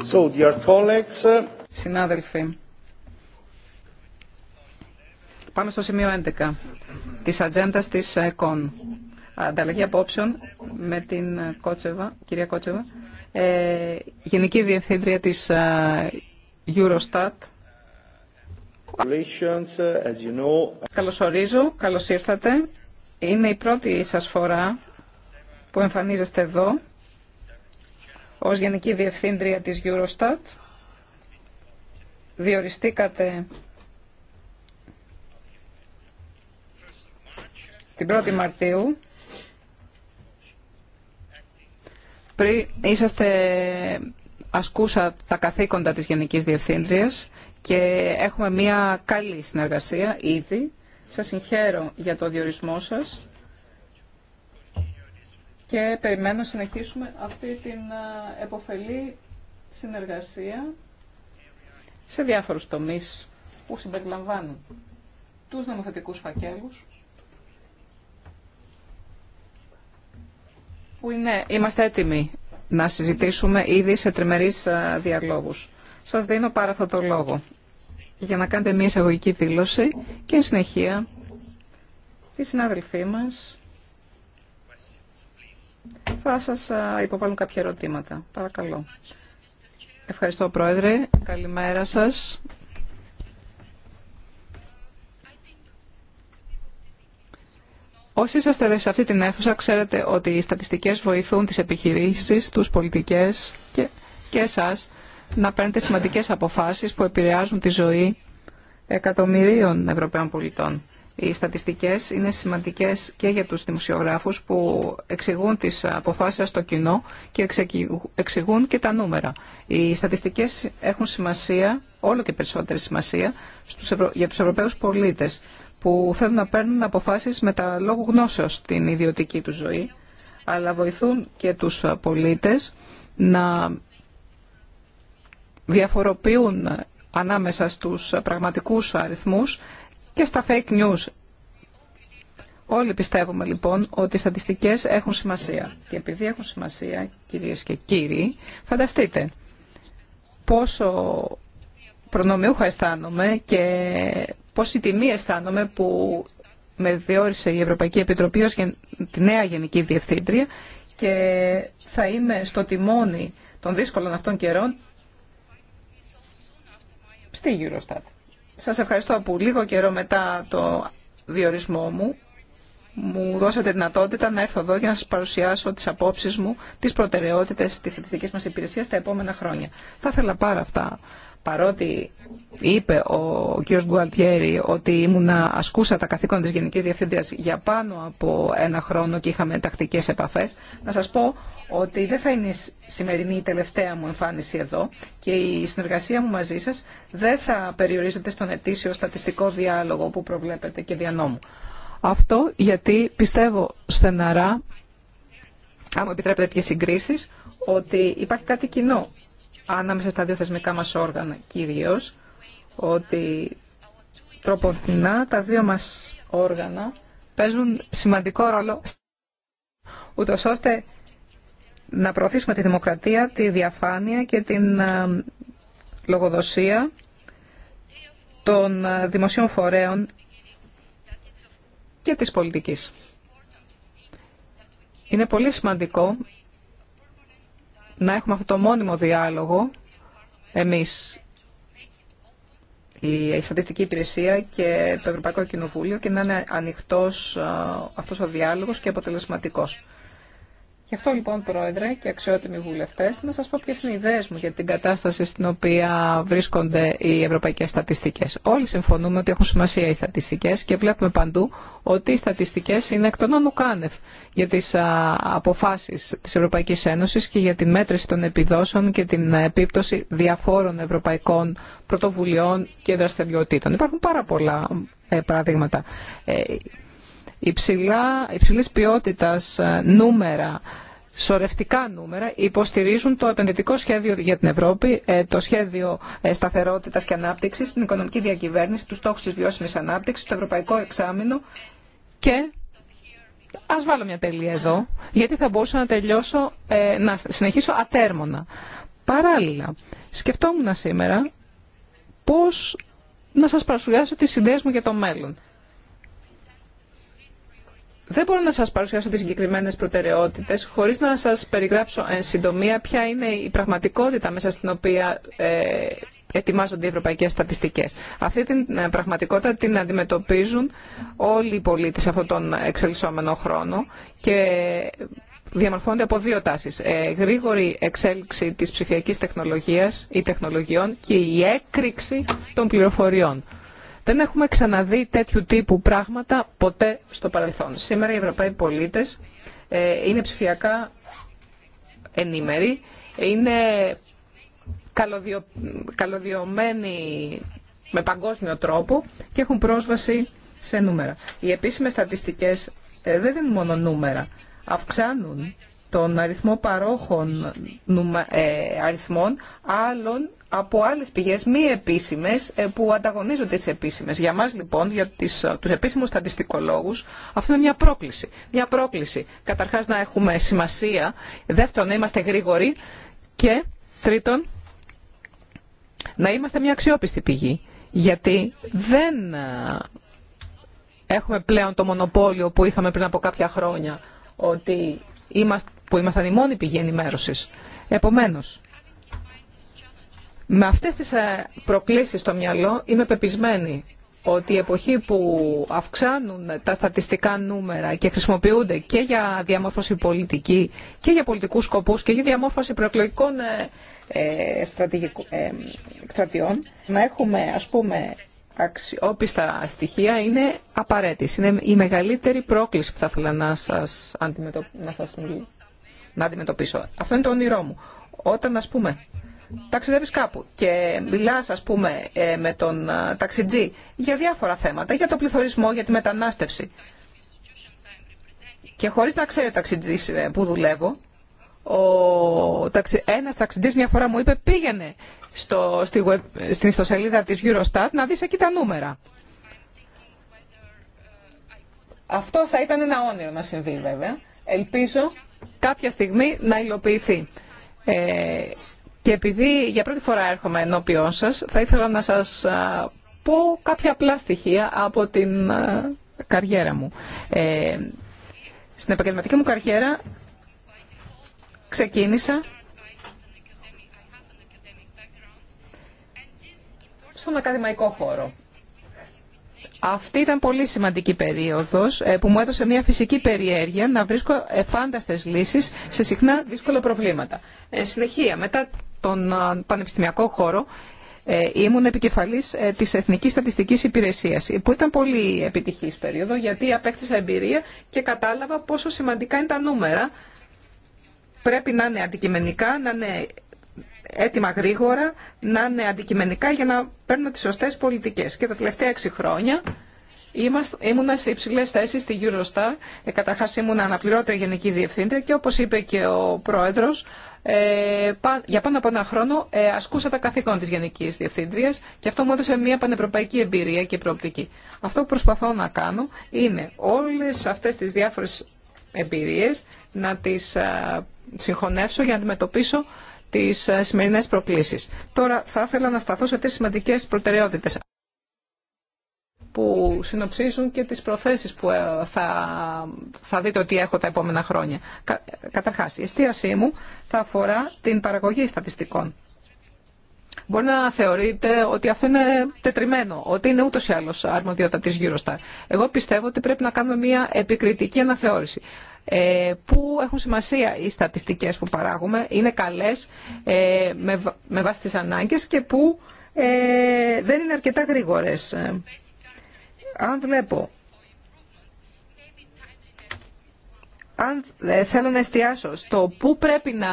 So, uh, Συνάδελφοι, πάμε στο σημείο 11 της ατζέντα της ΕΚΟΝ. Ανταλλαγή απόψεων με την ε, Κότσεβα, κυρία Κότσεβα, ε, Γενική Διευθύντρια της ε, Eurostat. Uh, Καλωσορίζω, καλώς ήρθατε. Είναι η πρώτη σας φορά που εμφανίζεστε εδώ ως Γενική Διευθύντρια της Eurostat. Διοριστήκατε την 1η Μαρτίου. Πριν είσαστε, ασκούσα τα καθήκοντα της Γενικής Διευθύντριας και έχουμε μια καλή συνεργασία ήδη. Σας συγχαίρω για το διορισμό σας και περιμένω να συνεχίσουμε αυτή την εποφελή συνεργασία σε διάφορους τομείς που συμπεριλαμβάνουν τους νομοθετικούς φακέλους, που είναι, είμαστε έτοιμοι να συζητήσουμε ήδη σε τριμερείς διαλόγους. Σας δίνω πάρα αυτό το λόγο για να κάνετε μια εισαγωγική δήλωση και συνεχεία οι συνάδελφοί μας θα σας υποβάλουν κάποια ερωτήματα. Παρακαλώ. Ευχαριστώ, Πρόεδρε. Καλημέρα σας. Όσοι είσαστε σε αυτή την αίθουσα, ξέρετε ότι οι στατιστικές βοηθούν τις επιχειρήσεις, τους πολιτικές και, και εσάς να παίρνετε σημαντικές αποφάσεις που επηρεάζουν τη ζωή εκατομμυρίων Ευρωπαίων πολιτών. Οι στατιστικές είναι σημαντικές και για τους δημοσιογράφους που εξηγούν τις αποφάσεις στο κοινό και εξηγούν και τα νούμερα. Οι στατιστικές έχουν σημασία, όλο και περισσότερη σημασία, για τους Ευρωπαίους πολίτες που θέλουν να παίρνουν αποφάσεις με τα λόγου γνώσεως στην ιδιωτική του ζωή, αλλά βοηθούν και τους πολίτες να διαφοροποιούν ανάμεσα στους πραγματικούς αριθμούς και στα fake news. Όλοι πιστεύουμε λοιπόν ότι οι στατιστικές έχουν σημασία. Και επειδή έχουν σημασία, κυρίες και κύριοι, φανταστείτε πόσο προνομιούχα αισθάνομαι και πόση τιμή αισθάνομαι που με διόρισε η Ευρωπαϊκή Επιτροπή ως τη νέα Γενική Διευθύντρια και θα είμαι στο τιμόνι των δύσκολων αυτών καιρών στη Eurostat. Σας ευχαριστώ που λίγο καιρό μετά το διορισμό μου μου δώσατε δυνατότητα να έρθω εδώ για να σας παρουσιάσω τις απόψεις μου, τις προτεραιότητες της στατιστικής μας υπηρεσίας τα επόμενα χρόνια. Θα ήθελα πάρα αυτά. Παρότι είπε ο κ. Γκουαλτιέρη ότι ήμουνα ασκούσα τα καθήκοντα της Γενικής Διευθύντριας για πάνω από ένα χρόνο και είχαμε τακτικές επαφές, να σας πω ότι δεν θα είναι η σημερινή η τελευταία μου εμφάνιση εδώ και η συνεργασία μου μαζί σας δεν θα περιορίζεται στον ετήσιο στατιστικό διάλογο που προβλέπετε και νόμου. Αυτό γιατί πιστεύω στεναρά, αν μου επιτρέπετε τις συγκρίσεις, ότι υπάρχει κάτι κοινό ανάμεσα στα δύο θεσμικά μας όργανα κυρίως, ότι τροποντινά τα δύο μας όργανα παίζουν σημαντικό ρόλο ούτω ώστε να προωθήσουμε τη δημοκρατία, τη διαφάνεια και την ε, λογοδοσία των ε, δημοσίων φορέων και της πολιτικής. Είναι πολύ σημαντικό να έχουμε αυτό το μόνιμο διάλογο εμείς η Στατιστική Υπηρεσία και το Ευρωπαϊκό Κοινοβούλιο και να είναι ανοιχτός ε, αυτός ο διάλογος και αποτελεσματικός. Γι' αυτό λοιπόν, Πρόεδρε και αξιότιμοι βουλευτέ, να σα πω ποιε είναι οι ιδέε μου για την κατάσταση στην οποία βρίσκονται οι ευρωπαϊκέ στατιστικέ. Όλοι συμφωνούμε ότι έχουν σημασία οι στατιστικέ και βλέπουμε παντού ότι οι στατιστικέ είναι εκ των όνου κάνευ για τι αποφάσει τη Ευρωπαϊκή Ένωση και για την μέτρηση των επιδόσεων και την επίπτωση διαφόρων ευρωπαϊκών πρωτοβουλειών και δραστηριοτήτων. Υπάρχουν πάρα πολλά ε, παραδείγματα ε, υψηλά, υψηλής ποιότητας ε, νούμερα σορευτικά νούμερα υποστηρίζουν το επενδυτικό σχέδιο για την Ευρώπη, ε, το σχέδιο ε, σταθερότητα και ανάπτυξη, την οικονομική διακυβέρνηση, του στόχου τη βιώσιμη ανάπτυξη, το ευρωπαϊκό εξάμεινο και. Α βάλω μια τελεία εδώ, γιατί θα μπορούσα να τελειώσω, ε, να συνεχίσω ατέρμονα. Παράλληλα, σκεφτόμουν σήμερα πώς να σας παρουσιάσω τις ιδέες μου για το μέλλον. Δεν μπορώ να σας παρουσιάσω τις συγκεκριμένες προτεραιότητες χωρίς να σας περιγράψω εν συντομία ποια είναι η πραγματικότητα μέσα στην οποία ε, ετοιμάζονται οι ευρωπαϊκές στατιστικές. Αυτή την ε, πραγματικότητα την αντιμετωπίζουν όλοι οι πολίτες αυτόν τον εξελισσόμενο χρόνο και διαμορφώνονται από δύο τάσεις. Ε, γρήγορη εξέλιξη της ψηφιακής τεχνολογίας ή τεχνολογιών και η έκρηξη των πληροφοριών. Δεν έχουμε ξαναδεί τέτοιου τύπου πράγματα ποτέ στο παρελθόν. Σήμερα οι Ευρωπαίοι πολίτες ε, είναι ψηφιακά ενήμεροι, είναι καλωδιο... καλωδιωμένοι με παγκόσμιο τρόπο και έχουν πρόσβαση σε νούμερα. Οι επίσημες στατιστικές ε, δεν είναι μόνο νούμερα, αυξάνουν τον αριθμό παρόχων ε, αριθμών άλλων από άλλες πηγές μη επίσημες ε, που ανταγωνίζονται σε επίσημες. Για μας λοιπόν, για τις, ε, τους επίσημους στατιστικολόγους, αυτό είναι μια πρόκληση. Μια πρόκληση. Καταρχάς να έχουμε σημασία, δεύτερον να είμαστε γρήγοροι και τρίτον να είμαστε μια αξιόπιστη πηγή. Γιατί δεν ε, έχουμε πλέον το μονοπόλιο που είχαμε πριν από κάποια χρόνια ότι είμαστε, που ήμασταν η μόνη πηγή ενημέρωσης. Επομένως, με αυτές τις ε, προκλήσεις στο μυαλό είμαι πεπισμένη ότι η εποχή που αυξάνουν τα στατιστικά νούμερα και χρησιμοποιούνται και για διαμόρφωση πολιτική και για πολιτικούς σκοπούς και για διαμόρφωση προεκλογικών ε, ε, στρατιών, να έχουμε ας πούμε αξιόπιστα στοιχεία είναι απαραίτητη. Είναι η μεγαλύτερη πρόκληση που θα ήθελα να σας, αντιμετωπίσω. Αυτό είναι το όνειρό μου. Όταν ας πούμε ταξιδεύεις κάπου και μιλάς ας πούμε ε, με τον ταξιτζή για διάφορα θέματα, για το πληθωρισμό, για τη μετανάστευση. Και χωρίς να ξέρει ο ταξιτζής ε, που δουλεύω, ο ένας ταξιτζής μια φορά μου είπε πήγαινε στο, στη στην ιστοσελίδα της Eurostat να δεις εκεί τα νούμερα. Αυτό θα ήταν ένα όνειρο να συμβεί βέβαια. Ελπίζω κάποια στιγμή να υλοποιηθεί. Ε, και επειδή για πρώτη φορά έρχομαι ενώπιόν σας, θα ήθελα να σας πω κάποια απλά στοιχεία από την καριέρα μου. Ε, στην επαγγελματική μου καριέρα ξεκίνησα στον ακαδημαϊκό χώρο. Αυτή ήταν πολύ σημαντική περίοδος ε, που μου έδωσε μια φυσική περιέργεια να βρίσκω εφάνταστες λύσεις σε συχνά δύσκολα προβλήματα. Ε, συνεχεία, μετά τον ε, πανεπιστημιακό χώρο ε, ήμουν επικεφαλής ε, της Εθνικής Στατιστικής Υπηρεσίας, που ήταν πολύ επιτυχής περίοδο, γιατί απέκτησα εμπειρία και κατάλαβα πόσο σημαντικά είναι τα νούμερα. Πρέπει να είναι αντικειμενικά, να είναι έτοιμα γρήγορα, να είναι αντικειμενικά για να παίρνω τις σωστές πολιτικές. Και τα τελευταία έξι χρόνια ήμουνα σε υψηλές θέσεις στη Eurostar. Ε, καταρχάς ήμουν αναπληρώτρια γενική διευθύντρια και όπως είπε και ο πρόεδρο. Ε, για πάνω από ένα χρόνο ε, ασκούσα τα καθήκον της Γενικής Διευθύντριας και αυτό μου έδωσε μια πανευρωπαϊκή εμπειρία και προοπτική. Αυτό που προσπαθώ να κάνω είναι όλες αυτές τις διάφορες εμπειρίες να τις ε, συγχωνεύσω για να αντιμετωπίσω τις σημερινές προκλήσεις. Τώρα θα ήθελα να σταθώ σε τρεις σημαντικές προτεραιότητες που συνοψίζουν και τις προθέσεις που ε, θα, θα δείτε ότι έχω τα επόμενα χρόνια. Κα, καταρχάς, η εστίασή μου θα αφορά την παραγωγή στατιστικών. Μπορεί να θεωρείτε ότι αυτό είναι τετριμένο, ότι είναι ούτως ή άλλως αρμοδιότητα της Eurostar. Εγώ πιστεύω ότι πρέπει να κάνουμε μια επικριτική αναθεώρηση. Ε, που έχουν σημασία οι στατιστικές που παράγουμε, είναι καλές ε, με, βάση τις ανάγκες και που ε, δεν είναι αρκετά γρήγορες αν βλέπω, αν ε, θέλω να εστιάσω στο πού πρέπει να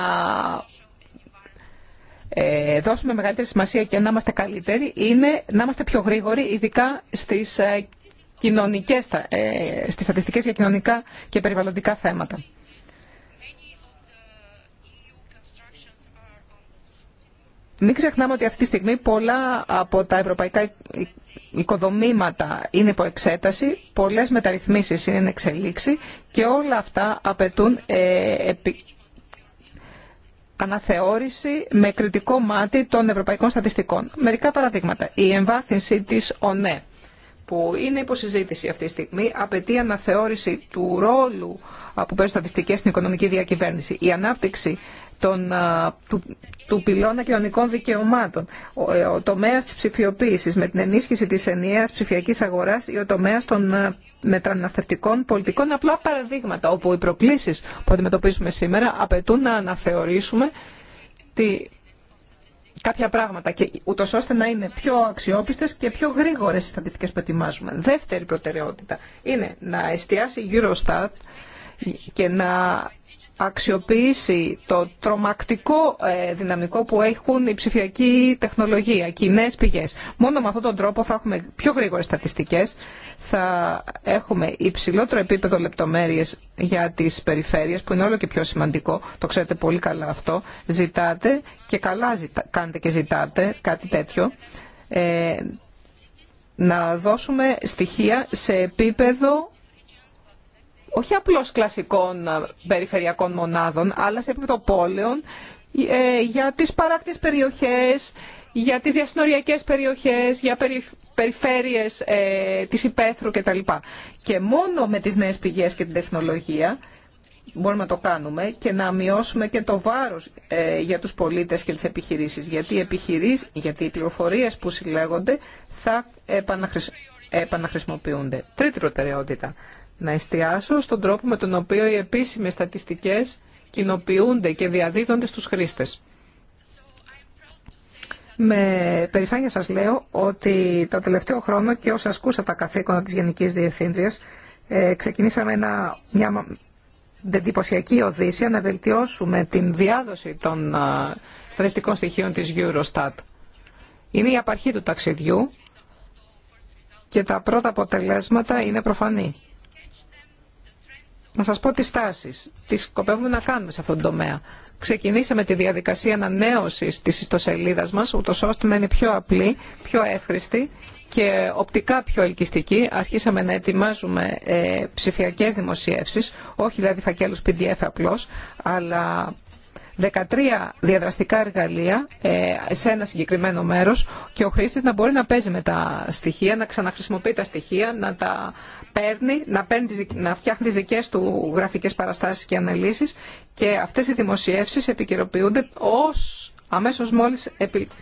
ε, δώσουμε μεγαλύτερη σημασία και να είμαστε καλύτεροι, είναι να είμαστε πιο γρήγοροι, ειδικά στις, ε, κοινωνικές, στις στατιστικές για κοινωνικά και περιβαλλοντικά θέματα. Μην ξεχνάμε ότι αυτή τη στιγμή πολλά από τα ευρωπαϊκά οικοδομήματα είναι υπό εξέταση, πολλές μεταρρυθμίσεις είναι εξελίξη και όλα αυτά απαιτούν ε, αναθεώρηση με κριτικό μάτι των ευρωπαϊκών στατιστικών. Μερικά παραδείγματα. Η εμβάθυνση της ΟΝΕ που είναι υποσυζήτηση αυτή τη στιγμή, απαιτεί αναθεώρηση του ρόλου που παίζουν στατιστικέ στην οικονομική διακυβέρνηση. Η ανάπτυξη των, του, του πυλώνα κοινωνικών δικαιωμάτων, ο, ε, ο τομέας της ψηφιοποίησης με την ενίσχυση της ενιαίας ψηφιακής αγοράς ή ο τομέας των μεταναστευτικών πολιτικών απλά παραδείγματα όπου οι προκλήσεις που αντιμετωπίζουμε σήμερα απαιτούν να αναθεωρήσουμε τη, κάποια πράγματα και ούτω ώστε να είναι πιο αξιόπιστες και πιο γρήγορες οι στατιστικές που ετοιμάζουμε. Δεύτερη προτεραιότητα είναι να εστιάσει η Eurostat και να αξιοποιήσει το τρομακτικό ε, δυναμικό που έχουν η ψηφιακή τεχνολογία και οι νέες πηγές. Μόνο με αυτόν τον τρόπο θα έχουμε πιο γρήγορες στατιστικές, θα έχουμε υψηλότερο επίπεδο λεπτομέρειες για τις περιφέρειες που είναι όλο και πιο σημαντικό, το ξέρετε πολύ καλά αυτό. Ζητάτε και καλά ζητά, κάνετε και ζητάτε κάτι τέτοιο. Ε, να δώσουμε στοιχεία σε επίπεδο όχι απλώς κλασικών ε, περιφερειακών μονάδων, αλλά σε επίπεδο πόλεων ε, για τις παράκτιες περιοχές, για τις διασυνοριακές περιοχές, για περιφέρειες ε, της υπαίθρου κτλ. Και μόνο με τις νέες πηγές και την τεχνολογία μπορούμε να το κάνουμε και να μειώσουμε και το βάρος για τους πολίτες και τις επιχειρήσεις. Γιατί οι, επιχειρήσεις, γιατί οι που συλλέγονται θα επαναχρησιμοποιούνται. Τρίτη προτεραιότητα να εστιάσω στον τρόπο με τον οποίο οι επίσημες στατιστικές κοινοποιούνται και διαδίδονται στους χρήστες. Με περηφάνεια σας λέω ότι το τελευταίο χρόνο και όσα ασκούσα τα καθήκοντα της Γενικής Διευθύντριας ε, ξεκινήσαμε ένα, μια εντυπωσιακή οδύσσια να βελτιώσουμε την διάδοση των α, ε, στατιστικών στοιχείων της Eurostat. Είναι η απαρχή του ταξιδιού και τα πρώτα αποτελέσματα είναι προφανή να σας πω τις στάσεις Τι σκοπεύουμε να κάνουμε σε αυτόν τον τομέα. Ξεκινήσαμε τη διαδικασία ανανέωσης της ιστοσελίδας μας, ούτως ώστε να είναι πιο απλή, πιο εύχρηστη και οπτικά πιο ελκυστική. Αρχίσαμε να ετοιμάζουμε ε, ψηφιακές δημοσίευσεις, όχι δηλαδή φακέλους PDF απλώς, αλλά 13 διαδραστικά εργαλεία ε, σε ένα συγκεκριμένο μέρος και ο χρήστης να μπορεί να παίζει με τα στοιχεία, να ξαναχρησιμοποιεί τα στοιχεία, να τα παίρνει, να, παίρνει, να φτιάχνει τις δικές του γραφικές παραστάσεις και αναλύσεις και αυτές οι δημοσιεύσεις επικαιροποιούνται ως αμέσως μόλις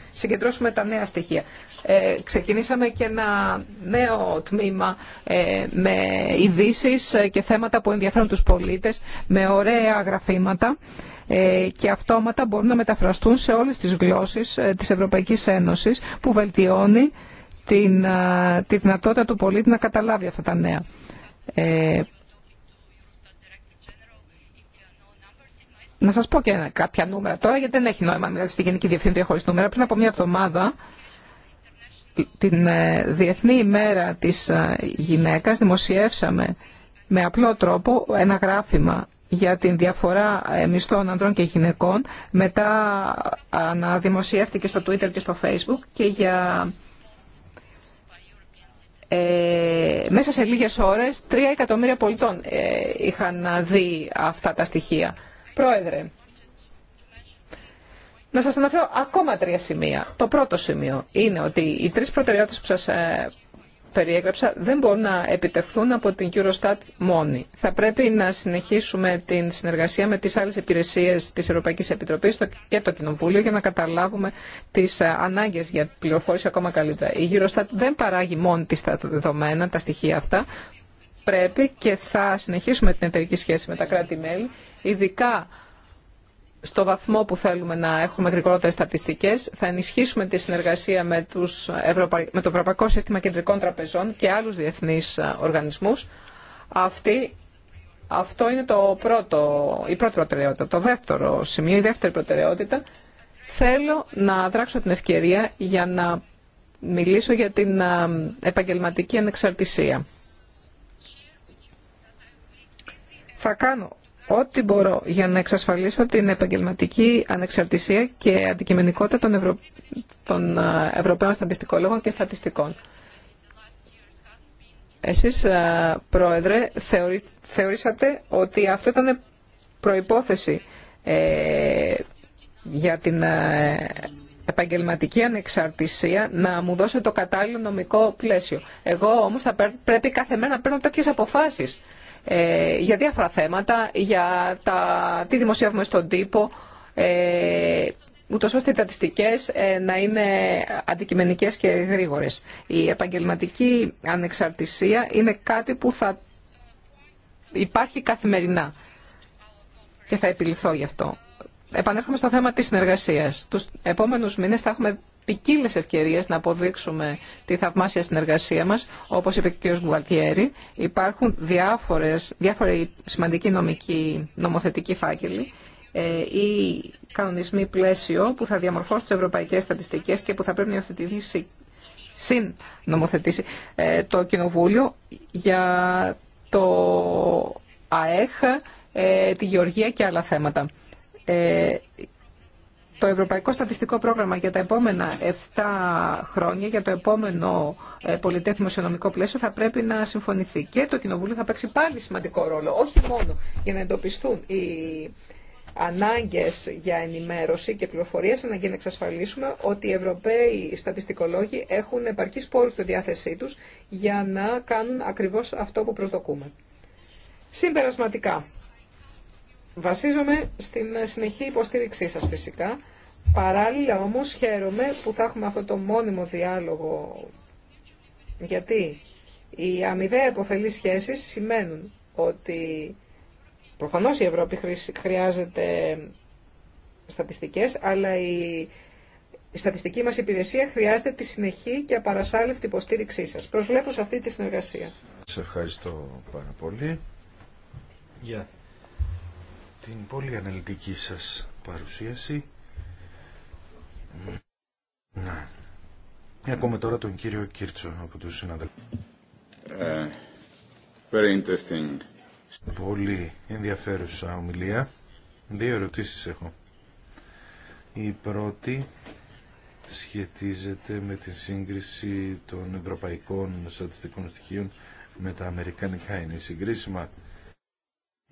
συγκεντρώσουμε τα νέα στοιχεία. Ε, ξεκινήσαμε και ένα νέο τμήμα ε, με ειδήσει ε, και θέματα που ενδιαφέρουν τους πολίτες, με ωραία γραφήματα. Ε, και αυτόματα μπορούν να μεταφραστούν σε όλες τις γλώσσες ε, της Ευρωπαϊκής Ένωσης που βελτιώνει την, ε, τη δυνατότητα του πολίτη να καταλάβει αυτά τα νέα. Να σας πω και κάποια νούμερα τώρα, γιατί δεν έχει νόημα να μιλάτε στη Γενική Διευθύντρια χωρίς νούμερα. Πριν από μια εβδομάδα, την Διεθνή ημέρα της γυναίκας, δημοσιεύσαμε με απλό τρόπο ένα γράφημα για την διαφορά ε, μισθών ανδρών και γυναικών μετά αναδημοσιεύτηκε στο Twitter και στο Facebook και για ε, μέσα σε λίγες ώρες τρία εκατομμύρια πολιτών ε, είχαν δει αυτά τα στοιχεία. Πρόεδρε, να σας αναφέρω ακόμα τρία σημεία. Το πρώτο σημείο είναι ότι οι τρεις προτεραιότητες που σας ε, περιέγραψα δεν μπορούν να επιτευχθούν από την Eurostat μόνη. Θα πρέπει να συνεχίσουμε την συνεργασία με τις άλλες υπηρεσίες της Ευρωπαϊκής Επιτροπής και το Κοινοβούλιο για να καταλάβουμε τις ε, ανάγκες για πληροφόρηση ακόμα καλύτερα. Η Eurostat δεν παράγει μόνη της τα δεδομένα, τα στοιχεία αυτά. Πρέπει και θα συνεχίσουμε την εταιρική σχέση με τα κράτη-μέλη, ειδικά στο βαθμό που θέλουμε να έχουμε γρηγορότερες στατιστικές, θα ενισχύσουμε τη συνεργασία με, τους το Ευρωπαϊκό Σύστημα Κεντρικών Τραπεζών και άλλους διεθνείς ε, οργανισμούς. Αυτό είναι το πρώτο, η πρώτη προτεραιότητα. Το δεύτερο σημείο, η δεύτερη προτεραιότητα, θέλω να δράξω την ευκαιρία για να μιλήσω για την ε, επαγγελματική ανεξαρτησία. Θα κάνω ό,τι μπορώ για να εξασφαλίσω την επαγγελματική ανεξαρτησία και αντικειμενικότητα των, Ευρω... των Ευρωπαίων στατιστικολόγων και στατιστικών. Εσείς, Πρόεδρε, θεωρήσατε ότι αυτό ήταν προϋπόθεση ε... για την επαγγελματική ανεξαρτησία να μου δώσετε το κατάλληλο νομικό πλαίσιο. Εγώ όμως θα πρέπει κάθε μέρα να παίρνω τέτοιες αποφάσεις ε, για διάφορα θέματα, για τα, τι δημοσιεύουμε στον τύπο, ε, ούτως ώστε οι στατιστικές ε, να είναι αντικειμενικές και γρήγορες. Η επαγγελματική ανεξαρτησία είναι κάτι που θα υπάρχει καθημερινά και θα επιληθώ γι' αυτό. Επανέρχομαι στο θέμα της συνεργασίας. Τους επόμενους μήνες θα έχουμε ποικίλε ευκαιρίε να αποδείξουμε τη θαυμάσια συνεργασία μα. Όπω είπε και ο κ. Γουαλτιέρη, υπάρχουν διάφορες, διάφοροι σημαντικοί νομικοί, νομοθετικοί φάκελοι ε, ή κανονισμοί πλαίσιο που θα διαμορφώσουν τι ευρωπαϊκέ στατιστικέ και που θα πρέπει να υιοθετηθεί συν νομοθετήσει ε, το Κοινοβούλιο για το ΑΕΧ, ε, τη Γεωργία και άλλα θέματα το Ευρωπαϊκό Στατιστικό Πρόγραμμα για τα επόμενα 7 χρόνια, για το επόμενο ε, πολιτές δημοσιονομικό πλαίσιο, θα πρέπει να συμφωνηθεί. Και το Κοινοβούλιο θα παίξει πάλι σημαντικό ρόλο, όχι μόνο για να εντοπιστούν οι ανάγκες για ενημέρωση και πληροφορία, αλλά και να εξασφαλίσουμε ότι οι Ευρωπαίοι στατιστικολόγοι έχουν επαρκείς πόρους στη διάθεσή τους για να κάνουν ακριβώς αυτό που προσδοκούμε. Συμπερασματικά, Βασίζομαι στην συνεχή υποστήριξή σας φυσικά. Παράλληλα όμως χαίρομαι που θα έχουμε αυτό το μόνιμο διάλογο γιατί οι αμοιβαία υποφελείς σχέσεις σημαίνουν ότι προφανώς η Ευρώπη χρειάζεται στατιστικές αλλά η στατιστική μας υπηρεσία χρειάζεται τη συνεχή και απαρασάλευτη υποστήριξή σας. Προσβλέπω σε αυτή τη συνεργασία. Σε ευχαριστώ πάρα πολύ την πολύ αναλυτική σας παρουσίαση. Να. τώρα τον κύριο Κίρτσο από τους συναδελφούς. Ε, very interesting. Πολύ ενδιαφέρουσα ομιλία. Δύο ερωτήσεις έχω. Η πρώτη σχετίζεται με την σύγκριση των ευρωπαϊκών στατιστικών στοιχείων με τα αμερικανικά. Είναι συγκρίσιμα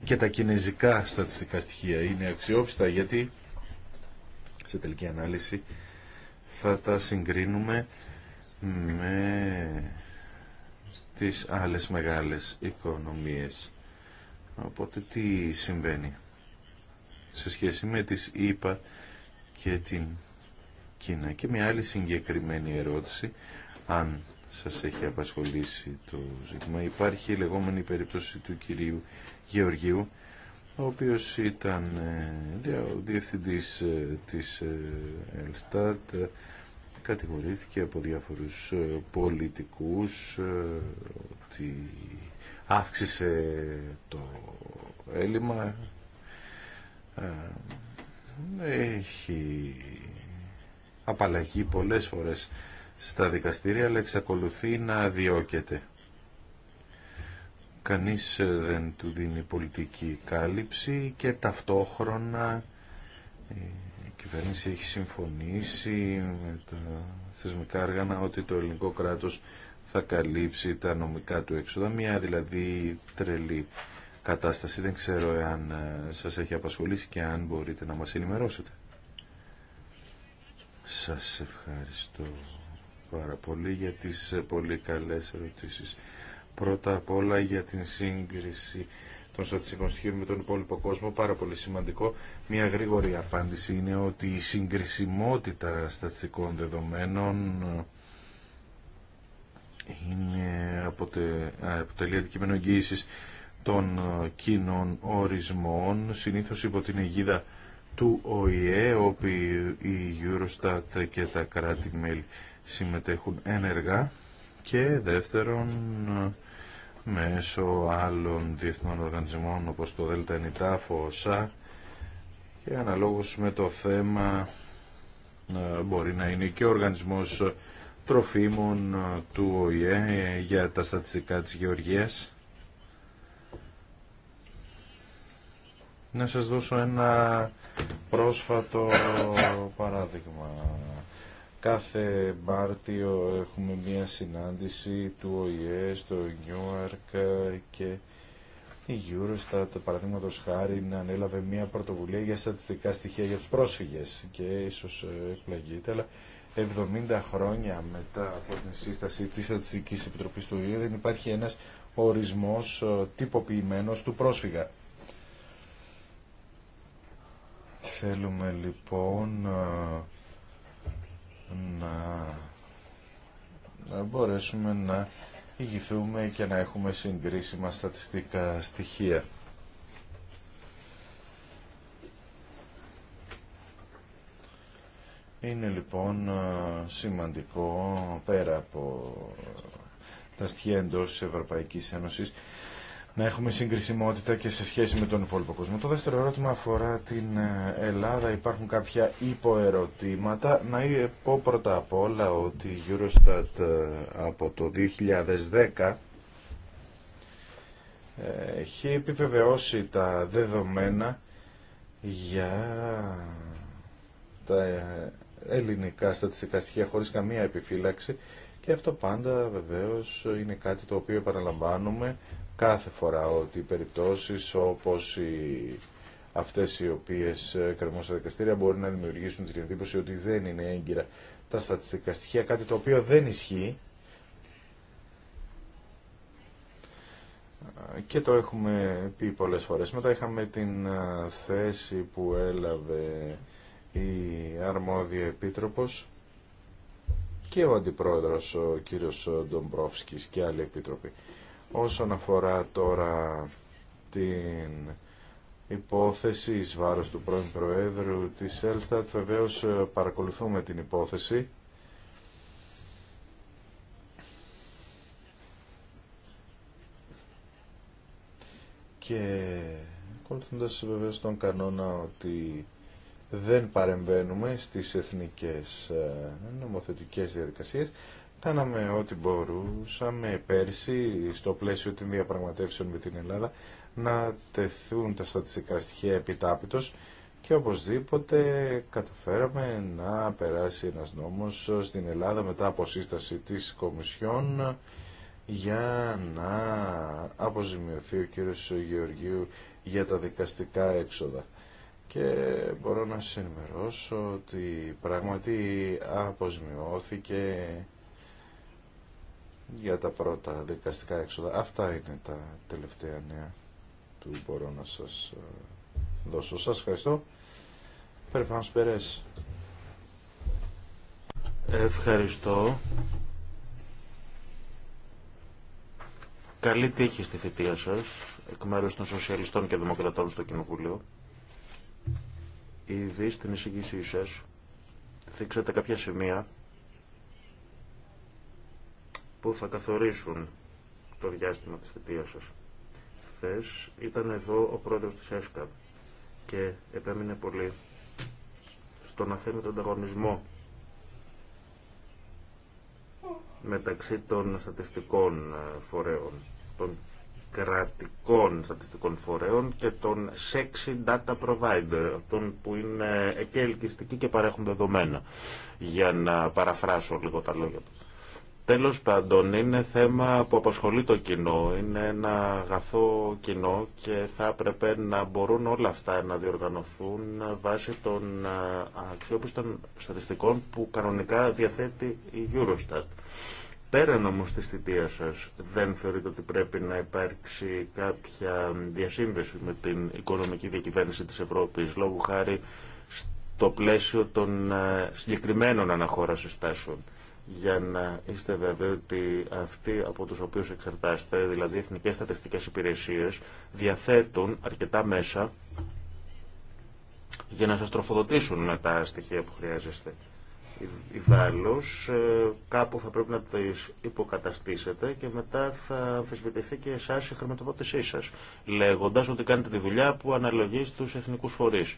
και τα κινέζικα στατιστικά στοιχεία είναι αξιόπιστα γιατί σε τελική ανάλυση θα τα συγκρίνουμε με τις άλλες μεγάλες οικονομίες. Οπότε τι συμβαίνει σε σχέση με τις ΗΠΑ και την Κίνα. Και μια άλλη συγκεκριμένη ερώτηση, αν σας έχει απασχολήσει το ζήτημα, υπάρχει η λεγόμενη περίπτωση του κυρίου Γεωργίου, ο οποίος ήταν ε, ο διευθυντής ε, της ε, Ελστάτ, κατηγορήθηκε από διάφορους πολιτικούς ότι αύξησε το έλλειμμα έχει απαλλαγεί πολλές φορές στα δικαστήρια αλλά εξακολουθεί να διώκεται κανείς ε, δεν του δίνει πολιτική κάλυψη και ταυτόχρονα ε, η κυβέρνηση έχει συμφωνήσει με τα θεσμικά έργανα ότι το ελληνικό κράτος θα καλύψει τα νομικά του έξοδα. Μια δηλαδή τρελή κατάσταση. Δεν ξέρω αν ε, σας έχει απασχολήσει και αν μπορείτε να μας ενημερώσετε. Σας ευχαριστώ πάρα πολύ για τις πολύ καλές ερωτήσεις. Πρώτα απ' όλα για την σύγκριση των στατιστικών στοιχείων με τον υπόλοιπο κόσμο, πάρα πολύ σημαντικό. Μια γρήγορη απάντηση είναι ότι η συγκρισιμότητα στατιστικών δεδομένων είναι αποτε, αποτελεί αντικείμενο εγγύησης των ε, κοινών ορισμών, συνήθως υπό την αιγίδα του ΟΗΕ, όπου η Eurostat και τα κράτη-μέλη συμμετέχουν ενεργά και δεύτερον μέσω άλλων διεθνών οργανισμών όπως το ΔΕΛΤΑ ΩΣΑ και αναλόγως με το θέμα ε, μπορεί να είναι και ο οργανισμός τροφίμων ε, του ΟΗΕ για τα στατιστικά της Γεωργίας. Να σας δώσω ένα πρόσφατο παράδειγμα. Κάθε Μάρτιο έχουμε μία συνάντηση του ΟΗΕ στο Νιούαρκ και η Eurostat, παραδείγματο χάρη, να ανέλαβε μία πρωτοβουλία για στατιστικά στοιχεία για τους πρόσφυγες και ίσως ε, εκπλαγείται, αλλά 70 χρόνια μετά από την σύσταση της Στατιστικής Επιτροπής του ΟΗΕ δεν υπάρχει ένας ορισμός ε, τυποποιημένος του πρόσφυγα. Θέλουμε λοιπόν ε, να, να μπορέσουμε να ηγηθούμε και να έχουμε συγκρίσιμα στατιστικά στοιχεία. Είναι λοιπόν σημαντικό πέρα από τα στοιχεία εντός της Ευρωπαϊκής Ένωσης να έχουμε συγκρισιμότητα και σε σχέση με τον υπόλοιπο κόσμο. Το δεύτερο ερώτημα αφορά την ε, Ελλάδα. Υπάρχουν κάποια υποερωτήματα. Να πω πρώτα απ' όλα ότι η Eurostat ε, από το 2010 ε, έχει επιβεβαιώσει τα δεδομένα για τα ελληνικά στατιστικά στοιχεία χωρίς καμία επιφύλαξη και αυτό πάντα βεβαίως είναι κάτι το οποίο παραλαμβάνουμε κάθε φορά ότι οι περιπτώσεις όπως οι, αυτές οι οποίες ε, κρεμούν στα δικαστήρια μπορεί να δημιουργήσουν την εντύπωση ότι δεν είναι έγκυρα τα στατιστικά στοιχεία, κάτι το οποίο δεν ισχύει και το έχουμε πει πολλές φορές. Μετά είχαμε την ε, θέση που έλαβε η αρμόδια επίτροπος και ο αντιπρόεδρος ο κύριος Ντομπρόφσκης και άλλοι επίτροποι. Όσον αφορά τώρα την υπόθεση εις βάρος του πρώην Προέδρου της Ελστατ, βεβαίως ε, παρακολουθούμε την υπόθεση. Και ακολουθώντας βεβαίως τον κανόνα ότι δεν παρεμβαίνουμε στις εθνικές ε, νομοθετικές διαδικασίες, Κάναμε ό,τι μπορούσαμε πέρσι στο πλαίσιο των διαπραγματεύσεων με την Ελλάδα να τεθούν τα στατιστικά στοιχεία επιτάπητος και οπωσδήποτε καταφέραμε να περάσει ένας νόμος στην Ελλάδα μετά από σύσταση της Κομισιόν για να αποζημιωθεί ο κύριος Γεωργίου για τα δικαστικά έξοδα. Και μπορώ να σας ενημερώσω ότι πράγματι αποζημιώθηκε για τα πρώτα δικαστικά έξοδα. Αυτά είναι τα τελευταία νέα που μπορώ να σας ε, δώσω. Σας ευχαριστώ. Περφάνος Περές. Ευχαριστώ. Καλή τύχη στη θητεία σας εκ μέρους των Σοσιαλιστών και Δημοκρατών στο Κοινοβούλιο. Ήδη στην εισηγήσή σας δείξατε κάποια σημεία που θα καθορίσουν το διάστημα της θητείας σας. Χθε ήταν εδώ ο πρόεδρος της ΕΣΚΑΔ και επέμεινε πολύ στον τον ανταγωνισμό μεταξύ των στατιστικών ε, φορέων, των κρατικών στατιστικών φορέων και των sexy data provider, των που είναι και και παρέχουν δεδομένα, για να παραφράσω λίγο τα λόγια του. Τέλος πάντων, είναι θέμα που απασχολεί το κοινό, είναι ένα αγαθό κοινό και θα έπρεπε να μπορούν όλα αυτά να διοργανωθούν βάσει των αξιόπιστων στατιστικών που κανονικά διαθέτει η Eurostat. Πέραν όμως της θητείας σας, δεν θεωρείτε ότι πρέπει να υπάρξει κάποια διασύνδεση με την οικονομική διακυβέρνηση της Ευρώπης, λόγω χάρη στο πλαίσιο των συγκεκριμένων αναχώρασεων τάσεων για να είστε βέβαιοι ότι αυτοί από τους οποίους εξαρτάστε, δηλαδή οι Εθνικές Στατιστικές Υπηρεσίες, διαθέτουν αρκετά μέσα για να σας τροφοδοτήσουν με τα στοιχεία που χρειάζεστε. Ιδάλλως, ε, κάπου θα πρέπει να τις υποκαταστήσετε και μετά θα αμφισβητηθεί και εσάς η χρηματοδότησή σας, λέγοντας ότι κάνετε τη δουλειά που αναλογεί στους εθνικούς φορείς.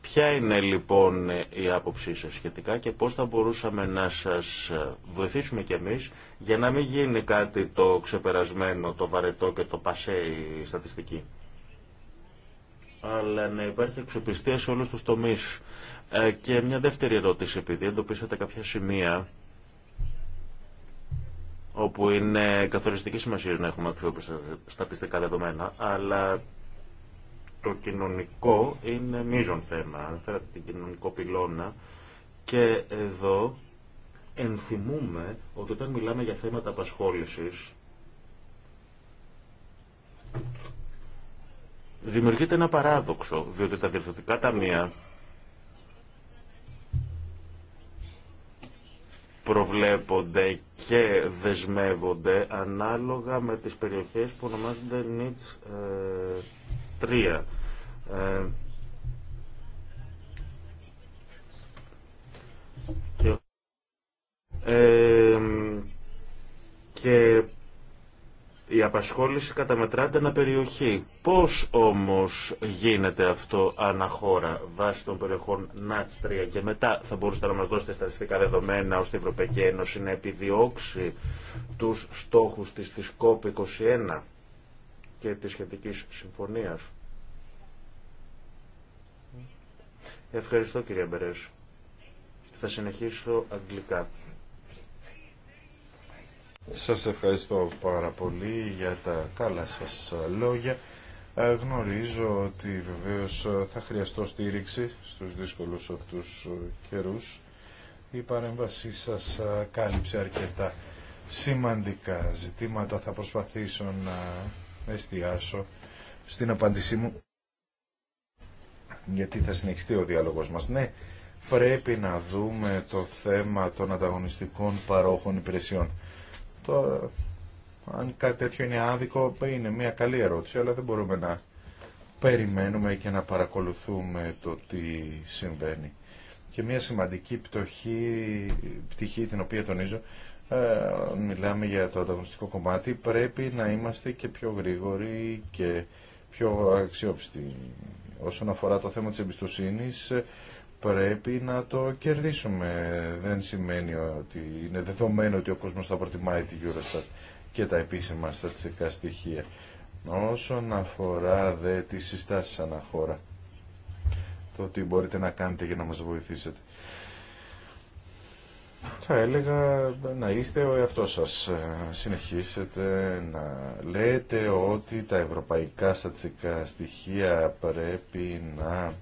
Ποια είναι λοιπόν η άποψή σας σχετικά και πώς θα μπορούσαμε να σας ε, βοηθήσουμε κι εμείς για να μην γίνει κάτι το ξεπερασμένο, το βαρετό και το πασέ στατιστική. Αλλά να υπάρχει εξοπιστία σε όλους τους τομείς. Ε, και μια δεύτερη ερώτηση, επειδή εντοπίσατε κάποια σημεία όπου είναι καθοριστική σημασία να έχουμε αξιόπιστα στατιστικά δεδομένα, αλλά το κοινωνικό είναι μείζον θέμα. θέλετε την κοινωνικό πυλώνα και εδώ ενθυμούμε ότι όταν μιλάμε για θέματα απασχόλησης δημιουργείται ένα παράδοξο, διότι τα διευθυντικά ταμεία προβλέπονται και δεσμεύονται ανάλογα με τις περιοχές που ονομάζονται needs τρία Ε, και, ε, και η απασχόληση καταμετράται ένα περιοχή. Πώς όμως γίνεται αυτό αναχώρα βάσει των περιοχών ΝΑΤΣ 3 και μετά θα μπορούσατε να μας δώσετε στατιστικά δεδομένα ώστε η Ευρωπαϊκή Ένωση να επιδιώξει τους στόχους της της COP21 και της σχετικής συμφωνίας. Ευχαριστώ κύριε Μπερές. Θα συνεχίσω αγγλικά. Σας ευχαριστώ πάρα πολύ για τα καλά σας λόγια. Ε, γνωρίζω ότι βεβαίως ε, θα χρειαστώ στήριξη στους δύσκολους αυτούς ε, καιρούς. Η παρέμβασή σας κάλυψε αρκετά σημαντικά ζητήματα. Θα προσπαθήσω να εστιάσω στην απάντησή μου γιατί θα συνεχιστεί ο διάλογος μας. Ναι, πρέπει να δούμε το θέμα των ανταγωνιστικών παρόχων υπηρεσιών. Τώρα, αν κάτι τέτοιο είναι άδικο, είναι μια καλή ερώτηση, αλλά δεν μπορούμε να περιμένουμε και να παρακολουθούμε το τι συμβαίνει. Και μια σημαντική πτωχή, πτυχή την οποία τονίζω ε, μιλάμε για το ανταγωνιστικό κομμάτι, πρέπει να είμαστε και πιο γρήγοροι και πιο αξιόπιστοι. Όσον αφορά το θέμα της εμπιστοσύνης, πρέπει να το κερδίσουμε. Δεν σημαίνει ότι είναι δεδομένο ότι ο κόσμος θα προτιμάει τη Eurostat και τα επίσημα στατιστικά στοιχεία. Όσον αφορά δε τις συστάσεις αναχώρα, το τι μπορείτε να κάνετε για να μας βοηθήσετε θα έλεγα να είστε ο εαυτό σας. Ε, συνεχίσετε να λέτε ότι τα ευρωπαϊκά στατιστικά στοιχεία πρέπει να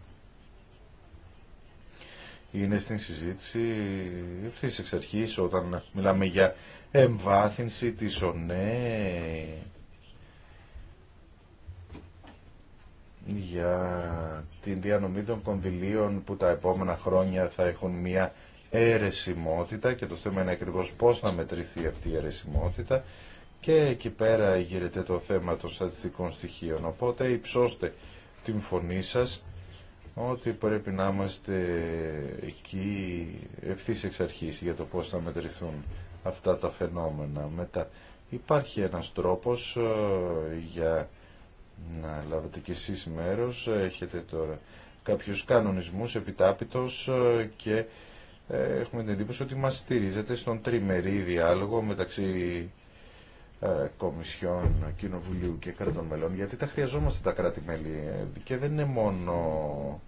είναι στην συζήτηση ευθύς εξ αρχής όταν μιλάμε για εμβάθυνση της ΟΝΕ για την διανομή των κονδυλίων που τα επόμενα χρόνια θα έχουν μία αιρεσιμότητα και το θέμα είναι ακριβώς πώς να μετρηθεί αυτή η αιρεσιμότητα και εκεί πέρα γύρεται το θέμα των στατιστικών στοιχείων. Οπότε υψώστε την φωνή σας ότι πρέπει να είμαστε εκεί ευθύ εξ αρχής για το πώς θα μετρηθούν αυτά τα φαινόμενα. Μετά υπάρχει ένας τρόπος ε, για να λάβετε κι εσείς μέρος. Έχετε τώρα κάποιους κανονισμούς επιτάπητος ε, και ε, έχουμε την εντύπωση ότι μας στηρίζεται στον τριμερή διάλογο μεταξύ ε, Κομισιών, Κοινοβουλίου και Κρατών Μελών, γιατί τα χρειαζόμαστε τα κράτη-μέλη ε, και δεν είναι μόνο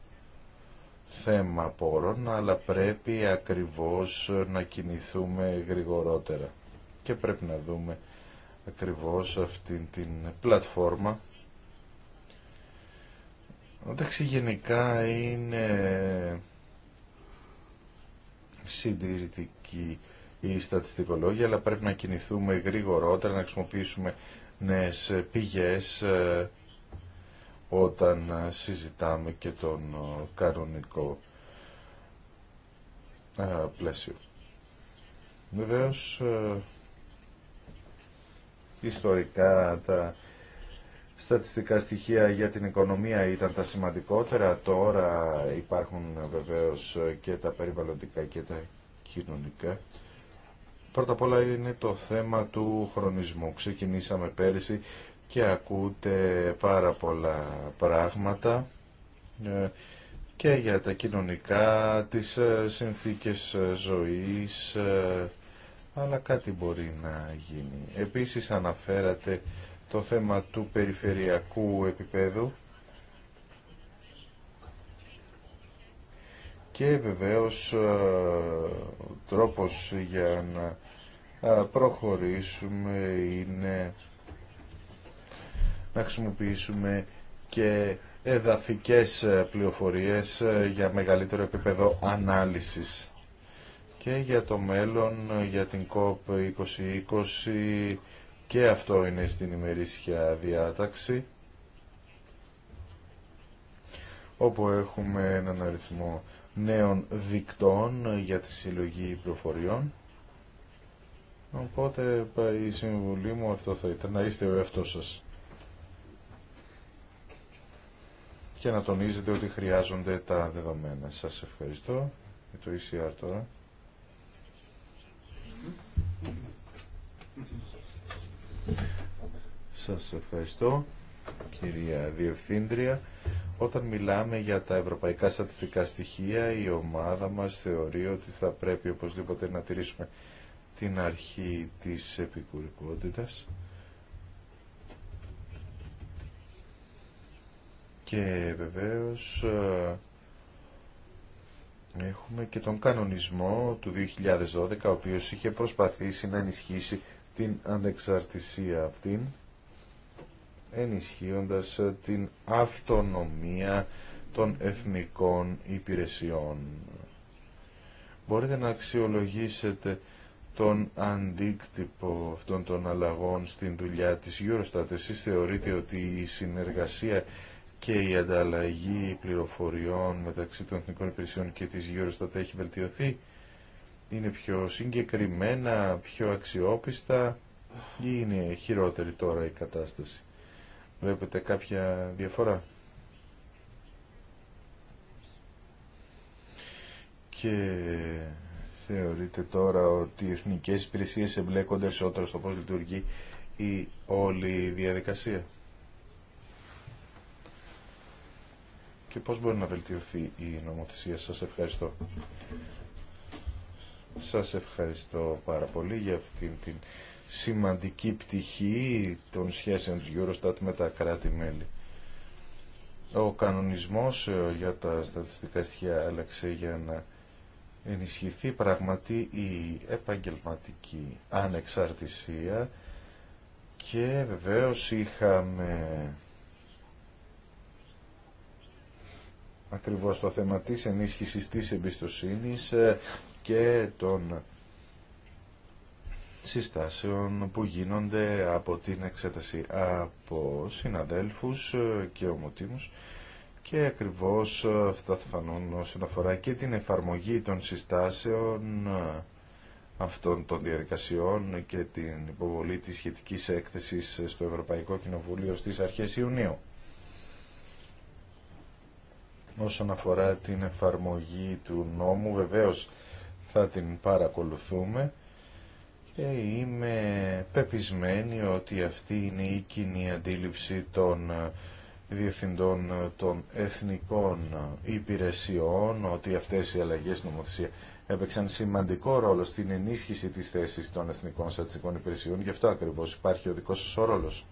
θέμα πόρων, αλλά πρέπει ακριβώς να κινηθούμε γρηγορότερα και πρέπει να δούμε ακριβώς αυτή την πλατφόρμα. Εντάξει, γενικά είναι συντηρητικοί οι στατιστικολόγοι, αλλά πρέπει να κινηθούμε γρήγορότερα, να χρησιμοποιήσουμε νέες πηγές ε, όταν ε, συζητάμε και τον ε, κανονικό πλαίσιο. Βεβαίως, ιστορικά τα στατιστικά στοιχεία για την οικονομία ήταν τα σημαντικότερα. Τώρα υπάρχουν βεβαίως και τα περιβαλλοντικά και τα κοινωνικά. Πρώτα απ' όλα είναι το θέμα του χρονισμού. Ξεκινήσαμε πέρυσι και ακούτε πάρα πολλά πράγματα ε, και για τα κοινωνικά, τις ε, συνθήκες ε, ζωής, αλλά κάτι μπορεί να γίνει. Επίσης αναφέρατε το θέμα του περιφερειακού επίπεδου και βεβαίως ε, τρόπος για να ε, προχωρήσουμε είναι να χρησιμοποιήσουμε και εδαφικές ε, πληροφορίες για μεγαλύτερο επίπεδο ανάλυσης. Και για το μέλλον, για την COP 2020, και αυτό είναι στην ημερήσια διάταξη, όπου έχουμε έναν αριθμό νέων δικτών για τη συλλογή προφοριών. Οπότε η συμβουλή μου αυτό θα ήταν, να είστε ο εαυτός σας. Και να τονίζετε ότι χρειάζονται τα δεδομένα. Σας ευχαριστώ. Το ECR τώρα. Σας ευχαριστώ, κυρία Διευθύντρια. Όταν μιλάμε για τα ευρωπαϊκά στατιστικά στοιχεία, η ομάδα μας θεωρεί ότι θα πρέπει οπωσδήποτε να τηρήσουμε την αρχή της επικουρικότητας. Και βεβαίως ε, έχουμε και τον κανονισμό του 2012, ο οποίος είχε προσπαθήσει να ενισχύσει την ανεξαρτησία αυτήν ενισχύοντας ε, την αυτονομία των εθνικών υπηρεσιών. Μπορείτε να αξιολογήσετε τον αντίκτυπο αυτών των αλλαγών στην δουλειά της Eurostat. Εσείς θεωρείτε ότι η συνεργασία και η ανταλλαγή πληροφοριών μεταξύ των εθνικών υπηρεσιών και της Eurostat έχει βελτιωθεί είναι πιο συγκεκριμένα, πιο αξιόπιστα ή είναι χειρότερη τώρα η κατάσταση. Βλέπετε κάποια διαφορά. Και θεωρείτε τώρα ότι οι εθνικές υπηρεσίες εμπλέκονται περισσότερο στο πώς λειτουργεί η όλη η διαδικασία. Και πώς μπορεί να βελτιωθεί η ολη διαδικασια και πως μπορει να βελτιωθει η νομοθεσια σας. Ευχαριστώ. Σας ευχαριστώ πάρα πολύ για αυτήν την σημαντική πτυχή των σχέσεων της Eurostat με τα κράτη-μέλη. Ο κανονισμός ε, για τα στατιστικά στοιχεία άλλαξε για να ενισχυθεί πραγματι η επαγγελματική ανεξαρτησία και βεβαίως είχαμε ακριβώς το θέμα της ενίσχυσης της εμπιστοσύνης ε, και των συστάσεων που γίνονται από την εξέταση από συναδέλφους και ομοτήμους και ακριβώς αυτά θα φανούν όσον αφορά και την εφαρμογή των συστάσεων αυτών των διαδικασιών και την υποβολή της σχετικής έκθεσης στο Ευρωπαϊκό Κοινοβούλιο στις αρχές Ιουνίου. Όσον αφορά την εφαρμογή του νόμου, βεβαίως θα την παρακολουθούμε και είμαι πεπισμένη ότι αυτή είναι η κοινή αντίληψη των ε, διευθυντών ε, των εθνικών ε, υπηρεσιών, ότι αυτές οι αλλαγές στην νομοθεσία έπαιξαν σημαντικό ρόλο στην ενίσχυση της θέσης των εθνικών στατιστικών υπηρεσιών, γι' αυτό ακριβώς υπάρχει ο δικός σας ο ρόλος.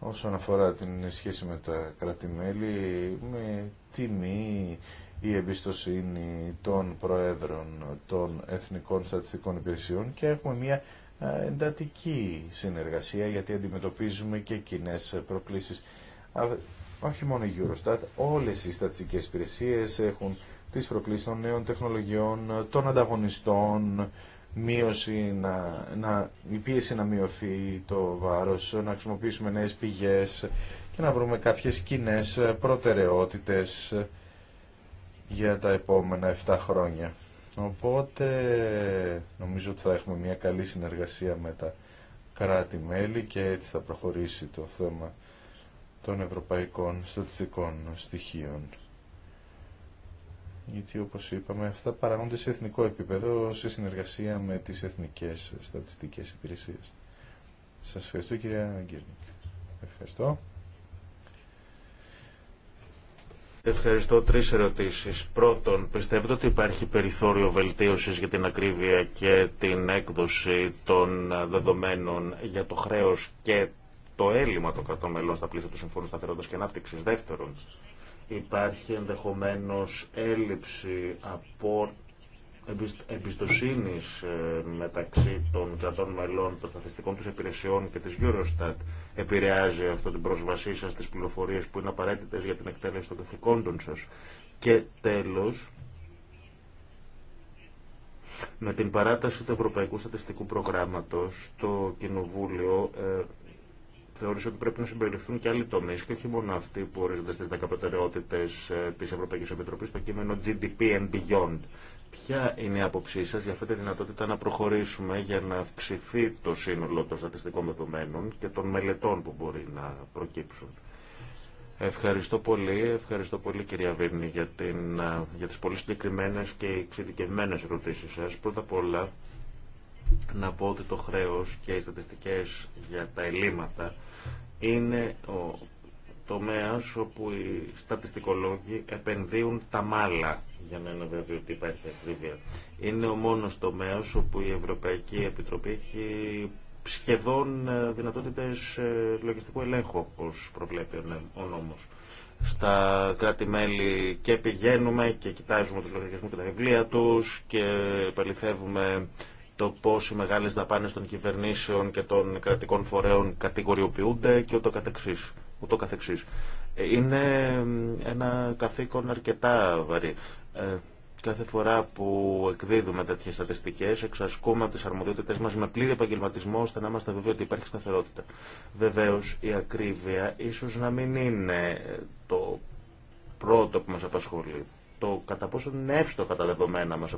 όσον αφορά την σχέση με τα κρατημέλη, με τιμή η εμπιστοσύνη των Προέδρων των Εθνικών Στατιστικών Υπηρεσιών και έχουμε μια εντατική συνεργασία γιατί αντιμετωπίζουμε και κοινέ προκλήσεις. Όχι μόνο η Eurostat, όλες οι στατιστικές υπηρεσίες έχουν τις προκλήσεις των νέων τεχνολογιών, των ανταγωνιστών, μείωση να, να, η πίεση να μειωθεί το βάρος, να χρησιμοποιήσουμε νέες πηγές και να βρούμε κάποιες κοινέ προτεραιότητες για τα επόμενα 7 χρόνια. Οπότε νομίζω ότι θα έχουμε μια καλή συνεργασία με τα κράτη-μέλη και έτσι θα προχωρήσει το θέμα των ευρωπαϊκών στατιστικών στοιχείων γιατί όπως είπαμε αυτά παραγόνται σε εθνικό επίπεδο σε συνεργασία με τις εθνικές στατιστικές υπηρεσίες. Σας ευχαριστώ κυρία Αγγύρνικ. Ευχαριστώ. Ευχαριστώ. Τρει ερωτήσει. Πρώτον, πιστεύετε ότι υπάρχει περιθώριο βελτίωση για την ακρίβεια και την έκδοση των δεδομένων για το χρέο και το έλλειμμα των κρατών μελών στα πλαίσια του Συμφώνου Σταθερότητα και Ανάπτυξη. Δεύτερον, Υπάρχει ενδεχομένως έλλειψη από εμπιστοσύνη ε, μεταξύ των κρατών μελών, των στατιστικών του υπηρεσιών και τη Eurostat επηρεάζει αυτό την πρόσβασή σα στι πληροφορίε που είναι απαραίτητε για την εκτέλεση των καθηκόντων σα. Και τέλο, με την παράταση του Ευρωπαϊκού Στατιστικού Προγράμματο, το Κοινοβούλιο ε, Θεώρησε ότι πρέπει να συμπεριληφθούν και άλλοι τομεί και όχι μόνο αυτοί που ορίζονται στι 10 προτεραιότητε ε, τη Ευρωπαϊκή Επιτροπή στο κείμενο GDP and Beyond. Ποια είναι η άποψή σα για αυτή τη δυνατότητα να προχωρήσουμε για να αυξηθεί το σύνολο των στατιστικών δεδομένων και των μελετών που μπορεί να προκύψουν. Ευχαριστώ πολύ, ευχαριστώ πολύ κυρία Βίρνη για, την, ε, για τις πολύ συγκεκριμένε και εξειδικευμένε ερωτήσεις σας. Πρώτα απ' όλα να πω ότι το χρέος και οι στατιστικές για τα ελλείμματα είναι ο τομέας όπου οι στατιστικολόγοι επενδύουν τα μάλα για να είναι βέβαιο ότι υπάρχει ακρίβεια. Είναι ο μόνος τομέας όπου η Ευρωπαϊκή Επιτροπή έχει σχεδόν ε, δυνατότητες ε, λογιστικού ελέγχου όπως προβλέπει ο νόμος. Στα κράτη-μέλη και πηγαίνουμε και κοιτάζουμε τους λογαριασμούς και τα βιβλία τους και επαληθεύουμε το πόσο μεγάλες δαπάνες των κυβερνήσεων και των κρατικών φορέων κατηγοριοποιούνται και ούτω καθεξής. Ούτω καθεξής. Είναι ένα καθήκον αρκετά βαρύ. Ε, κάθε φορά που εκδίδουμε τέτοιε στατιστικές, εξασκούμε από τις αρμοδιότητες μας με πλήρη επαγγελματισμό, ώστε να είμαστε βέβαιοι ότι υπάρχει σταθερότητα. Βεβαίω, η ακρίβεια ίσως να μην είναι το πρώτο που μας απασχολεί το κατά πόσο είναι εύστοχα τα δεδομένα μας,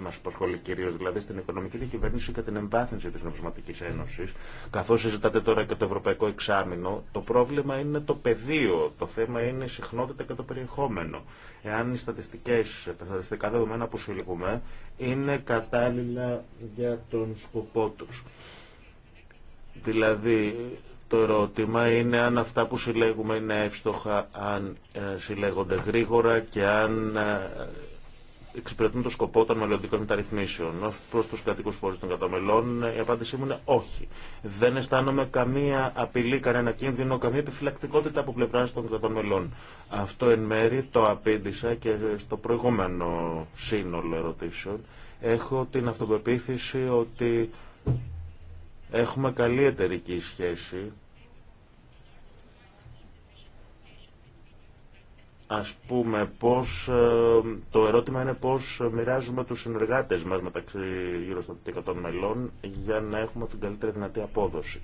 μας απασχολεί κυρίω, δηλαδή στην οικονομική διακυβέρνηση και την εμβάθυνση της Νομισματικής Ένωσης. Καθώς συζητάτε τώρα και το Ευρωπαϊκό Εξάμεινο, το πρόβλημα είναι το πεδίο, το θέμα είναι η συχνότητα και το περιεχόμενο. Εάν οι στατιστικές, τα στατιστικά δεδομένα που συλλογούμε είναι κατάλληλα για τον σκοπό τους. Δηλαδή, το ερώτημα είναι αν αυτά που συλλέγουμε είναι εύστοχα, αν ε, συλλέγονται γρήγορα και αν ε, εξυπηρετούν το σκοπό των μελλοντικών μεταρρυθμίσεων. Ω προ του κρατικού φορεί των καταμελών, ε, η απάντησή μου είναι όχι. Δεν αισθάνομαι καμία απειλή, κανένα κίνδυνο, καμία επιφυλακτικότητα από πλευρά των κρατομελών. Αυτό εν μέρη το απήντησα και στο προηγούμενο σύνολο ερωτήσεων. Έχω την αυτοπεποίθηση ότι έχουμε καλή εταιρική σχέση Ας πούμε, πώς, ε, το ερώτημα είναι πώς μοιράζουμε τους συνεργάτες μας μεταξύ γύρω στα 100 μελών για να έχουμε την καλύτερη δυνατή απόδοση.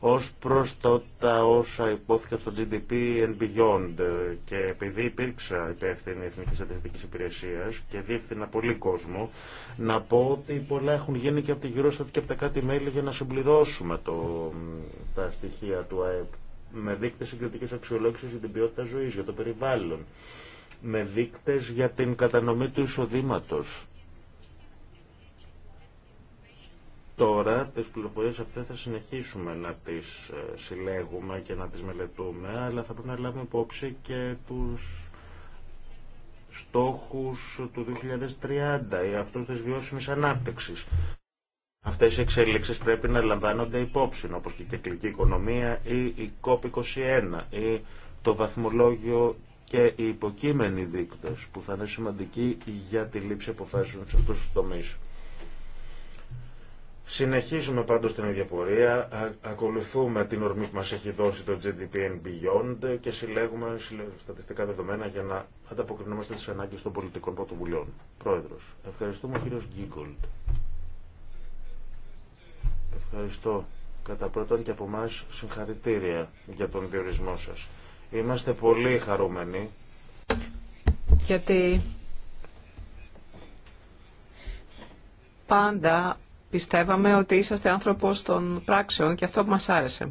Ως προς το τα όσα υπόθηκαν στο GDP and beyond ε, και επειδή υπήρξα υπεύθυνη Εθνικής Στατιστικής Υπηρεσίας και διεύθυνα πολύ κόσμο, να πω ότι πολλά έχουν γίνει και από τη γύρω και από τα κάτι μέλη για να συμπληρώσουμε το, τα στοιχεία του ΑΕΠ με δείκτες συγκριτική αξιολόγηση για την ποιότητα ζωή, για το περιβάλλον, με δείκτες για την κατανομή του εισοδήματο. Τώρα τις πληροφορίες αυτές θα συνεχίσουμε να τις ε, συλλέγουμε και να τις μελετούμε, αλλά θα πρέπει να λάβουμε υπόψη και τους στόχους του 2030 ή ε, αυτούς της βιώσιμης ανάπτυξης. Αυτέ οι εξέλιξει πρέπει να λαμβάνονται υπόψη, όπω και η κεκλική οικονομία ή η COP21 ή το βαθμολόγιο και οι υποκείμενοι δείκτε που θα είναι σημαντικοί για τη λήψη αποφάσεων σε αυτού του τομεί. Συνεχίζουμε πάντως την ίδια πορεία, ακολουθούμε την ορμή που μα έχει δώσει το GDP and Beyond και συλλέγουμε στατιστικά δεδομένα για να ανταποκρινόμαστε στις ανάγκε των πολιτικών πρωτοβουλειών. Πρόεδρος, ευχαριστούμε ο κύριος Γκίγκολτ. Ευχαριστώ. Κατά πρώτον και από εμά συγχαρητήρια για τον διορισμό σας. Είμαστε πολύ χαρούμενοι. Γιατί πάντα πιστεύαμε ότι είσαστε άνθρωπος των πράξεων και αυτό που μας άρεσε.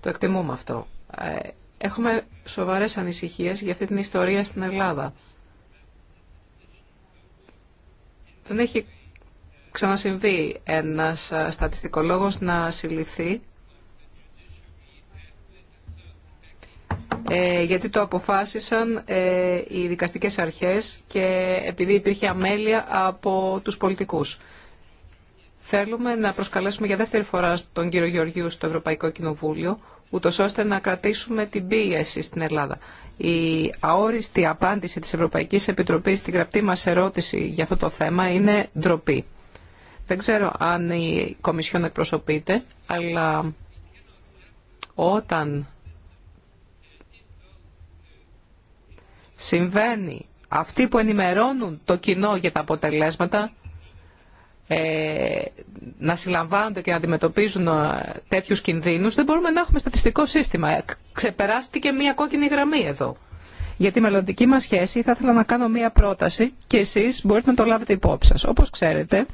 Το εκτιμούμε αυτό. Ε, έχουμε σοβαρές ανησυχίες για αυτή την ιστορία στην Ελλάδα. Δεν έχει ξανασυμβεί ένας στατιστικολόγος να συλληφθεί ε, γιατί το αποφάσισαν ε, οι δικαστικές αρχές και επειδή υπήρχε αμέλεια από τους πολιτικούς. Θέλουμε να προσκαλέσουμε για δεύτερη φορά τον κύριο Γεωργίου στο Ευρωπαϊκό Κοινοβούλιο, ούτω ώστε να κρατήσουμε την πίεση στην Ελλάδα. Η αόριστη απάντηση της Ευρωπαϊκής Επιτροπής στην γραπτή μας ερώτηση για αυτό το θέμα είναι ντροπή. Δεν ξέρω αν η Κομισιόν εκπροσωπείται, αλλά όταν συμβαίνει αυτοί που ενημερώνουν το κοινό για τα αποτελέσματα ε, να συλλαμβάνονται και να αντιμετωπίζουν ε, τέτοιους κινδύνους, δεν μπορούμε να έχουμε στατιστικό σύστημα. Ε, ξεπεράστηκε μία κόκκινη γραμμή εδώ. Για τη μελλοντική μας σχέση θα ήθελα να κάνω μία πρόταση και εσείς μπορείτε να το λάβετε υπόψη σας. Όπως ξέρετε,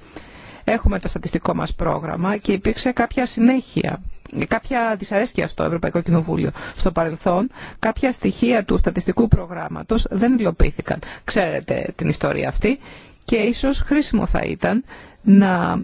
Έχουμε το στατιστικό μας πρόγραμμα και υπήρξε κάποια συνέχεια, κάποια δυσαρέσκεια στο Ευρωπαϊκό Κοινοβούλιο. Στο παρελθόν, κάποια στοιχεία του στατιστικού προγράμματος δεν υλοποιήθηκαν. Ξέρετε την ιστορία αυτή και ίσως χρήσιμο θα ήταν να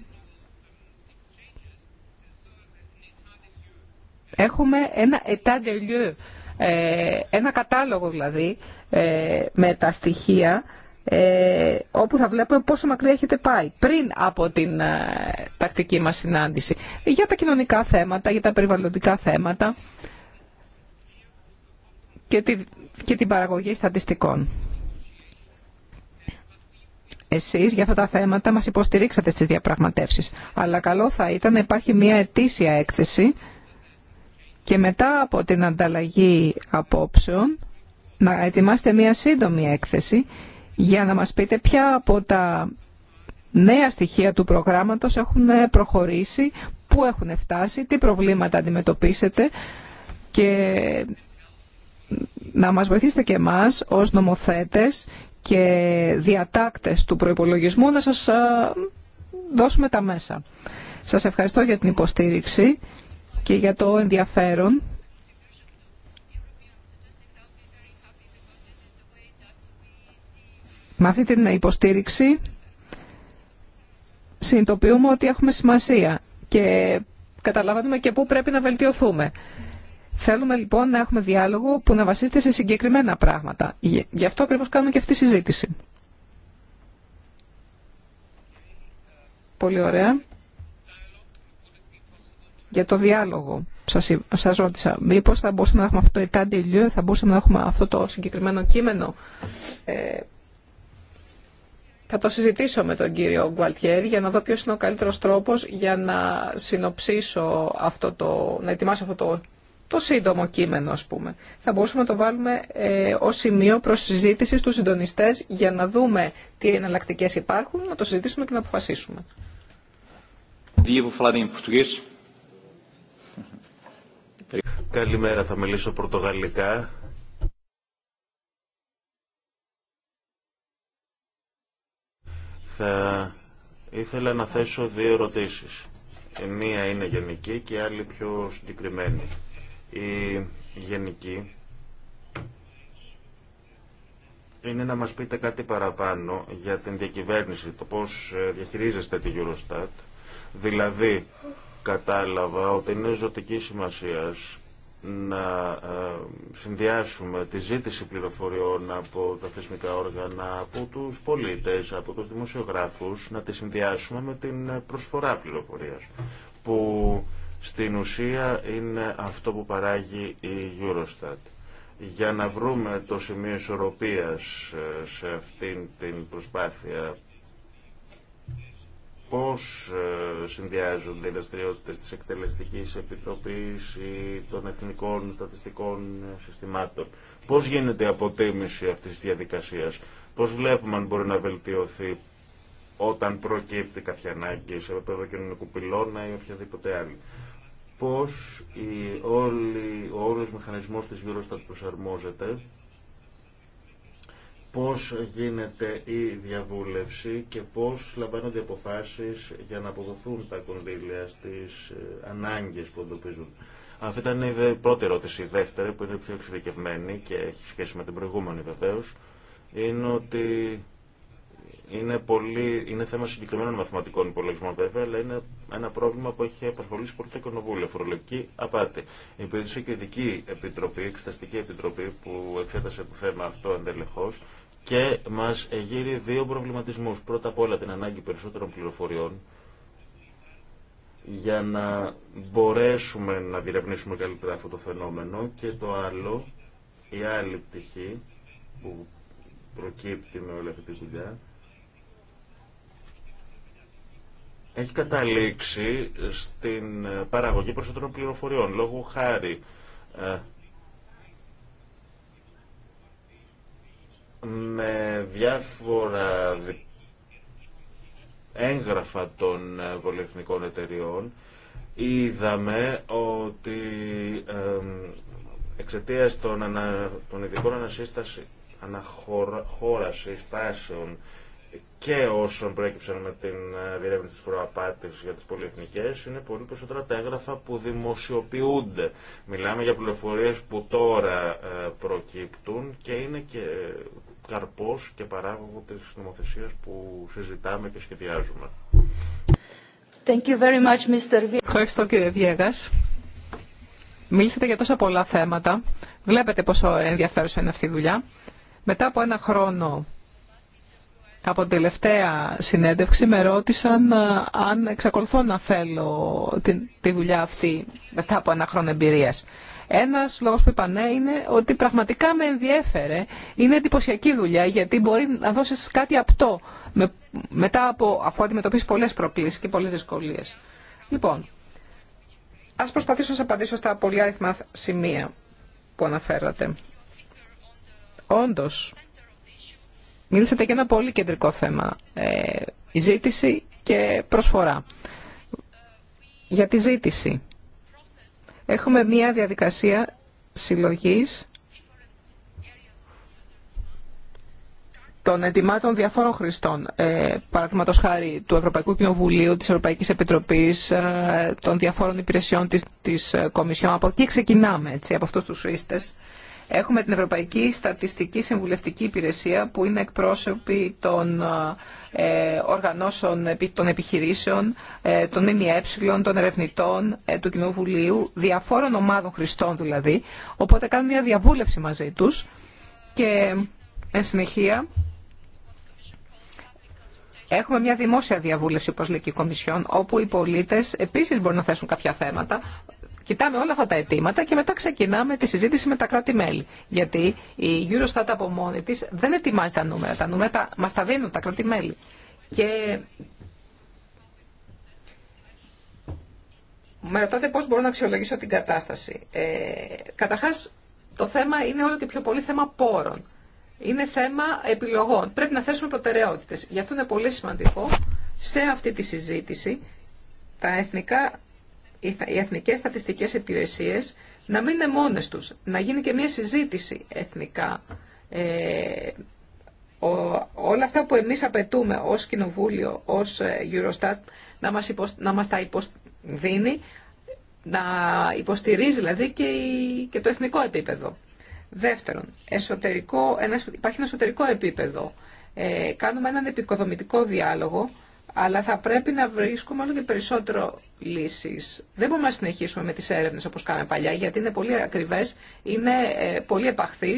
έχουμε ένα état de ε, ένα κατάλογο δηλαδή ε, με τα στοιχεία ε, όπου θα βλέπουμε πόσο μακριά έχετε πάει πριν από την ε, τακτική μας συνάντηση για τα κοινωνικά θέματα, για τα περιβαλλοντικά θέματα και, τη, και την παραγωγή στατιστικών. Εσείς για αυτά τα θέματα μας υποστηρίξατε στις διαπραγματεύσεις, αλλά καλό θα ήταν να υπάρχει μια ετήσια έκθεση και μετά από την ανταλλαγή απόψεων να ετοιμάσετε μια σύντομη έκθεση για να μας πείτε ποια από τα νέα στοιχεία του προγράμματος έχουν προχωρήσει, πού έχουν φτάσει, τι προβλήματα αντιμετωπίσετε και να μας βοηθήσετε και εμάς ως νομοθέτες και διατάκτες του προϋπολογισμού να σας δώσουμε τα μέσα. Σας ευχαριστώ για την υποστήριξη και για το ενδιαφέρον Με αυτή την υποστήριξη συνειδητοποιούμε ότι έχουμε σημασία και καταλαβαίνουμε και πού πρέπει να βελτιωθούμε. Θέλουμε λοιπόν να έχουμε διάλογο που να βασίζεται σε συγκεκριμένα πράγματα. Γι' αυτό ακριβώ κάνουμε και αυτή τη συζήτηση. Πολύ ωραία. Για το διάλογο σας, σας ρώτησα, μήπως θα μπορούσαμε να έχουμε αυτό το θα μπορούσαμε να έχουμε αυτό το συγκεκριμένο κείμενο. Ε, θα το συζητήσω με τον κύριο Γκουαλτιέρη για να δω ποιος είναι ο καλύτερος τρόπος για να συνοψίσω αυτό το, να ετοιμάσω αυτό το, το σύντομο κείμενο, ας πούμε. Θα μπορούσαμε να το βάλουμε ε, ως σημείο προς συζήτηση στους συντονιστές για να δούμε τι εναλλακτικέ υπάρχουν, να το συζητήσουμε και να αποφασίσουμε. Καλημέρα, θα μιλήσω πορτογαλικά Θα ήθελα να θέσω δύο ερωτήσεις. Η μία είναι γενική και η άλλη πιο συγκεκριμένη. Η γενική είναι να μας πείτε κάτι παραπάνω για την διακυβέρνηση, το πώς ε, διαχειρίζεστε τη Eurostat. Δηλαδή, κατάλαβα ότι είναι ζωτική σημασίας να ε, συνδυάσουμε τη ζήτηση πληροφοριών από τα θεσμικά όργανα, από τους πολίτες, από τους δημοσιογράφους, να τη συνδυάσουμε με την προσφορά πληροφορίας, που στην ουσία είναι αυτό που παράγει η Eurostat. Για να βρούμε το σημείο ισορροπίας ε, σε αυτήν την προσπάθεια πώς ε, συνδυάζονται οι δραστηριότητε της Εκτελεστικής Επιτροπής ή των Εθνικών Στατιστικών Συστημάτων. Πώς γίνεται η αποτίμηση αυτής της διαδικασίας. Πώς βλέπουμε αν μπορεί να βελτιωθεί όταν προκύπτει κάποια ανάγκη σε επίπεδο κοινωνικού πυλώνα ή οποιαδήποτε άλλη. Πώς η, όλη, ο όλος μηχανισμός της στα προσαρμόζεται πώς γίνεται η διαβούλευση και πώς λαμβάνονται αποφάσεις για να αποδοθούν τα κονδύλια στις ε, ανάγκες που εντοπίζουν. Αυτή ήταν η πρώτη ερώτηση. Η δεύτερη, που είναι πιο εξειδικευμένη και έχει σχέση με την προηγούμενη βεβαίω, είναι ότι είναι, πολύ, είναι θέμα συγκεκριμένων μαθηματικών υπολογισμών βέβαια, αλλά είναι ένα πρόβλημα που έχει απασχολήσει πολύ το Κοινοβούλιο. Φορολογική απάτη. Υπήρξε και ειδική επιτροπή, εξεταστική επιτροπή που εξέτασε το θέμα αυτό εντελεχώ και μας εγείρει δύο προβληματισμούς. Πρώτα απ' όλα την ανάγκη περισσότερων πληροφοριών για να μπορέσουμε να διερευνήσουμε καλύτερα αυτό το φαινόμενο και το άλλο, η άλλη πτυχή που προκύπτει με όλη αυτή τη δουλειά έχει καταλήξει στην παραγωγή περισσότερων πληροφοριών λόγω χάρη ε, με διάφορα έγγραφα των ε, πολυεθνικών εταιριών είδαμε ότι εξαιτίας των, ανα, των ειδικών αναχώραση στάσεων και όσων προέκυψαν με την ε, διερεύνηση της προαπάτης για τις πολυεθνικές είναι πολύ περισσότερα τα έγγραφα που δημοσιοποιούνται. Μιλάμε για πληροφορίες που τώρα ε, προκύπτουν και είναι και καρπός και παράγωγο της νομοθεσίας που συζητάμε και σχεδιάζουμε. Thank you very much, Mr. Ευχαριστώ κύριε Βιέγας. Μίλησατε για τόσα πολλά θέματα. Βλέπετε πόσο ενδιαφέρουσα είναι αυτή η δουλειά. Μετά από ένα χρόνο από την τελευταία συνέντευξη με ρώτησαν ε, αν εξακολουθώ να θέλω τη δουλειά αυτή μετά από ένα χρόνο εμπειρίας. Ένα λόγο που είπα ναι είναι ότι πραγματικά με ενδιέφερε. Είναι εντυπωσιακή δουλειά γιατί μπορεί να δώσει κάτι απτό μετά από, αφού αντιμετωπίσει πολλές προκλήσει και πολλές δυσκολίες. Λοιπόν, ας προσπαθήσω να σα απαντήσω στα πολύ άριθμα σημεία που αναφέρατε. Όντω, μίλησατε για ένα πολύ κεντρικό θέμα. Ε, η ζήτηση και προσφορά. Για τη ζήτηση. Έχουμε μία διαδικασία συλλογής των ετοιμάτων διαφόρων χρηστών. Ε, Παραδείγματο χάρη του Ευρωπαϊκού Κοινοβουλίου, της Ευρωπαϊκής Επιτροπής, ε, των διαφόρων υπηρεσιών τη της ε, Κομισιόν. Από εκεί ξεκινάμε, έτσι, από αυτού τους χρήστες. Έχουμε την Ευρωπαϊκή Στατιστική Συμβουλευτική Υπηρεσία, που είναι εκπρόσωποι των ε, ε, οργανώσεων των επιχειρήσεων, ε, των ΜΜΕ, των ερευνητών ε, του Κοινοβουλίου, διαφόρων ομάδων χρηστών δηλαδή. Οπότε κάνουν μια διαβούλευση μαζί τους και εν συνεχεία Έχουμε μια δημόσια διαβούλευση, όπω λέει και η Κομισιόν, όπου οι πολίτες επίσης μπορούν να θέσουν κάποια θέματα Κοιτάμε όλα αυτά τα αιτήματα και μετά ξεκινάμε τη συζήτηση με τα κράτη-μέλη. Γιατί η Eurostat από μόνη τη δεν ετοιμάζει τα νούμερα. Τα νούμερα τα, μα τα δίνουν τα κράτη-μέλη. Και με ρωτάτε πώς μπορώ να αξιολογήσω την κατάσταση. Ε, το θέμα είναι όλο και πιο πολύ θέμα πόρων. Είναι θέμα επιλογών. Πρέπει να θέσουμε προτεραιότητε. Γι' αυτό είναι πολύ σημαντικό σε αυτή τη συζήτηση τα εθνικά οι εθνικές στατιστικές υπηρεσίες να μην είναι μόνες τους, να γίνει και μια συζήτηση εθνικά. Ε, όλα αυτά που εμείς απαιτούμε ως Κοινοβούλιο, ως ε, Eurostat, να μας, να τα υποστηρίζει, να υποστηρίζει δηλαδή και, το εθνικό επίπεδο. Δεύτερον, εσωτερικό, ένα, υπάρχει ένα εσωτερικό επίπεδο. Ε, κάνουμε έναν επικοδομητικό διάλογο αλλά θα πρέπει να βρίσκουμε όλο και περισσότερο λύσει. Δεν μπορούμε να συνεχίσουμε με τι έρευνε όπω κάναμε παλιά, γιατί είναι πολύ ακριβέ, είναι ε, πολύ επαχθεί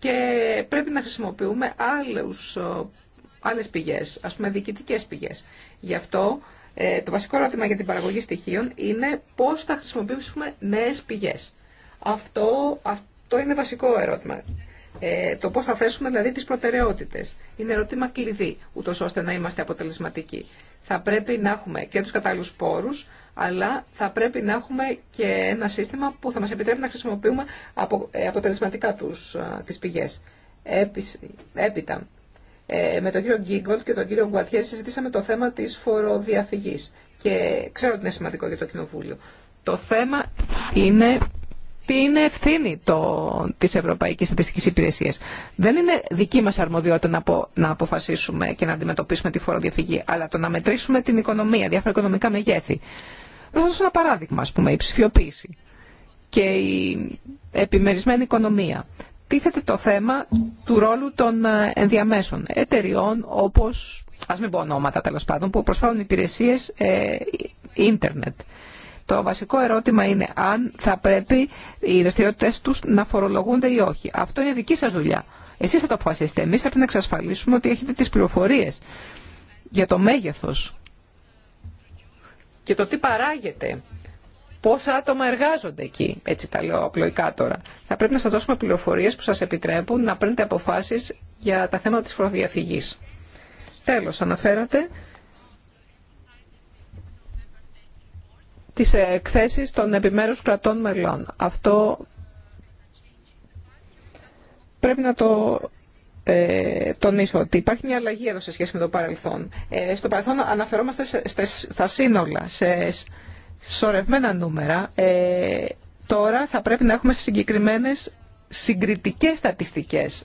και πρέπει να χρησιμοποιούμε άλλους, άλλες πηγές, ας πούμε διοικητικές πηγές. Γι' αυτό ε, το βασικό ερώτημα για την παραγωγή στοιχείων είναι πώς θα χρησιμοποιήσουμε νέες πηγές. αυτό είναι βασικό ερώτημα ε, το πώς θα θέσουμε δηλαδή τις προτεραιότητες. Είναι ερώτημα κλειδί, ούτως ώστε να είμαστε αποτελεσματικοί. Θα πρέπει να έχουμε και τους κατάλληλου πόρους, αλλά θα πρέπει να έχουμε και ένα σύστημα που θα μας επιτρέπει να χρησιμοποιούμε απο, ε, αποτελεσματικά τους, ε, τις πηγές. έπειτα, ε, με τον κύριο Γκίγκολτ και τον κύριο Γκουατιέ συζητήσαμε το θέμα της φοροδιαφυγής και ξέρω ότι είναι σημαντικό για το Κοινοβούλιο. Το θέμα είναι τι είναι ευθύνη το, της Ευρωπαϊκής Στατιστικής Υπηρεσίας. Δεν είναι δική μας αρμοδιότητα να, να αποφασίσουμε και να αντιμετωπίσουμε τη φοροδιαφυγή, αλλά το να μετρήσουμε την οικονομία, διάφορα οικονομικά μεγέθη. Να σας δώσω ένα παράδειγμα, ας πούμε, η ψηφιοποίηση και η επιμερισμένη οικονομία. Τίθεται το θέμα του ρόλου των ε, ενδιαμέσων εταιριών όπως, ας μην πω ονόματα τέλος πάντων, που προσφέρουν υπηρεσίες ε, ίντερνετ. Το βασικό ερώτημα είναι αν θα πρέπει οι δραστηριότητε του να φορολογούνται ή όχι. Αυτό είναι δική σα δουλειά. Εσεί θα το αποφασίσετε. Εμεί θα πρέπει να εξασφαλίσουμε ότι έχετε τι πληροφορίε για το μέγεθο και το τι παράγεται. Πόσα άτομα εργάζονται εκεί, έτσι τα λέω απλοϊκά τώρα. Θα πρέπει να σας δώσουμε πληροφορίες που σας επιτρέπουν να παίρνετε αποφάσεις για τα θέματα της φοροδιαφυγής. Τέλος, αναφέρατε τις εκθέσεις των επιμέρους κρατών μελών. Αυτό πρέπει να το ε, τονίσω ότι υπάρχει μια αλλαγή εδώ σε σχέση με το παρελθόν. Ε, στο παρελθόν αναφερόμαστε σε, σε, στα σύνολα, σε σωρευμένα νούμερα. Ε, τώρα θα πρέπει να έχουμε συγκεκριμένες συγκριτικές στατιστικές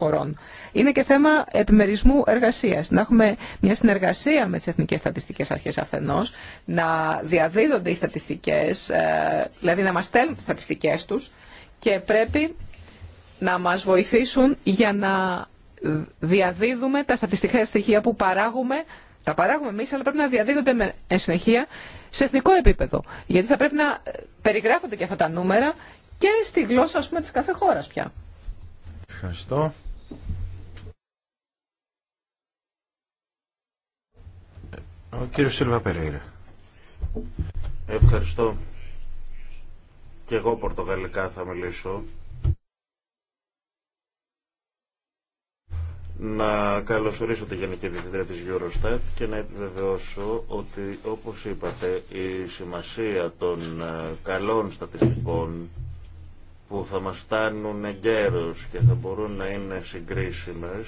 χωρών. Είναι και θέμα επιμερισμού εργασία. Να έχουμε μια συνεργασία με τι εθνικέ στατιστικέ αρχέ αφενός, να διαδίδονται οι στατιστικέ, ε, δηλαδή να μα στέλνουν τι στατιστικέ τους και πρέπει να μα βοηθήσουν για να διαδίδουμε τα στατιστικά στοιχεία που παράγουμε τα παράγουμε εμεί, αλλά πρέπει να διαδίδονται με συνεχεία σε εθνικό επίπεδο. Γιατί θα πρέπει να ε, περιγράφονται και αυτά τα νούμερα και στη γλώσσα, τη της κάθε χώρας πια. Ευχαριστώ. Ο κύριος Σίλβα Περέιρα. Ευχαριστώ. Και εγώ πορτογαλικά θα μιλήσω. να καλωσορίσω τη Γενική Διευθυντρία της Eurostat και να επιβεβαιώσω ότι, όπως είπατε, η σημασία των ε, καλών στατιστικών που θα μας φτάνουν εγκαίρως και θα μπορούν να είναι συγκρίσιμες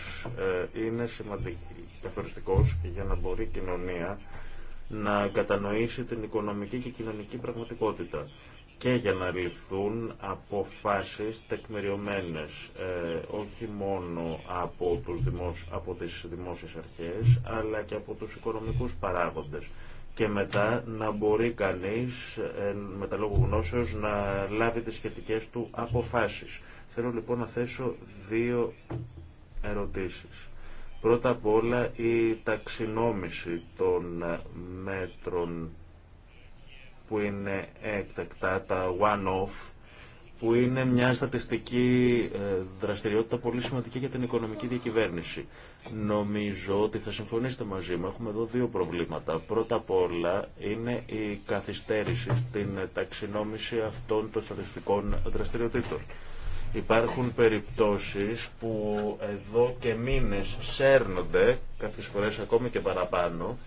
ε, είναι σημαντική για να μπορεί η κοινωνία να κατανοήσει την οικονομική και κοινωνική πραγματικότητα και για να ληφθούν αποφάσεις τεκμηριωμένες ε, όχι μόνο από, τους δημόσ, από τις δημόσιες αρχές αλλά και από τους οικονομικούς παράγοντες και μετά να μπορεί κανείς ε, με τα λόγω γνώσεως να λάβει τις σχετικές του αποφάσεις. Θέλω λοιπόν να θέσω δύο ερωτήσεις. Πρώτα απ' όλα η ταξινόμηση των ε, μέτρων που είναι έκτακτα, τα one-off, που είναι μια στατιστική ε, δραστηριότητα πολύ σημαντική για την οικονομική διακυβέρνηση. Νομίζω ότι θα συμφωνήσετε μαζί μου. Έχουμε εδώ δύο προβλήματα. Πρώτα απ' όλα είναι η καθυστέρηση στην ταξινόμηση αυτών των στατιστικών δραστηριοτήτων. Υπάρχουν περιπτώσεις που εδώ και μήνες σέρνονται, κάποιες φορές ακόμη και παραπάνω,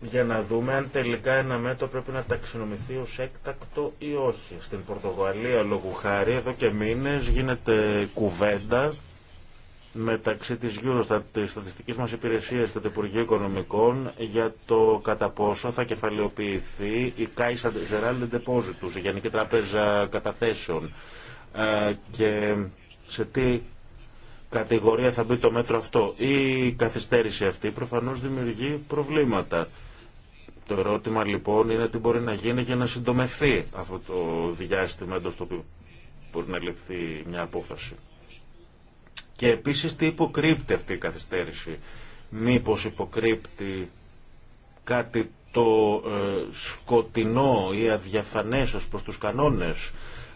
για να δούμε αν τελικά ένα μέτρο πρέπει να ταξινομηθεί ως έκτακτο ή όχι. Στην Πορτογαλία, λόγου χάρη, εδώ και μήνες γίνεται κουβέντα μεταξύ της Eurostat, της στατιστικής μας υπηρεσίας και του Υπουργείου Οικονομικών για το κατά πόσο θα κεφαλαιοποιηθεί η Kaiser General Depositus, η Γενική Τράπεζα Καταθέσεων. Ε, και σε τι κατηγορία θα μπει το μέτρο αυτό. Η καθυστέρηση αυτή προφανώς δημιουργεί προβλήματα. Το ερώτημα λοιπόν είναι τι μπορεί να γίνει για να συντομεθεί αυτό το διάστημα εντός του οποίου μπορεί να ληφθεί μια απόφαση. Και επίσης τι υποκρύπτει αυτή η καθυστέρηση. Μήπως υποκρύπτει κάτι το ε, σκοτεινό ή αδιαφανές ως προς τους κανόνες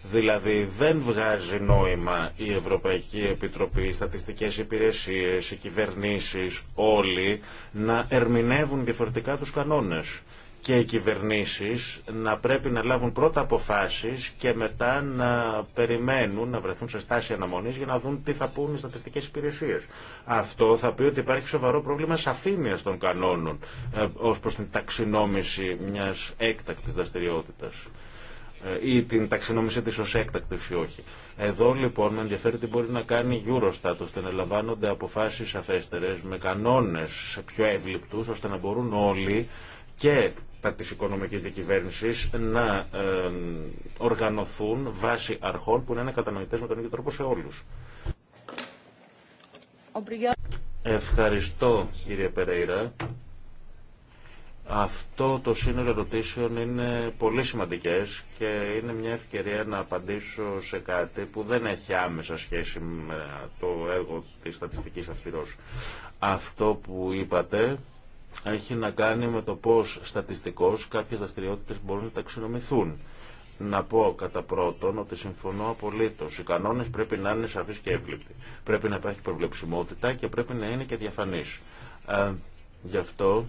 Δηλαδή δεν βγάζει νόημα η Ευρωπαϊκή Επιτροπή, οι στατιστικές υπηρεσίες, οι κυβερνήσεις, όλοι να ερμηνεύουν διαφορετικά τους κανόνες και οι κυβερνήσεις να πρέπει να λάβουν πρώτα αποφάσεις και μετά να περιμένουν να βρεθούν σε στάση αναμονής για να δουν τι θα πούν οι στατιστικές υπηρεσίες. Αυτό θα πει ότι υπάρχει σοβαρό πρόβλημα σαφήνειας των κανόνων ε, ως προς την ταξινόμηση μιας έκτακτης δραστηριότητας. Ε, ή την ταξινόμηση της ως έκτακτης ή όχι. Εδώ λοιπόν με ενδιαφέρει τι μπορεί να κάνει η Eurostat ώστε να λαμβάνονται αποφάσεις αφέστερες με κανόνες πιο εύληπτους ώστε να μπορούν όλοι και τα της οικονομικής διακυβέρνησης να ε, οργανωθούν βάσει αρχών που να είναι κατανοητές με τον ίδιο τρόπο σε όλους. Ευχαριστώ κύριε Περέιρα. Αυτό το σύνολο ερωτήσεων είναι πολύ σημαντικές και είναι μια ευκαιρία να απαντήσω σε κάτι που δεν έχει άμεσα σχέση με το έργο της στατιστικής αυθυρός. Αυτό που είπατε έχει να κάνει με το πώς στατιστικώς κάποιες δραστηριότητες μπορούν να ταξινομηθούν. Να πω κατά πρώτον ότι συμφωνώ απολύτω. Οι κανόνε πρέπει να είναι σαφεί και εύληπτοι. Πρέπει να υπάρχει προβλεψιμότητα και πρέπει να είναι και διαφανεί. Ε, γι' αυτό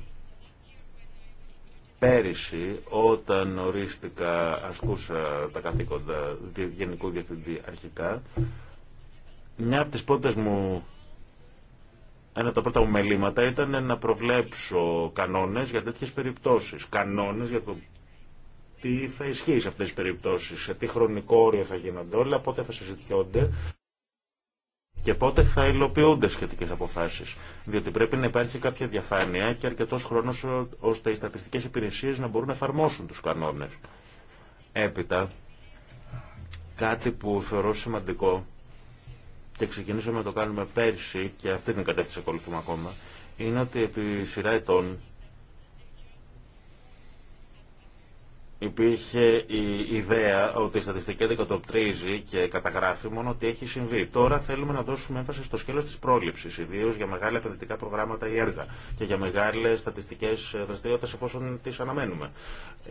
Πέρυσι, όταν ορίστηκα, ασκούσα τα καθήκοντα Γενικού Διευθυντή αρχικά, μια από τις πρώτες μου ένα από τα πρώτα μου μελήματα ήταν να προβλέψω κανόνες για τέτοιες περιπτώσεις. Κανόνες για το τι θα ισχύει σε αυτές τις περιπτώσεις, σε τι χρονικό όριο θα γίνονται όλα, πότε θα συζητιόνται και πότε θα υλοποιούνται σχετικέ αποφάσει. Διότι πρέπει να υπάρχει κάποια διαφάνεια και αρκετό χρόνο ώστε οι στατιστικέ υπηρεσίε να μπορούν να εφαρμόσουν του κανόνε. Έπειτα, κάτι που θεωρώ σημαντικό και ξεκινήσαμε να το κάνουμε πέρσι και αυτή την κατεύθυνση ακολουθούμε ακόμα, είναι ότι επί σειρά ετών υπήρχε η ιδέα ότι η στατιστική αντικατοπτρίζει και καταγράφει μόνο ότι έχει συμβεί. Τώρα θέλουμε να δώσουμε έμφαση στο σκέλος της πρόληψης, ιδίως για μεγάλα επενδυτικά προγράμματα ή έργα και για μεγάλες στατιστικές δραστηριότητες εφόσον τις αναμένουμε.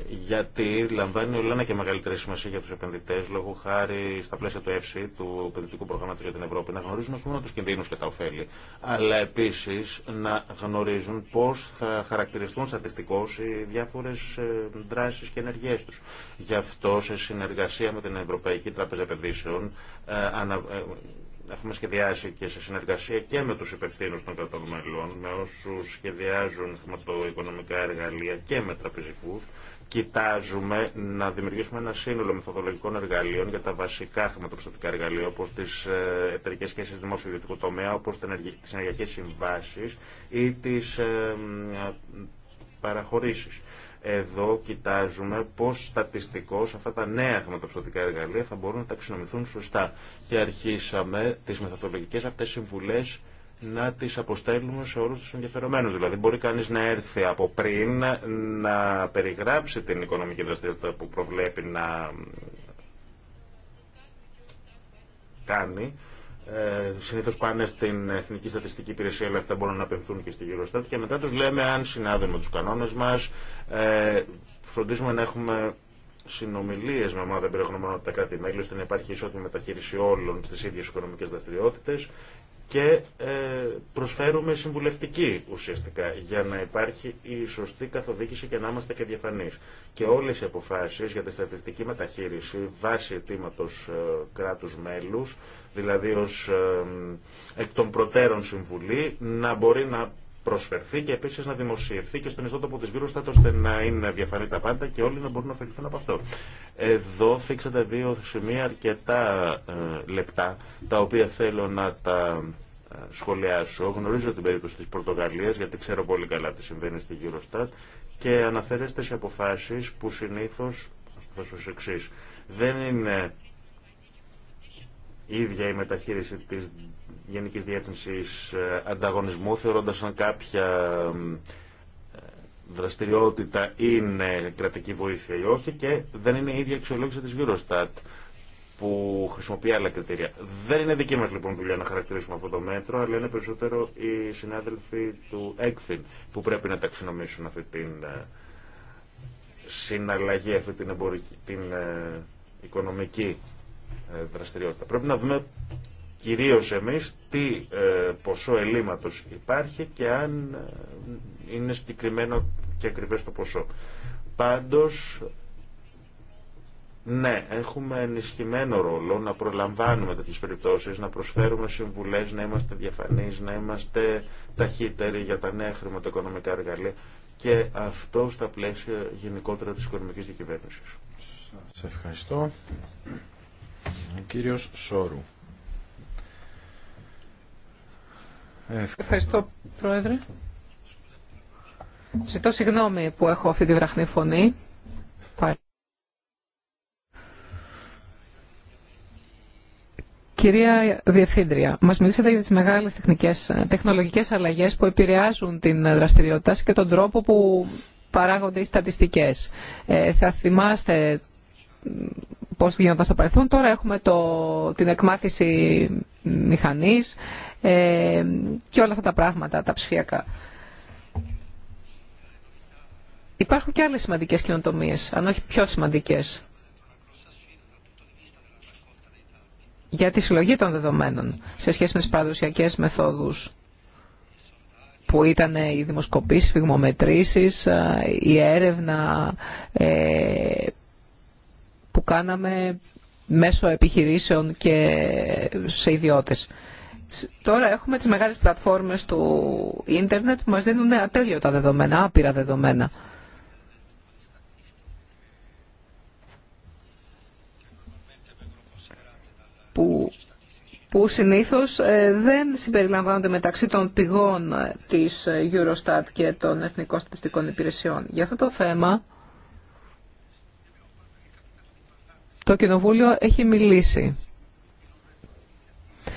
Γιατί λαμβάνει όλο ένα και μεγαλύτερη σημασία για τους επενδυτές λόγω χάρη στα πλαίσια του ΕΦΣΥ, του επενδυτικού προγράμματος για την Ευρώπη, να γνωρίζουν όχι μόνο τους κινδύνου και τα ωφέλη, αλλά επίσης να γνωρίζουν πώς θα χαρακτηριστούν στατιστικώς οι διάφορες ε, δράσει και ενέργειες Γι' αυτό σε συνεργασία με την Ευρωπαϊκή Τράπεζα Επενδύσεων ε, ε, έχουμε σχεδιάσει και σε συνεργασία και με τους υπευθύνους των κρατών μελών, με όσους σχεδιάζουν χρηματοοικονομικά εργαλεία και με τραπεζικού κοιτάζουμε να δημιουργήσουμε ένα σύνολο μεθοδολογικών εργαλείων για τα βασικά χρηματοπιστωτικά εργαλεία, όπω τι ε, εταιρικέ σχέσει δημόσιο ιδιωτικού τομέα, όπω τι ενεργειακέ συμβάσει ή τι παραχωρήσει. Εδώ κοιτάζουμε πώς στατιστικώς αυτά τα νέα χρηματοπιστωτικά εργαλεία θα μπορούν να ταξινομηθούν σωστά. Και αρχίσαμε τις μεθοδολογικές αυτές συμβουλές να τις αποστέλνουμε σε όλους τους ενδιαφερομένους. Δηλαδή μπορεί κανείς να έρθει από πριν να περιγράψει την οικονομική δραστηριότητα που προβλέπει να κάνει ε, Συνήθω πάνε στην Εθνική Στατιστική Υπηρεσία, αλλά αυτά μπορούν να απευθούν και στη Eurostat και μετά του λέμε αν συνάδουν με του κανόνε μα. Ε, φροντίζουμε να έχουμε συνομιλίε με ομάδα περιεχομένων από τα κράτη-μέλη, ώστε να υπάρχει ισότιμη μεταχείριση όλων στι ίδιε οικονομικέ δραστηριότητε και ε, προσφέρουμε συμβουλευτική ουσιαστικά για να υπάρχει η σωστή καθοδήγηση και να είμαστε και διαφανείς. Και όλες οι αποφάσεις για τη στατιστική μεταχείριση βάσει αιτήματος ε, κράτους μέλους, δηλαδή ως ε, εκ των προτέρων συμβουλή, να μπορεί να προσφερθεί και επίση να δημοσιευθεί και στον ιστότοπο της Eurostat ώστε να είναι διαφανή τα πάντα και όλοι να μπορούν να ωφεληθούν από αυτό. Εδώ θίξατε δύο σημεία αρκετά ε, λεπτά τα οποία θέλω να τα ε, σχολιάσω. Γνωρίζω την περίπτωση τη Πορτογαλία γιατί ξέρω πολύ καλά τι συμβαίνει στη Γύρω Στάτ και αναφέρεστε σε αποφάσει που συνήθω, θα Δεν είναι η ίδια η μεταχείριση της Γενικής Διεύθυνσης ε, Ανταγωνισμού, θεωρώντας αν κάποια ε, δραστηριότητα είναι κρατική βοήθεια ή όχι και δεν είναι η ίδια αξιολόγηση της Eurostat που χρησιμοποιεί άλλα κριτήρια. Δεν είναι δική μας λοιπόν δουλειά να χαρακτηρίσουμε αυτό το μέτρο, αλλά είναι περισσότερο οι συνάδελφοι του ΕΚΦΙΝ που πρέπει να ταξινομήσουν αυτή την ε, συναλλαγή, αυτή την, εμπορική, την οικονομική ε, δραστηριότητα. Πρέπει να δούμε κυρίως εμείς τι ε, ποσό ελλείμματος υπάρχει και αν ε, είναι συγκεκριμένο και ακριβές το ποσό. Πάντως, ναι, έχουμε ενισχυμένο ρόλο να προλαμβάνουμε τέτοιες περιπτώσεις, να προσφέρουμε συμβουλές, να είμαστε διαφανείς, να είμαστε ταχύτεροι για τα νέα χρηματοοικονομικά εργαλεία και αυτό στα πλαίσια γενικότερα της οικονομικής διακυβέρνησης. Σας ευχαριστώ. Ο κύριος Σόρου. Ευχαριστώ, Πρόεδρε. Ζητώ συγγνώμη που έχω αυτή τη βραχνή φωνή. Κυρία Διευθύντρια, μα μιλήσατε για τι μεγάλε τεχνολογικέ αλλαγέ που επηρεάζουν την δραστηριότητα και τον τρόπο που παράγονται οι στατιστικές. Ε, θα θυμάστε πώς γίνονταν στο παρελθόν. Τώρα έχουμε το, την εκμάθηση μηχανής ε, και όλα αυτά τα πράγματα, τα ψηφιακά. Υπάρχουν και άλλες σημαντικές κοινοτομίες, αν όχι πιο σημαντικές, για τη συλλογή των δεδομένων σε σχέση με τις παραδοσιακές μεθόδους που ήταν οι δημοσκοπήσεις, οι ε, η έρευνα, ε, που κάναμε μέσω επιχειρήσεων και σε ιδιώτες. Τώρα έχουμε τις μεγάλες πλατφόρμες του ίντερνετ που μας δίνουν ατέλειωτα δεδομένα, άπειρα δεδομένα. Που, που συνήθως ε, δεν συμπεριλαμβάνονται μεταξύ των πηγών ε, της ε, Eurostat και των Εθνικών Στατιστικών Υπηρεσιών. Για αυτό το θέμα... Το Κοινοβούλιο έχει μιλήσει.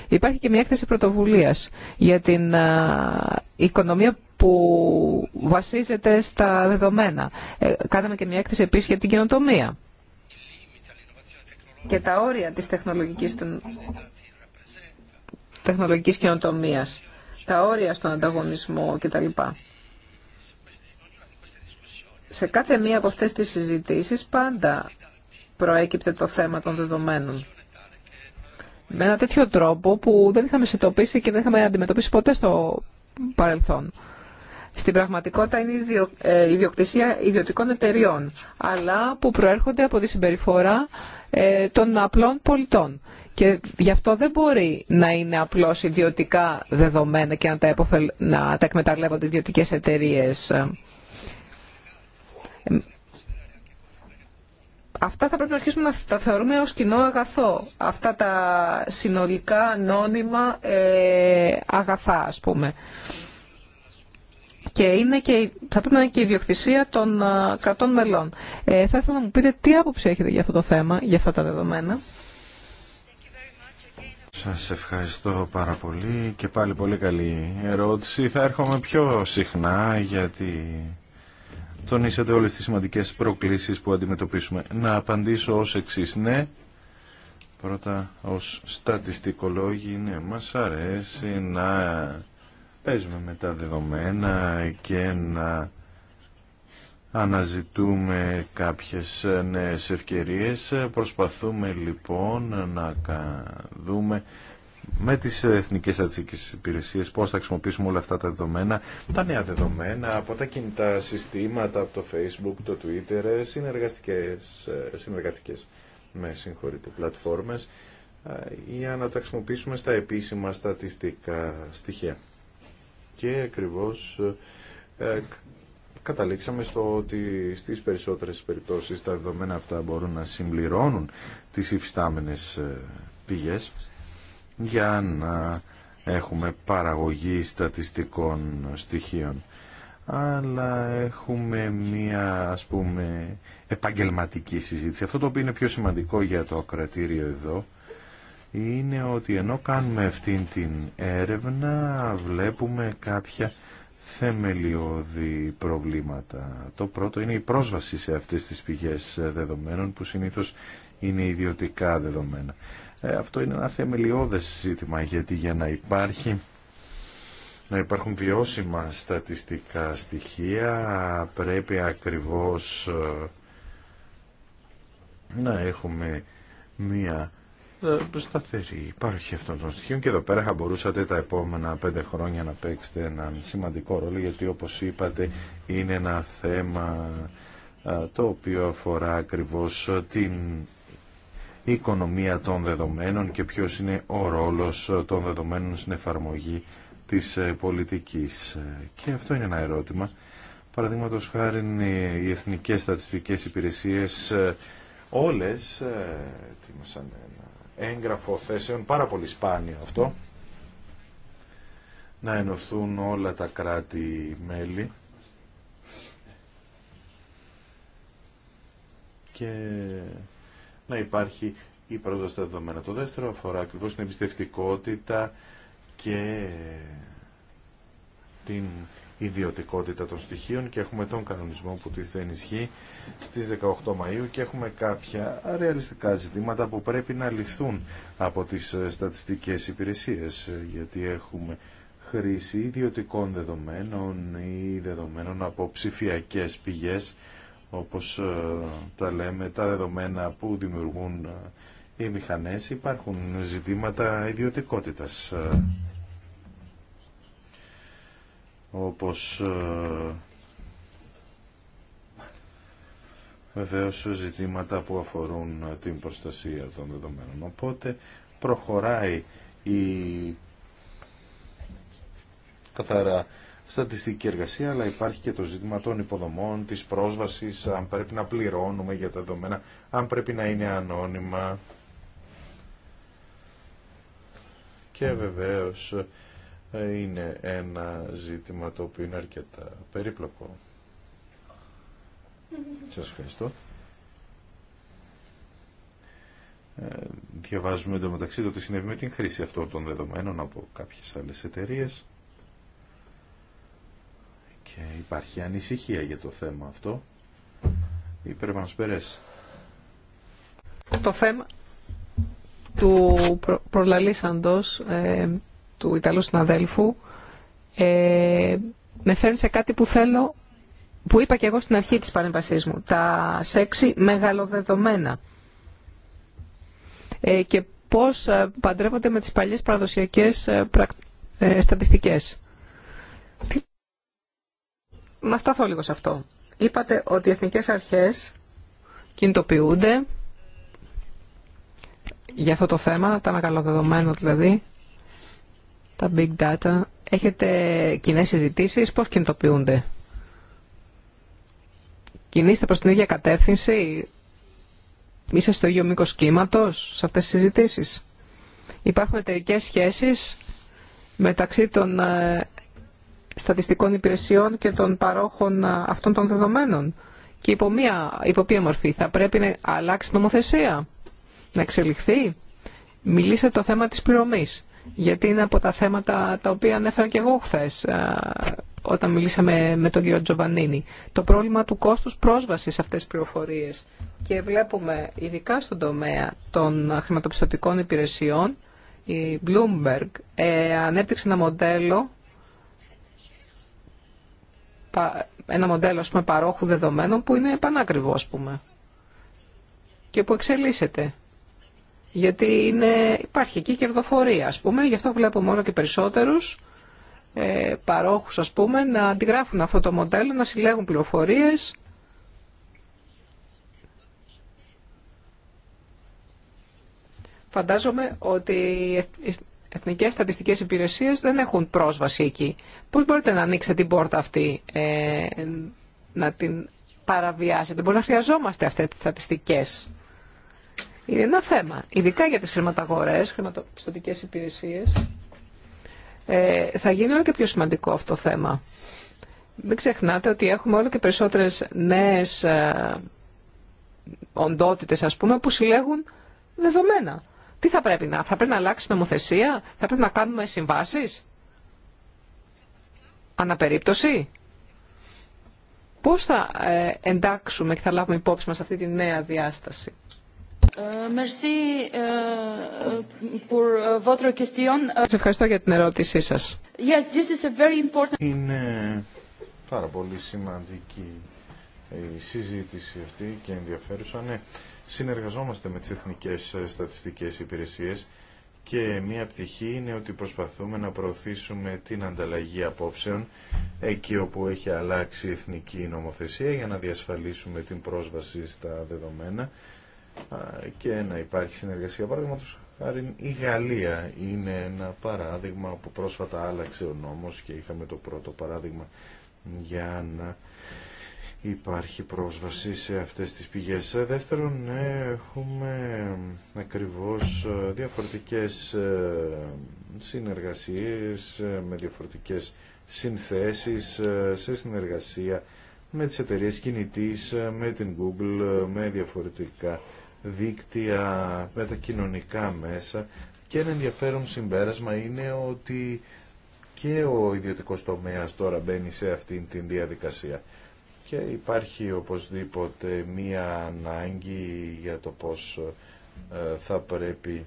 Υπάρχει και μια έκθεση πρωτοβουλίας για την οικονομία που βασίζεται στα δεδομένα. Ε, κάναμε και μια έκθεση επίσης για την καινοτομία και τα όρια της τεχνολογικής, τεχνολογικής καινοτομίας, τα όρια στον ανταγωνισμό κτλ. Σε κάθε μία από αυτές τις συζητήσεις πάντα προέκυπτε το θέμα των δεδομένων. Με ένα τέτοιο τρόπο που δεν είχαμε συνειδητοποιήσει και δεν είχαμε αντιμετωπίσει ποτέ στο παρελθόν. Στην πραγματικότητα είναι η ε, ιδιοκτησία ιδιωτικών εταιριών, αλλά που προέρχονται από τη συμπεριφορά ε, των απλών πολιτών. Και γι' αυτό δεν μπορεί να είναι απλώς ιδιωτικά δεδομένα και να τα, εποφελ... να τα εκμεταλλεύονται ιδιωτικές εταιρείες. Αυτά θα πρέπει να αρχίσουμε να τα θεωρούμε ως κοινό αγαθό. Αυτά τα συνολικά, ανώνυμα ε, αγαθά, ας πούμε. Και, είναι και θα πρέπει να είναι και η διοκτησία των α, ε, κρατών μελών. Ε, θα ήθελα να μου πείτε τι άποψη έχετε για αυτό το θέμα, για αυτά τα δεδομένα. Σας ευχαριστώ πάρα πολύ και πάλι πολύ καλή ερώτηση. Θα έρχομαι πιο συχνά γιατί τονίσατε όλες τις σημαντικές προκλήσεις που αντιμετωπίσουμε. Να απαντήσω ως εξή. Ναι, πρώτα ως στατιστικολόγοι, ναι, μας αρέσει να παίζουμε με τα δεδομένα και να αναζητούμε κάποιες νέες ευκαιρίες. Προσπαθούμε λοιπόν να δούμε με τις εθνικές στατιστικές υπηρεσίες πώς θα χρησιμοποιήσουμε όλα αυτά τα δεδομένα, τα νέα δεδομένα από τα κινητά συστήματα, από το facebook, το twitter, συνεργαστικές ε, συνεργατικές με συγχωρείτε πλατφόρμες ε, για να τα χρησιμοποιήσουμε στα επίσημα στατιστικά στοιχεία. Και ακριβώς ε, καταλήξαμε στο ότι στις περισσότερες περιπτώσεις τα δεδομένα αυτά μπορούν να συμπληρώνουν τις υφιστάμενες πηγές για να έχουμε παραγωγή στατιστικών στοιχείων αλλά έχουμε μία ας πούμε επαγγελματική συζήτηση. Αυτό το οποίο είναι πιο σημαντικό για το κρατήριο εδώ είναι ότι ενώ κάνουμε αυτήν την έρευνα βλέπουμε κάποια θεμελιώδη προβλήματα. Το πρώτο είναι η πρόσβαση σε αυτές τις πηγές δεδομένων που συνήθως είναι ιδιωτικά δεδομένα. Ε, αυτό είναι ένα θεμελιώδες ζήτημα γιατί για να υπάρχει να υπάρχουν βιώσιμα στατιστικά στοιχεία πρέπει ακριβώς ε, να έχουμε μία ε, σταθερή υπάρχει αυτών των στοιχείων και εδώ πέρα θα μπορούσατε τα επόμενα πέντε χρόνια να παίξετε έναν σημαντικό ρόλο γιατί όπως είπατε είναι ένα θέμα το οποίο αφορά ακριβώς την οικονομία των δεδομένων και ποιος είναι ο ρόλος των δεδομένων στην εφαρμογή της ε, πολιτικής. Και αυτό είναι ένα ερώτημα. Παραδείγματο χάρη ε, οι εθνικές στατιστικές υπηρεσίες ε, όλες ετοίμασαν ένα έγγραφο θέσεων, πάρα πολύ σπάνιο αυτό, να ενωθούν όλα τα κράτη-μέλη και να υπάρχει η πρόοδο στα δεδομένα. Το δεύτερο αφορά ακριβώ την εμπιστευτικότητα και την ιδιωτικότητα των στοιχείων και έχουμε τον κανονισμό που τη τίθεται ισχύει στις 18 Μαΐου και έχουμε κάποια ρεαλιστικά ζητήματα που πρέπει να λυθούν από τις στατιστικές υπηρεσίες γιατί έχουμε χρήση ιδιωτικών δεδομένων ή δεδομένων από ψηφιακές πηγές όπως ε, τα λέμε, τα δεδομένα που δημιουργούν ε, οι μηχανές, υπάρχουν ζητήματα ιδιωτικότητας. Ε, όπως βεβαίως ζητήματα που αφορούν την προστασία των δεδομένων. Οπότε προχωράει η καθαρά στατιστική εργασία, αλλά υπάρχει και το ζήτημα των υποδομών, της πρόσβασης, αν πρέπει να πληρώνουμε για τα δεδομένα, αν πρέπει να είναι ανώνυμα. Και βεβαίω ε, είναι ένα ζήτημα το οποίο είναι αρκετά περίπλοκο. Σας ευχαριστώ. Ε, διαβάζουμε εντωμεταξύ το τι συνέβη με την χρήση αυτών των δεδομένων από κάποιες άλλες εταιρείες. Και υπάρχει ανησυχία για το θέμα αυτό. Ή πρέπει Το θέμα του προ, προλαλήσαντος ε, του Ιταλού συναδέλφου ε, με φέρνει σε κάτι που θέλω που είπα και εγώ στην αρχή της παρέμβασής μου τα σεξι μεγαλοδεδομένα ε, και πώς ε, παντρεύονται με τις παλιές παραδοσιακές ε, στατιστικές να σταθώ λίγο σε αυτό. Είπατε ότι οι εθνικές αρχές κινητοποιούνται για αυτό το θέμα, τα μεγαλοδεδομένα δηλαδή, τα big data. Έχετε κοινέ συζητήσει, πώς κινητοποιούνται. Κινείστε προς την ίδια κατεύθυνση, είστε στο ίδιο μήκο κύματο σε αυτές τις συζητήσεις. Υπάρχουν εταιρικέ σχέσεις μεταξύ των ε, στατιστικών υπηρεσιών και των παρόχων αυτών των δεδομένων. Και υπό, μία, υπό ποια μορφή θα πρέπει να αλλάξει νομοθεσία, να εξελιχθεί. Μιλήσατε το θέμα της πληρωμής, γιατί είναι από τα θέματα τα οποία ανέφερα και εγώ χθε όταν μιλήσαμε με τον κύριο Τζοβανίνη. Το πρόβλημα του κόστους πρόσβασης σε αυτές τις πληροφορίες. Και βλέπουμε ειδικά στον τομέα των χρηματοπιστωτικών υπηρεσιών, η Bloomberg ε, ανέπτυξε ένα μοντέλο ένα μοντέλο πούμε, παρόχου δεδομένων που είναι πανάκριβο ας πούμε και που εξελίσσεται. Γιατί είναι, υπάρχει εκεί κερδοφορία ας πούμε, γι' αυτό βλέπουμε όλο και περισσότερους ε, παρόχους ας πούμε να αντιγράφουν αυτό το μοντέλο, να συλλέγουν πληροφορίες Φαντάζομαι ότι Εθνικές Στατιστικές Υπηρεσίες δεν έχουν πρόσβαση εκεί. Πώς μπορείτε να ανοίξετε την πόρτα αυτή, ε, να την παραβιάσετε. Μπορεί να χρειαζόμαστε αυτές τις στατιστικές. Είναι ένα θέμα, ειδικά για τις χρηματαγορές, χρηματοπιστωτικές υπηρεσίες. Ε, θα γίνει όλο και πιο σημαντικό αυτό το θέμα. Μην ξεχνάτε ότι έχουμε όλο και περισσότερες νέες ε, οντότητες, ας πούμε, που συλλέγουν δεδομένα. Τι θα πρέπει να, θα πρέπει να αλλάξει νομοθεσία, θα πρέπει να κάνουμε συμβάσεις, αναπερίπτωση. Πώς θα ε, εντάξουμε και θα λάβουμε υπόψη μας αυτή τη νέα διάσταση. Ε, ε, σας ευχαριστώ για την ερώτησή σας. Yes, this is a very important... Είναι πάρα πολύ σημαντική η συζήτηση αυτή και ενδιαφέρουσα. Ναι συνεργαζόμαστε με τις εθνικές στατιστικές υπηρεσίες και μία πτυχή είναι ότι προσπαθούμε να προωθήσουμε την ανταλλαγή απόψεων εκεί όπου έχει αλλάξει η εθνική νομοθεσία για να διασφαλίσουμε την πρόσβαση στα δεδομένα και να υπάρχει συνεργασία. Παραδείγματος χάρη η Γαλλία είναι ένα παράδειγμα που πρόσφατα άλλαξε ο νόμος και είχαμε το πρώτο παράδειγμα για να υπάρχει πρόσβαση σε αυτές τις πηγές. Δεύτερον, έχουμε ακριβώς ε, διαφορετικές ε, συνεργασίες ε, με διαφορετικές συνθέσεις σε συνεργασία με τις εταιρείες κινητής, με την Google, με διαφορετικά δίκτυα, με τα κοινωνικά μέσα και ένα ενδιαφέρον συμπέρασμα είναι ότι και ο ιδιωτικός τομέας τώρα μπαίνει σε αυτήν την διαδικασία και υπάρχει οπωσδήποτε μία ανάγκη για το πώς ε, θα πρέπει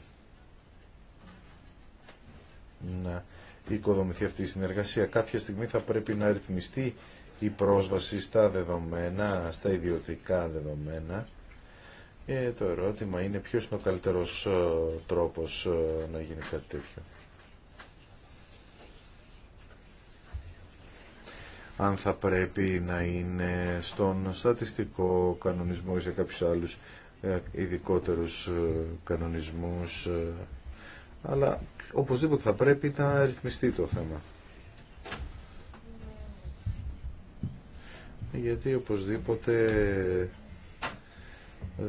να οικοδομηθεί αυτή η συνεργασία. Κάποια στιγμή θα πρέπει να ρυθμιστεί η πρόσβαση στα δεδομένα, στα ιδιωτικά δεδομένα. Ε, το ερώτημα είναι ποιος είναι ο καλύτερος ε, τρόπος ε, να γίνει κάτι τέτοιο. αν θα πρέπει να είναι στον στατιστικό κανονισμό ή σε κάποιους άλλους ε, ειδικότερους ε, κανονισμούς ε. αλλά οπωσδήποτε θα πρέπει να ρυθμιστεί το θέμα. Γιατί οπωσδήποτε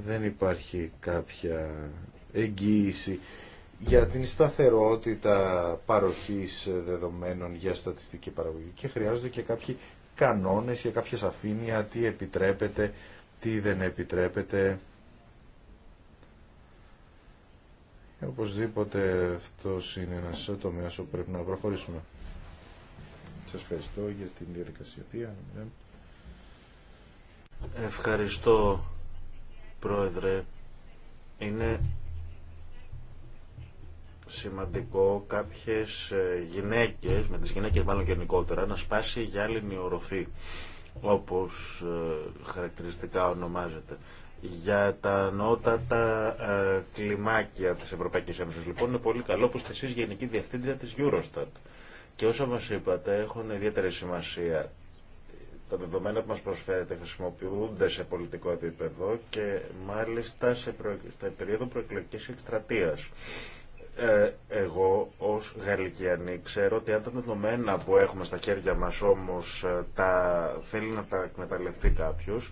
δεν υπάρχει κάποια εγγύηση για την σταθερότητα παροχής δεδομένων για στατιστική παραγωγή και χρειάζονται και κάποιοι κανόνες για κάποια σαφήνεια, τι επιτρέπεται, τι δεν επιτρέπεται. Οπωσδήποτε αυτό είναι ένα τομέα που πρέπει να προχωρήσουμε. Σα ευχαριστώ για την διαδικασία αυτή. Ευχαριστώ, Πρόεδρε. Είναι σημαντικό κάποιες ε, γυναίκες, με τις γυναίκες μάλλον γενικότερα, να σπάσει η γυάλινη οροφή, όπως ε, χαρακτηριστικά ονομάζεται. Για τα νότατα ε, κλιμάκια της Ευρωπαϊκής Ένωσης, λοιπόν, είναι πολύ καλό που είστε Γενική Διευθύντρια της Eurostat. Και όσα μας είπατε έχουν ιδιαίτερη σημασία. Τα δεδομένα που μας προσφέρετε χρησιμοποιούνται σε πολιτικό επίπεδο και μάλιστα σε περίοδο προεκλογικής εκστρατείας ε, εγώ ως Γαλλικιανή ξέρω ότι αν τα δεδομένα που έχουμε στα χέρια μας όμως ε, τα, θέλει να τα εκμεταλλευτεί κάποιος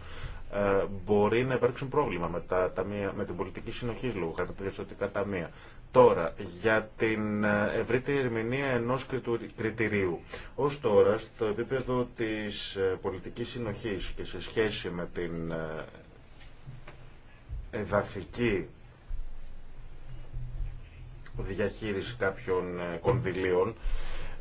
ε, μπορεί να υπάρξουν πρόβλημα με, τα, με την πολιτική συνοχή λόγω κατά τα διευθυντικά ταμεία. Τώρα, για την ευρύτερη ερμηνεία ενός κριτηρίου. Ως τώρα, στο επίπεδο της πολιτικής συνοχής και σε σχέση με την εδαφική διαχείριση κάποιων ε, κονδυλίων,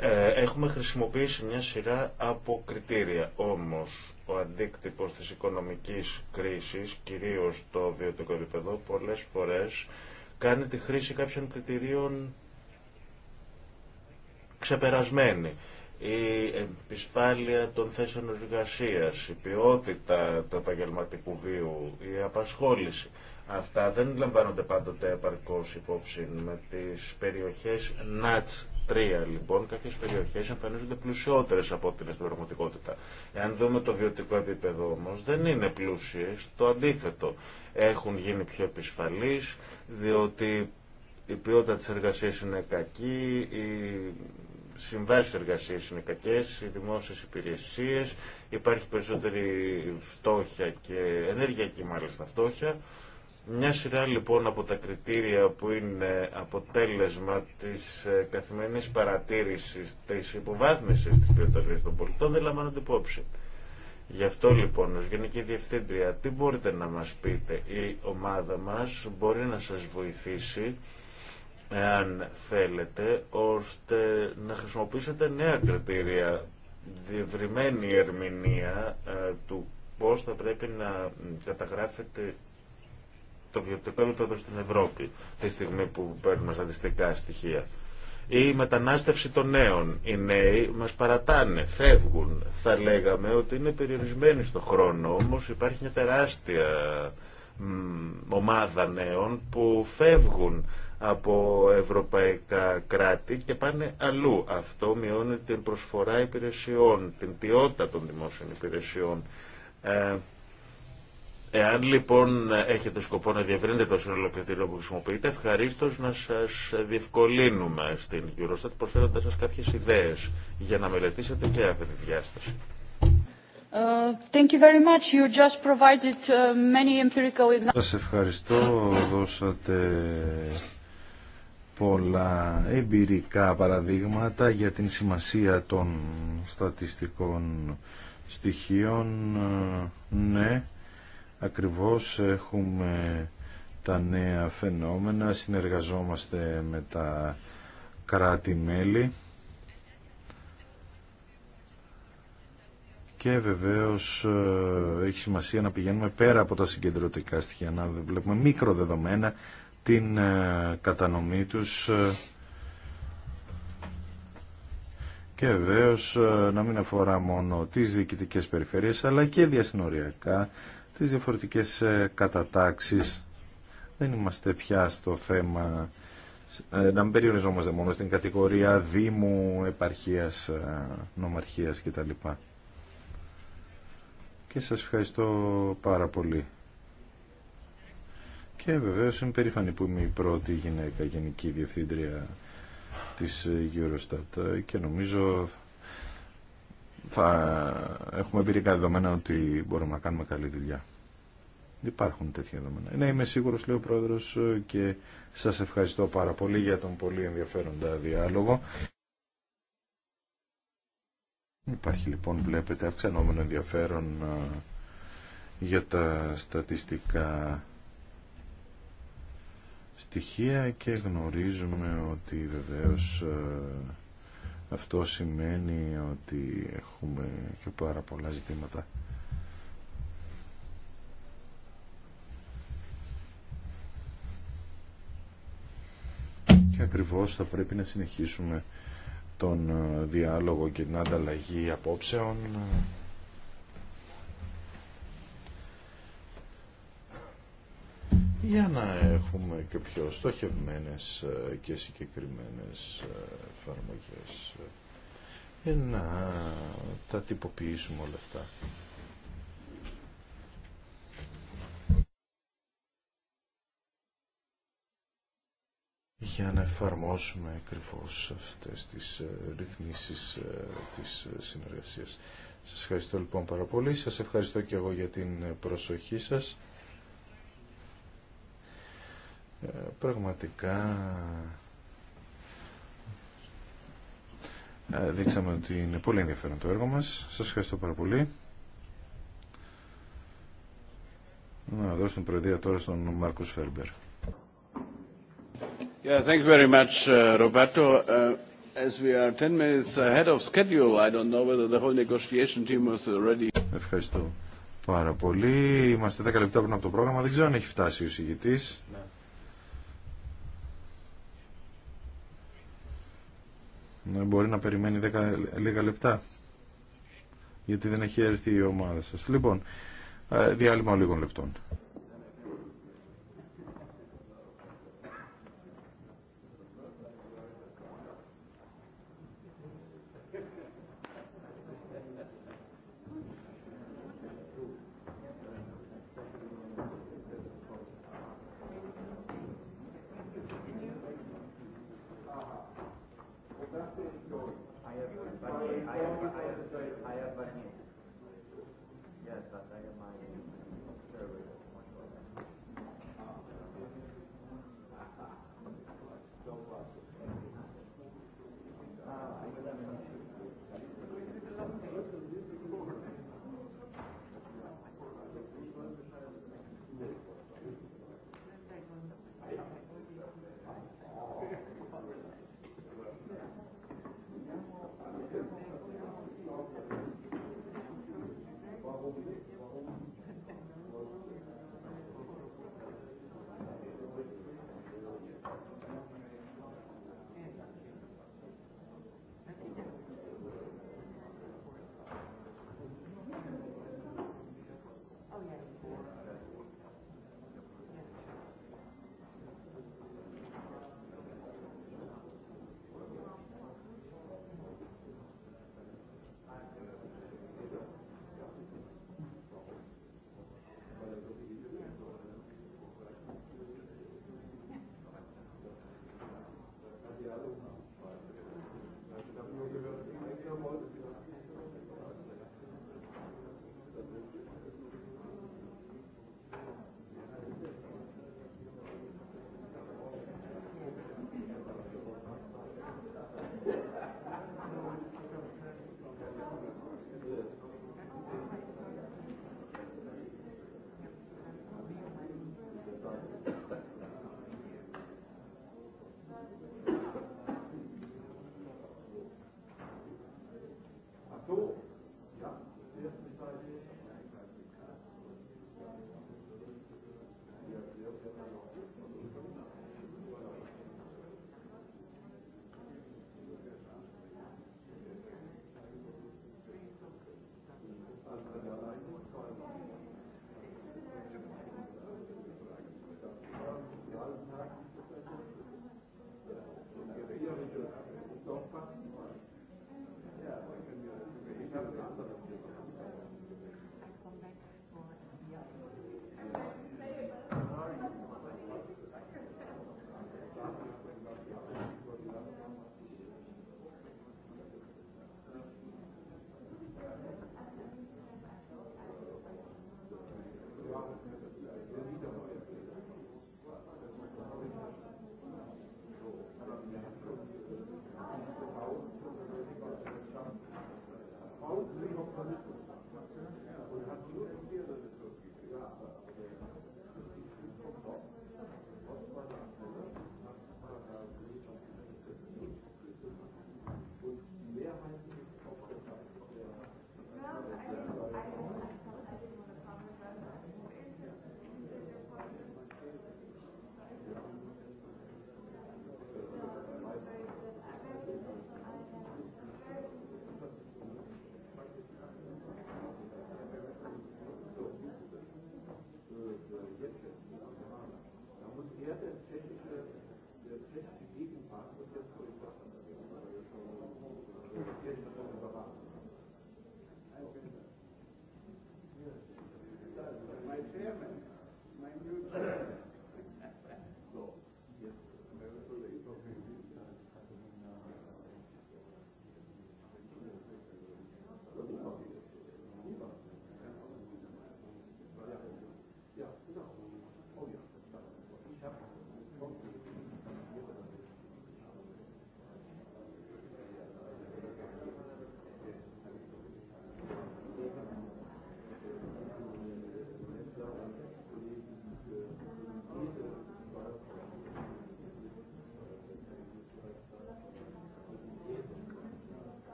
ε, έχουμε χρησιμοποιήσει μια σειρά από κριτήρια. Όμως, ο αντίκτυπος της οικονομικής κρίσης, κυρίως το βιωτικό επίπεδο, πολλές φορές κάνει τη χρήση κάποιων κριτηρίων ξεπερασμένη. Η επισφάλεια των θέσεων εργασία, η ποιότητα του επαγγελματικού βίου, η απασχόληση. Αυτά δεν λαμβάνονται πάντοτε επαρκώς υπόψη με τις περιοχές ΝΑΤΣ 3. Λοιπόν, κάποιε περιοχέ εμφανίζονται πλουσιότερε από ό,τι είναι στην πραγματικότητα. Εάν δούμε το βιωτικό επίπεδο όμω δεν είναι πλούσιε. το αντίθετο. Έχουν γίνει πιο επισφαλεί, διότι η ποιότητα τη εργασία είναι κακή, οι συμβάσει εργασία είναι κακέ, οι δημόσιε υπηρεσίε, υπάρχει περισσότερη φτώχεια και ενέργεια και μάλιστα φτώχεια. Μια σειρά λοιπόν από τα κριτήρια που είναι αποτέλεσμα της ε, καθημερινής παρατήρησης της υποβάθμισης της ποιότητας των πολιτών δεν λαμβάνονται υπόψη. Γι' αυτό λοιπόν ως Γενική Διευθύντρια τι μπορείτε να μας πείτε. Η ομάδα μας μπορεί να σας βοηθήσει εάν θέλετε ώστε να χρησιμοποιήσετε νέα κριτήρια διευρυμένη ερμηνεία ε, του πώς θα πρέπει να καταγράφεται το βιωτικό επίπεδο στην Ευρώπη τη στιγμή που παίρνουμε στατιστικά στοιχεία. Η μετανάστευση των νέων. Οι νέοι μας παρατάνε, φεύγουν. Θα λέγαμε ότι είναι περιορισμένοι στο χρόνο, όμως υπάρχει μια τεράστια ομάδα νέων που φεύγουν από ευρωπαϊκά κράτη και πάνε αλλού. Αυτό μειώνει την προσφορά υπηρεσιών, την ποιότητα των δημόσιων υπηρεσιών. Ε, Εάν λοιπόν έχετε σκοπό να διευρύνετε το σύνολο κριτήριο που χρησιμοποιείτε, ευχαρίστω να σα διευκολύνουμε στην Eurostat προσφέροντα σα κάποιε ιδέε για να μελετήσετε και αυτή τη διάσταση. Σας ευχαριστώ. Δώσατε πολλά εμπειρικά παραδείγματα για την σημασία των στατιστικών στοιχείων. Ε, ναι ακριβώς έχουμε τα νέα φαινόμενα, συνεργαζόμαστε με τα κράτη-μέλη και βεβαίως ε, έχει σημασία να πηγαίνουμε πέρα από τα συγκεντρωτικά στοιχεία, να βλέπουμε μικροδεδομένα την ε, κατανομή τους ε, και βεβαίως να μην αφορά μόνο τις διοικητικές περιφέρειες αλλά και διασυνοριακά τις διαφορετικές ε, κατατάξεις. Δεν είμαστε πια στο θέμα ε, να μην περιοριζόμαστε μόνο στην κατηγορία Δήμου, Επαρχίας, ε, Νομαρχίας κτλ. Και σας ευχαριστώ πάρα πολύ. Και βεβαίως είμαι περήφανη που είμαι η πρώτη γυναίκα γενική διευθύντρια της Eurostat και νομίζω θα έχουμε εμπειρικά δεδομένα ότι μπορούμε να κάνουμε καλή δουλειά. Υπάρχουν τέτοια δεδομένα. Ναι, είμαι σίγουρος, λέει ο Πρόεδρος, και σας ευχαριστώ πάρα πολύ για τον πολύ ενδιαφέροντα διάλογο. Υπάρχει λοιπόν, βλέπετε, αυξανόμενο ενδιαφέρον ε, για τα στατιστικά στοιχεία και γνωρίζουμε ότι βεβαίως ε, αυτό σημαίνει ότι έχουμε και πάρα πολλά ζητήματα. Και ακριβώς θα πρέπει να συνεχίσουμε τον ε, διάλογο και την ανταλλαγή απόψεων για να έχουμε και πιο στοχευμένες ε, και συγκεκριμένες ε, εφαρμογές για ε, να τα τυποποιήσουμε όλα αυτά. για να εφαρμόσουμε ακριβώς αυτές τις ρυθμίσεις της συνεργασίας. Σας ευχαριστώ λοιπόν πάρα πολύ. Σας ευχαριστώ και εγώ για την προσοχή σας. Ε, πραγματικά ε, δείξαμε ότι είναι πολύ ενδιαφέρον το έργο μας. Σας ευχαριστώ πάρα πολύ. Να δώσω την προεδρία τώρα στον Μάρκος Φέρμπερ. Yeah, thank you very much, uh, Roberto. Uh, as we are 10 minutes ahead of schedule, I don't know whether the whole negotiation team was already... Ευχαριστώ πάρα πολύ. Είμαστε 10 λεπτά πριν από το πρόγραμμα. Δεν ξέρω αν έχει φτάσει ο συγητής. μπορεί να περιμένει 10, λίγα λεπτά γιατί δεν έχει έρθει η ομάδα σας. Λοιπόν, ε, διάλειμμα λίγων λεπτών. Monday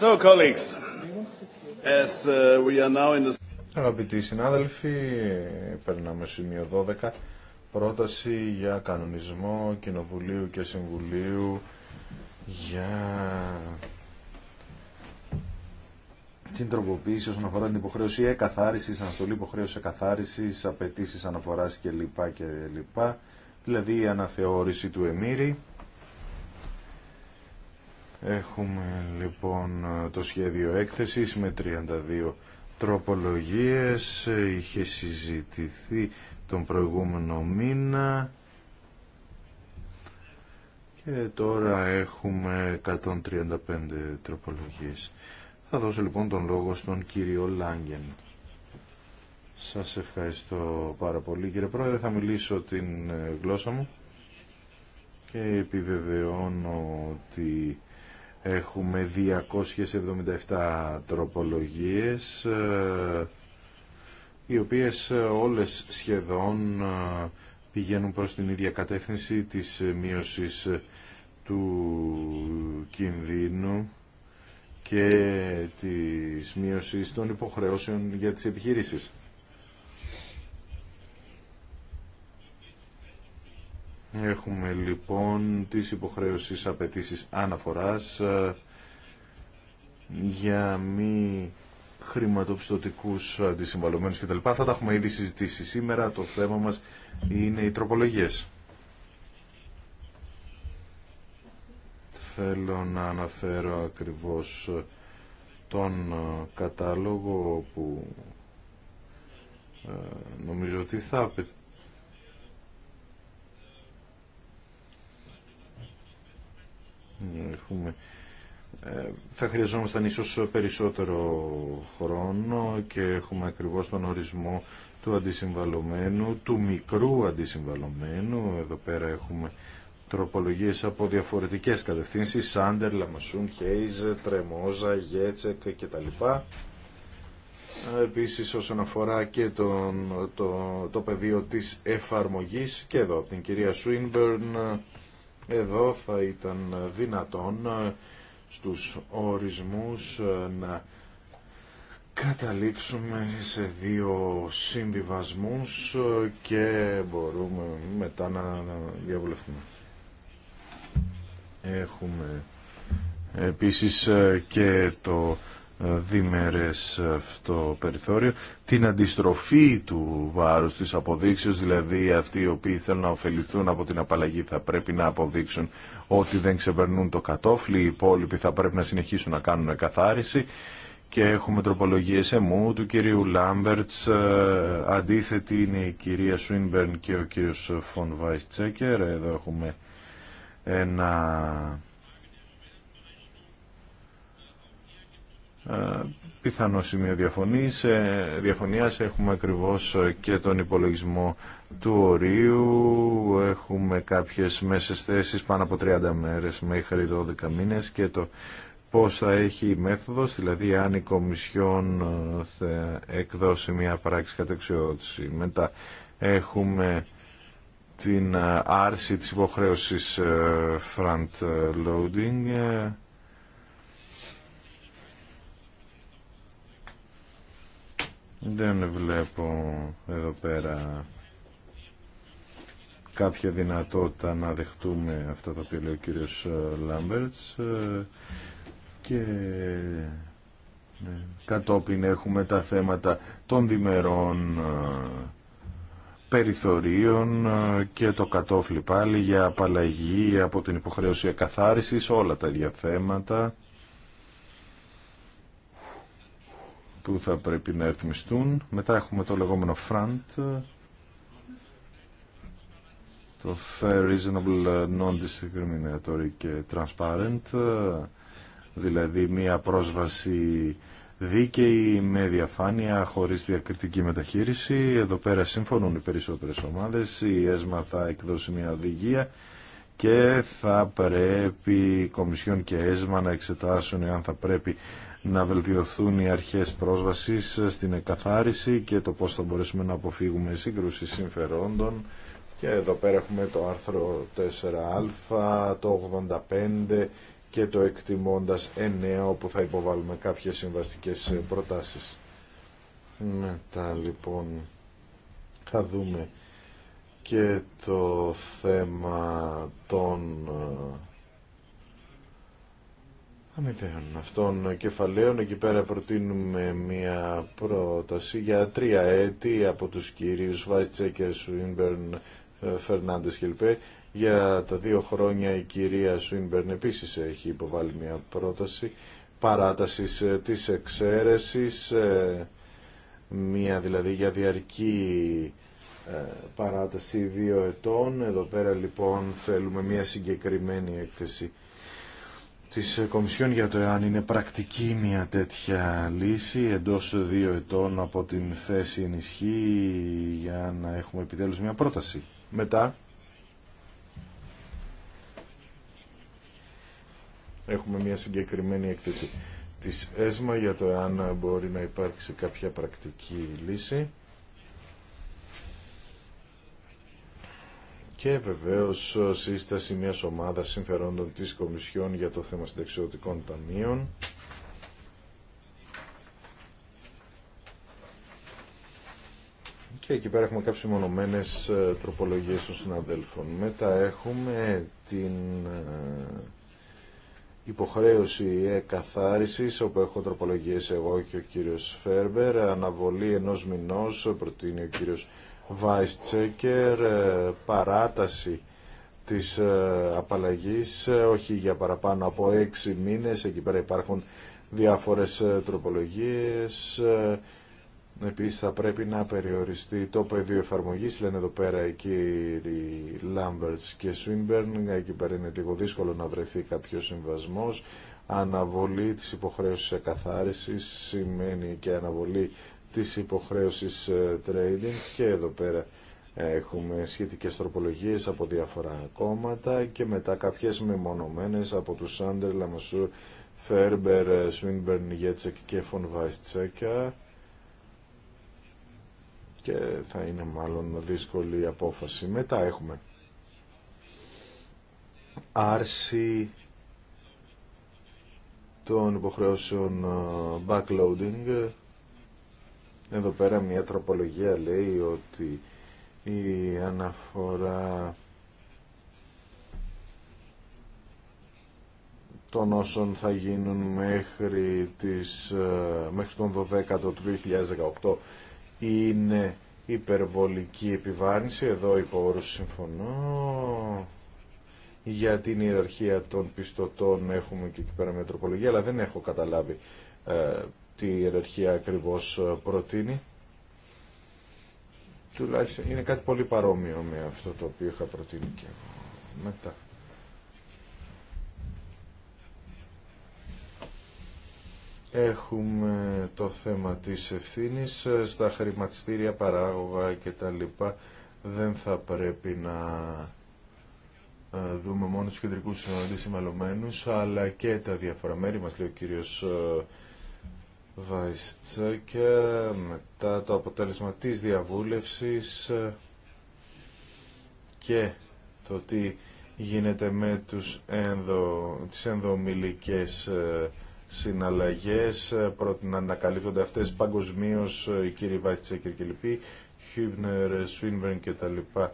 So, colleagues, as uh, we are now in the... Αγαπητοί συνάδελφοι, περνάμε σημείο 12. Πρόταση για κανονισμό Κοινοβουλίου και Συμβουλίου για την τροποποίηση όσον αφορά την υποχρέωση εκαθάριση, αναστολή υποχρέωση εκαθάριση απαιτήσει αναφορά κλπ. κλπ. Δηλαδή η αναθεώρηση του εμμύρη. Έχουμε λοιπόν το σχέδιο έκθεσης με 32 τροπολογίες. Είχε συζητηθεί τον προηγούμενο μήνα και τώρα έχουμε 135 τροπολογίες. Θα δώσω λοιπόν τον λόγο στον κύριο Λάγκεν. Σας ευχαριστώ πάρα πολύ κύριε Πρόεδρε. Θα μιλήσω την ε, γλώσσα μου και επιβεβαιώνω ότι Έχουμε 277 τροπολογίες, ε, οι οποίες ε, όλες σχεδόν ε, πηγαίνουν προς την ίδια κατεύθυνση της μείωσης του κινδύνου και της μείωσης των υποχρεώσεων για τις επιχειρήσεις. Έχουμε λοιπόν τις υποχρέωσεις απαιτήσει αναφοράς ε, για μη χρηματοπιστωτικούς αντισυμβαλωμένους κτλ. Θα τα έχουμε ήδη συζητήσει σήμερα. Το θέμα μας είναι οι τροπολογίες. Θέλω να αναφέρω ακριβώς τον ε, κατάλογο που ε, νομίζω ότι θα απαιτήσει Έχουμε, ε, θα χρειαζόμασταν ίσως περισσότερο χρόνο και έχουμε ακριβώς τον ορισμό του αντισυμβαλωμένου, του μικρού αντισυμβαλωμένου. Εδώ πέρα έχουμε τροπολογίες από διαφορετικές κατευθύνσεις, Σάντερ, Λαμασούν, Χέιζ, Τρεμόζα, Γέτσεκ κτλ. Ε, επίσης όσον αφορά και τον, το, το πεδίο της εφαρμογής και εδώ από την κυρία Σουίνμπερν εδώ θα ήταν δυνατόν ε, στους ορισμούς ε, να καταλήξουμε σε δύο συμβιβασμούς ε, και μπορούμε μετά να διαβουλευτούμε. Έχουμε επίσης και το διμερές αυτό περιθώριο, την αντιστροφή του βάρους της αποδείξεως, δηλαδή αυτοί οι οποίοι θέλουν να ωφεληθούν από την απαλλαγή θα πρέπει να αποδείξουν ότι δεν ξεπερνούν το κατόφλι, οι υπόλοιποι θα πρέπει να συνεχίσουν να κάνουν καθάριση και έχουμε τροπολογίες εμού του κυρίου Λάμπερτς, ε, αντίθετη είναι η κυρία Σουίνμπερν και ο κύριος Φον Βάις Τσέκερ, εδώ έχουμε ένα Ε, πιθανό σημείο διαφωνής. Ε, διαφωνίας. Έχουμε ακριβώς ε, και τον υπολογισμό του ορίου, έχουμε κάποιες μέσες θέσεις πάνω από 30 μέρες μέχρι 12 μήνες και το πώς θα έχει η μέθοδος, δηλαδή αν η Κομισιόν θα εκδώσει μια πράξη κατεξιότηση. Μετά έχουμε την άρση της υποχρέωσης front loading Δεν βλέπω εδώ πέρα κάποια δυνατότητα να δεχτούμε αυτά τα οποία λέει ο κύριος Λάμπερτς ε, και ε, κατόπιν έχουμε τα θέματα των διμερών ε, περιθωρίων και το κατόφλι πάλι για απαλλαγή από την υποχρέωση εκαθάρισης, όλα τα ίδια θέματα. που θα πρέπει να ρυθμιστούν. Μετά έχουμε το λεγόμενο front το Fair, Reasonable, Non-Discriminatory και Transparent, δηλαδή μία πρόσβαση δίκαιη με διαφάνεια χωρίς διακριτική μεταχείριση. Εδώ πέρα συμφωνούν οι περισσότερες ομάδες, η ΕΣΜΑ θα εκδώσει μια οδηγία και θα πρέπει η Κομισιόν και ΕΣΜΑ να εξετάσουν αν θα πρέπει να βελτιωθούν οι αρχές πρόσβασης στην εκαθάριση και το πώς θα μπορέσουμε να αποφύγουμε σύγκρουση συμφερόντων. Και εδώ πέρα έχουμε το άρθρο 4α, το 85 και το εκτιμώντας 9 όπου θα υποβάλουμε κάποιες συμβαστικές προτάσεις. Μετά λοιπόν θα δούμε και το θέμα των ε, αμοιβαίων αυτών κεφαλαίων. Εκεί πέρα προτείνουμε μια πρόταση για τρία έτη από τους κυρίους Βάιτσέκερ, Σουίνμπερν, ε, Φερνάντες κλπ. Για τα δύο χρόνια η κυρία Σουίνμπερν επίσης έχει υποβάλει μια πρόταση παράτασης ε, της εξαίρεσης, ε, μία δηλαδή για διαρκή παράταση δύο ετών. Εδώ πέρα λοιπόν θέλουμε μία συγκεκριμένη έκθεση της Κομισιόν για το εάν είναι πρακτική μια τέτοια λύση εντός δύο ετών από την θέση ενισχύ για να έχουμε επιτέλους μια πρόταση. Μετά έχουμε μια συγκεκριμένη εκθέση της ΕΣΜΑ για το εάν μπορεί να υπάρξει κάποια πρακτική λύση. και βεβαίω ε, σύσταση μια ομάδα συμφερόντων τη Κομισιόν για το θέμα συνταξιωτικών ταμείων. Και εκεί πέρα έχουμε κάποιες μονομένες ε, τροπολογίες των συναδέλφων. Μετά έχουμε την ε, υποχρέωση εκαθάριση όπου έχω τροπολογίες εγώ και ο κύριος Φέρμπερ, αναβολή ενός μηνός, προτείνει ο κύριος Βάιστσέκερ παράταση της ε, απαλλαγής, ε, όχι για παραπάνω από έξι μήνες, εκεί πέρα υπάρχουν διάφορες ε, τροπολογίες. Επίσης θα πρέπει να περιοριστεί το πεδίο εφαρμογής, λένε εδώ πέρα οι κύριοι Λάμπερτς και Σουίνμπερν, εκεί πέρα είναι λίγο δύσκολο να βρεθεί κάποιο συμβασμός. Αναβολή της υποχρέωσης εκαθάρισης σημαίνει και αναβολή της υποχρέωσης ε, trading και εδώ πέρα ε, έχουμε σχετικές τροπολογίες από διάφορα κόμματα και μετά κάποιες μεμονωμένες από τους Σάντερ, Λαμασούρ, Φέρμπερ, ε, Σουίνμπερν, Γέτσεκ και Φον Βάιστσέκα και θα είναι μάλλον δύσκολη η απόφαση. Μετά έχουμε άρση των υποχρεώσεων backloading εδώ πέρα μια τροπολογία λέει ότι η αναφορά των όσων θα γίνουν μέχρι, τις, ε, μέχρι τον 12ο του 2018 είναι υπερβολική επιβάρυνση, εδώ υπό όρους συμφωνώ, για την ιεραρχία των πιστωτών έχουμε και εκεί πέρα τροπολογία, αλλά δεν έχω καταλάβει ε, τι η ιεραρχία ακριβώς ε, προτείνει. Τουλάχιστον είναι κάτι πολύ παρόμοιο με αυτό το οποίο είχα προτείνει και εγώ μετά. Έχουμε το θέμα της ευθύνης ε, στα χρηματιστήρια παράγωγα και τα λοιπά. Δεν θα πρέπει να ε, δούμε μόνο τους κεντρικούς συνοδείς αλλά και τα διάφορα μέρη μας λέει ο κύριος Βαϊστσέκε μετά το αποτέλεσμα της διαβούλευσης ε, και το τι γίνεται με τους ενδο, τις ενδομιλικές ε, συναλλαγές ε, πρώτη να ανακαλύπτονται αυτές παγκοσμίως οι κύριοι Βαϊστσέκερ και λοιποί Χιούμπνερ, Σουίνβερν και τα λοιπά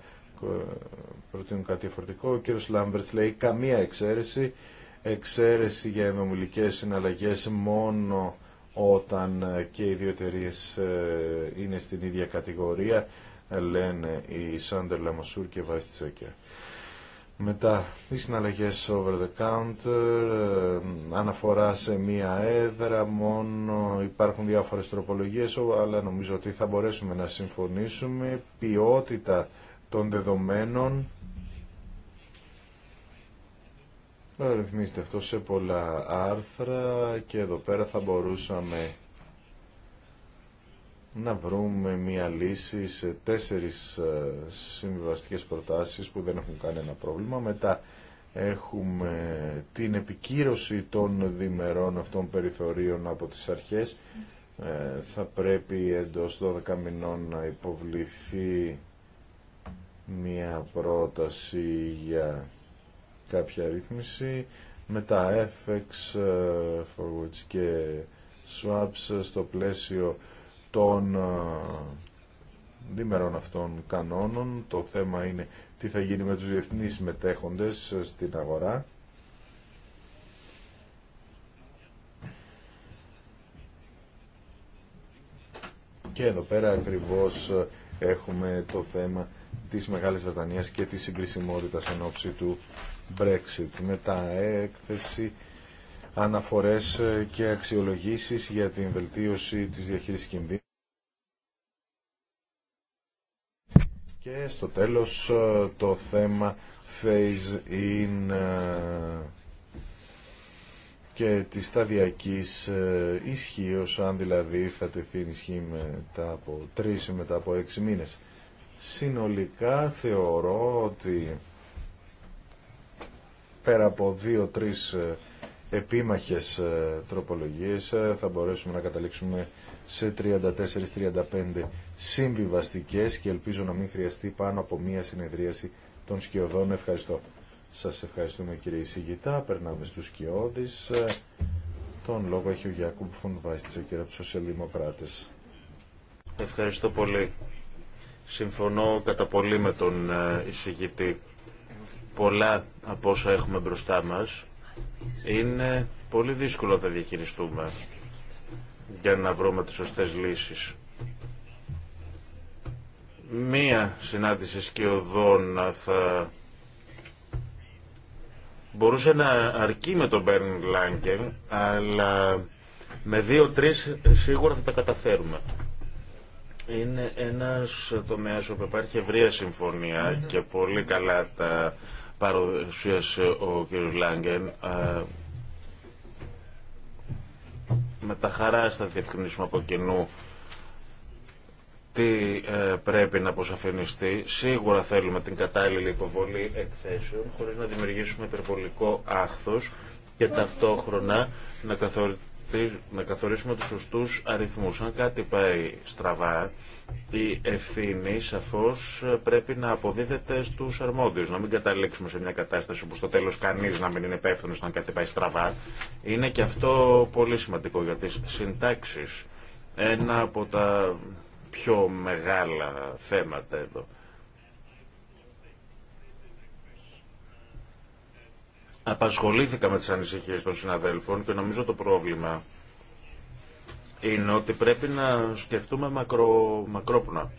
προτείνουν κάτι διαφορετικό ο κύριος Λάμπερτς λέει καμία εξαίρεση εξαίρεση για ενδομιλικές συναλλαγές μόνο όταν ε, και οι δύο εταιρείε ε, είναι στην ίδια κατηγορία, ε, λένε η Σάντερ Λαμασούρ και Βάις Τσέκια. Μετά, οι συναλλαγές over the counter, αναφορά σε μία έδρα, μόνο υπάρχουν διάφορες τροπολογίες, αλλά νομίζω ότι θα μπορέσουμε να συμφωνήσουμε. Ποιότητα των δεδομένων, να αυτό σε πολλά άρθρα και εδώ πέρα θα μπορούσαμε να βρούμε μία λύση σε τέσσερις ε, συμβιβαστικές προτάσεις που δεν έχουν κανένα πρόβλημα. Μετά έχουμε την επικύρωση των διμερών αυτών περιθωρίων από τις αρχές. Ε, θα πρέπει εντός 12 μηνών να υποβληθεί μία πρόταση για κάποια ρύθμιση με τα FX ε, forwards και swaps στο πλαίσιο των ε, διμερών αυτών κανόνων. Το θέμα είναι τι θα γίνει με τους διεθνείς μετέχοντες στην αγορά. Και εδώ πέρα ακριβώς ε, έχουμε το θέμα της Μεγάλης Βρετανίας και της συγκρισιμότητας εν ώψη του Brexit τα έκθεση αναφορές ε, και αξιολογήσεις για την βελτίωση της διαχείρισης κινδύνου. Και στο τέλος ε, το θέμα phase in ε, και της σταδιακής ισχύως, αν δηλαδή θα τεθεί ισχύ μετά από τρεις ή μετά από έξι μήνες. Συνολικά θεωρώ ότι πέρα από δύο-τρεις ε, επίμαχες ε, τροπολογίες ε, θα μπορέσουμε να καταλήξουμε σε 34-35 συμβιβαστικές και ελπίζω να μην χρειαστεί πάνω από μία συνεδρίαση των σκιωδών. Ευχαριστώ. Σας ευχαριστούμε κύριε Ισηγητά. Περνάμε στους σκιώδεις. Τον λόγο έχει ο Γιάκουμπ Φον και από του Σοσιαλδημοκράτε. Ευχαριστώ πολύ. Συμφωνώ κατά πολύ με τον εισηγητή πολλά από όσα έχουμε μπροστά μας είναι πολύ δύσκολο να τα διαχειριστούμε για να βρούμε τις σωστές λύσεις. Μία συνάντηση σκιωδών θα μπορούσε να αρκεί με τον Μπέρν Λάγκεν, αλλά με δύο-τρεις σίγουρα θα τα καταφέρουμε. Είναι ένας τομέας όπου υπάρχει ευρεία συμφωνία και πολύ καλά τα παρουσίασε ο κ. Λάγκεν. Ε, με τα χαρά θα διευκρινίσουμε από κοινού τι ε, πρέπει να αποσαφινιστεί. Σίγουρα θέλουμε την κατάλληλη υποβολή εκθέσεων χωρίς να δημιουργήσουμε υπερβολικό άχθος και ταυτόχρονα να, καθορίσουμε να καθορίσουμε τους σωστούς αριθμούς. Αν κάτι πάει στραβά, η ευθύνη σαφώς πρέπει να αποδίδεται στους αρμόδιους. Να μην καταλήξουμε σε μια κατάσταση όπου στο τέλος κανείς να μην είναι υπεύθυνο αν κάτι πάει στραβά. Είναι και αυτό πολύ σημαντικό για τις συντάξεις. Ένα από τα πιο μεγάλα θέματα εδώ. Απασχολήθηκα με τις ανησυχίες των συναδέλφων και νομίζω το πρόβλημα είναι ότι πρέπει να σκεφτούμε μακρο,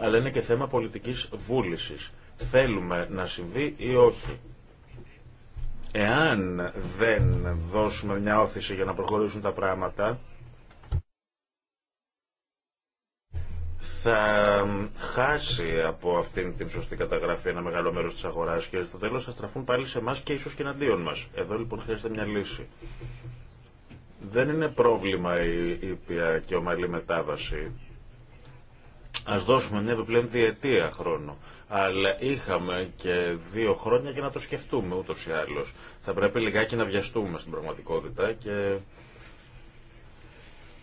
Αλλά είναι και θέμα πολιτικής βούλησης. Θέλουμε να συμβεί ή όχι. Εάν δεν δώσουμε μια όθηση για να προχωρήσουν τα πράγματα, θα χάσει από αυτήν την σωστή καταγραφή ένα μεγάλο μέρο τη αγορά και στο τέλο θα στραφούν πάλι σε εμά και ίσω και εναντίον μα. Εδώ λοιπόν χρειάζεται μια λύση. Δεν είναι πρόβλημα η ήπια και ομαλή μετάβαση. Α δώσουμε μια επιπλέον διετία χρόνο. Αλλά είχαμε και δύο χρόνια για να το σκεφτούμε ούτω ή άλλω. Θα πρέπει λιγάκι να βιαστούμε στην πραγματικότητα και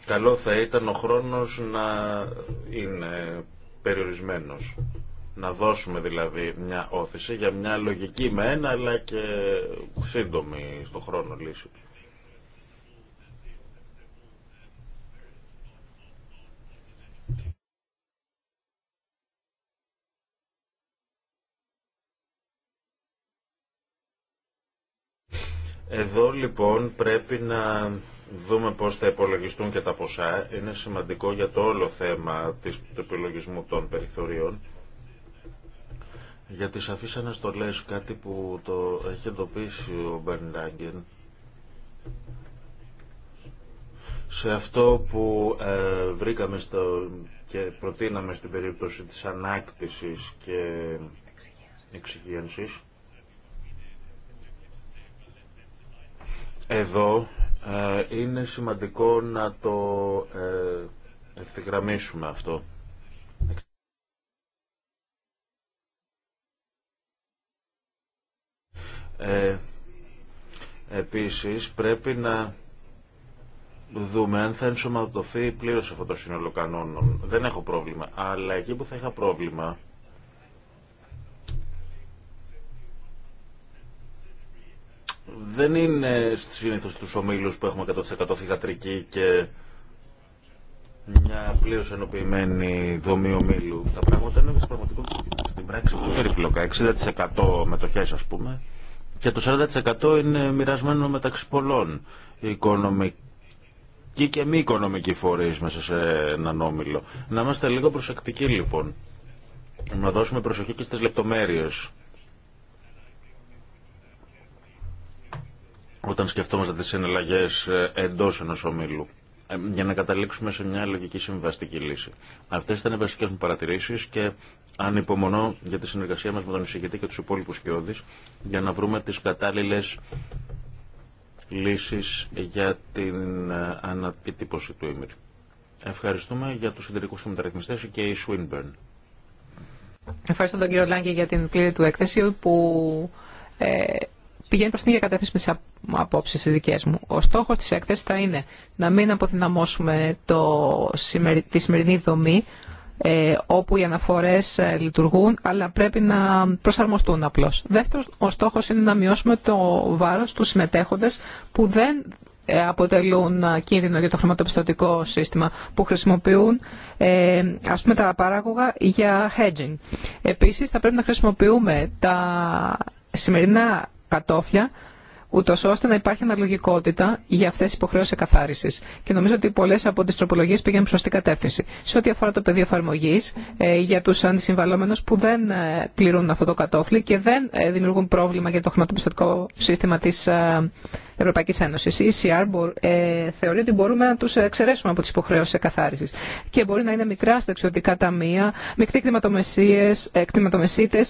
καλό θα ήταν ο χρόνος να είναι περιορισμένος. Να δώσουμε δηλαδή μια όθηση για μια λογική με ένα αλλά και σύντομη στο χρόνο λύση. Εδώ λοιπόν πρέπει να δούμε πώς θα υπολογιστούν και τα ποσά. Είναι σημαντικό για το όλο θέμα του επιλογισμού των περιθωρίων. Για τις αφήσεις αναστολές, κάτι που το έχει εντοπίσει ο Λάγκεν, σε αυτό που ε, βρήκαμε στο, και προτείναμε στην περίπτωση της ανάκτησης και εξυγένσης, εδώ ε, είναι σημαντικό να το ε, ευθυγραμμίσουμε αυτό. Ε, επίσης πρέπει να δούμε αν θα ενσωματωθεί πλήρως αυτό το σύνολο κανόνων. Δεν έχω πρόβλημα. Αλλά εκεί που θα είχα πρόβλημα δεν είναι συνήθω του ομιλού που έχουμε 100% θηγατρική και μια πλήρω ενοποιημένη δομή ομίλου. Τα πράγματα είναι στην πραγματικότητα στην πράξη πολύ περίπλοκα. 60% μετοχέ, α πούμε, και το 40% είναι μοιρασμένο μεταξύ πολλών. οικονομικών και μη οικονομικοί φορεί μέσα σε έναν όμιλο. Να είμαστε λίγο προσεκτικοί, λοιπόν. Να δώσουμε προσοχή και στι λεπτομέρειε όταν σκεφτόμαστε τις συναλλαγές ε, εντός ενός ομίλου ε, για να καταλήξουμε σε μια λογική συμβαστική λύση. Αυτέ ήταν οι βασικέ μου παρατηρήσει και ανυπομονώ για τη συνεργασία μα με τον εισηγητή και του υπόλοιπου κοιόδη για να βρούμε τι κατάλληλε λύσει για την ε, ανατύπωση του ήμυρ. Ευχαριστούμε για του συντηρητικού και μεταρρυθμιστέ και η Swinburne. Ευχαριστώ τον κύριο Λάγκη για την πλήρη του έκθεση που πηγαίνει προ την ίδια κατεύθυνση με τι μου. Ο στόχο τη έκθεσης θα είναι να μην αποδυναμώσουμε το, τη σημερινή δομή ε, όπου οι αναφορές ε, λειτουργούν, αλλά πρέπει να προσαρμοστούν απλώ. Δεύτερο, ο στόχο είναι να μειώσουμε το βάρο του συμμετέχοντε που δεν ε, αποτελούν ε, κίνδυνο για το χρηματοπιστωτικό σύστημα που χρησιμοποιούν ε, ας πούμε τα παράγωγα για hedging. Επίσης θα πρέπει να χρησιμοποιούμε τα σημερινά κατόφλια, ούτω ώστε να υπάρχει αναλογικότητα για αυτέ τι υποχρεώσει εκαθάριση. Και νομίζω ότι πολλέ από τι τροπολογίε πήγαν προ σωστή κατεύθυνση. Σε ό,τι αφορά το πεδίο εφαρμογή, ε, για του αντισυμβαλόμενου που δεν ε, πληρούν αυτό το κατόφλι και δεν ε, δημιουργούν πρόβλημα για το χρηματοπιστωτικό σύστημα τη Ευρωπαϊκή Ένωση. Η ECR θεωρεί ότι μπορούμε να του εξαιρέσουμε από τι υποχρεώσει εκαθάριση. Και μπορεί να είναι μικρά στεξιωτικά ταμεία, μικροί κτηματομεσίτε,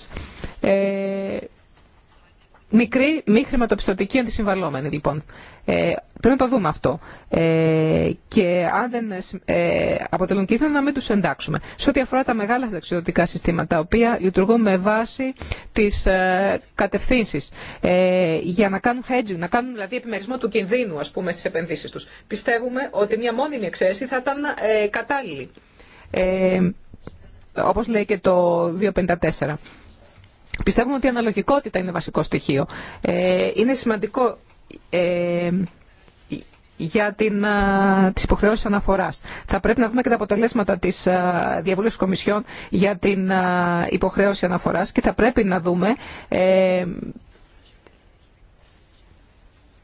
Μικρή μη χρηματοπιστωτική αντισυμβαλόμενη λοιπόν. Ε, πρέπει να το δούμε αυτό. Ε, και αν δεν ε, αποτελούν κίνδυνο να μην του εντάξουμε. Σε ό,τι αφορά τα μεγάλα δεξιδοτικά συστήματα, τα οποία λειτουργούν με βάση τι ε, κατευθύνσει ε, για να κάνουν hedging, να κάνουν δηλαδή επιμερισμό του κινδύνου ας πούμε, στι επενδύσει του, πιστεύουμε ότι μια μόνιμη εξαίρεση θα ήταν ε, κατάλληλη. Ε, Όπω λέει και το 254. Πιστεύουμε ότι η αναλογικότητα είναι βασικό στοιχείο. Ε, είναι σημαντικό ε, για την, α, ε, τις υποχρεώσεις αναφοράς. Θα πρέπει να δούμε και τα αποτελέσματα της α, διαβούλευσης για την υποχρέωση αναφοράς και θα πρέπει να δούμε ε,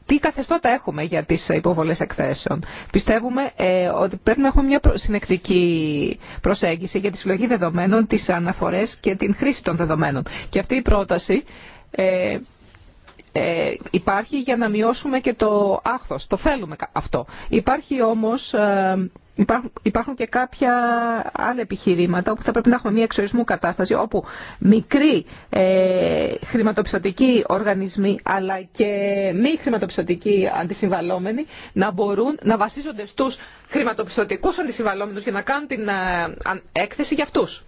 τι καθεστώτα έχουμε για τι υποβολέ εκθέσεων. Πιστεύουμε ε, ότι πρέπει να έχουμε μια συνεκτική προσέγγιση για τη συλλογή δεδομένων, τις αναφορές και την χρήση των δεδομένων. Και αυτή η πρόταση ε, ε, υπάρχει για να μειώσουμε και το άχθος. Το θέλουμε αυτό. Υπάρχει όμως, ε, υπάρχουν και κάποια άλλα επιχειρήματα όπου θα πρέπει να έχουμε μια εξορισμού κατάσταση όπου μικροί ε, χρηματοπιστωτικοί οργανισμοί αλλά και μη χρηματοπιστωτικοί αντισυμβαλόμενοι να μπορούν να βασίζονται στους χρηματοπιστωτικούς αντισυμβαλόμενους για να κάνουν την ε, έκθεση για αυτούς.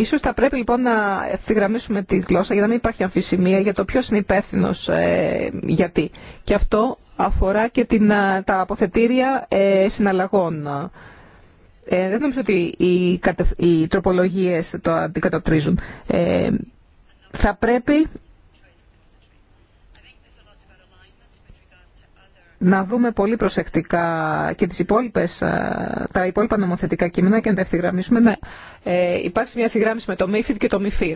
Ίσως θα πρέπει λοιπόν να ευθυγραμμίσουμε τη γλώσσα για να μην υπάρχει αμφισημία για το ποιος είναι υπεύθυνο ε, γιατί. Και αυτό αφορά και την, ε, τα αποθετήρια ε, συναλλαγών. Ε, δεν νομίζω ότι οι, οι τροπολογίες το αντικατοπτρίζουν. Ε, θα πρέπει να δούμε πολύ προσεκτικά και τις υπόλοιπες, ε, τα υπόλοιπα νομοθετικά κείμενα και να τα ευθυγραμμίσουμε, να ε, υπάρχει μια ευθυγράμμιση με το MIFID και το MIFIR.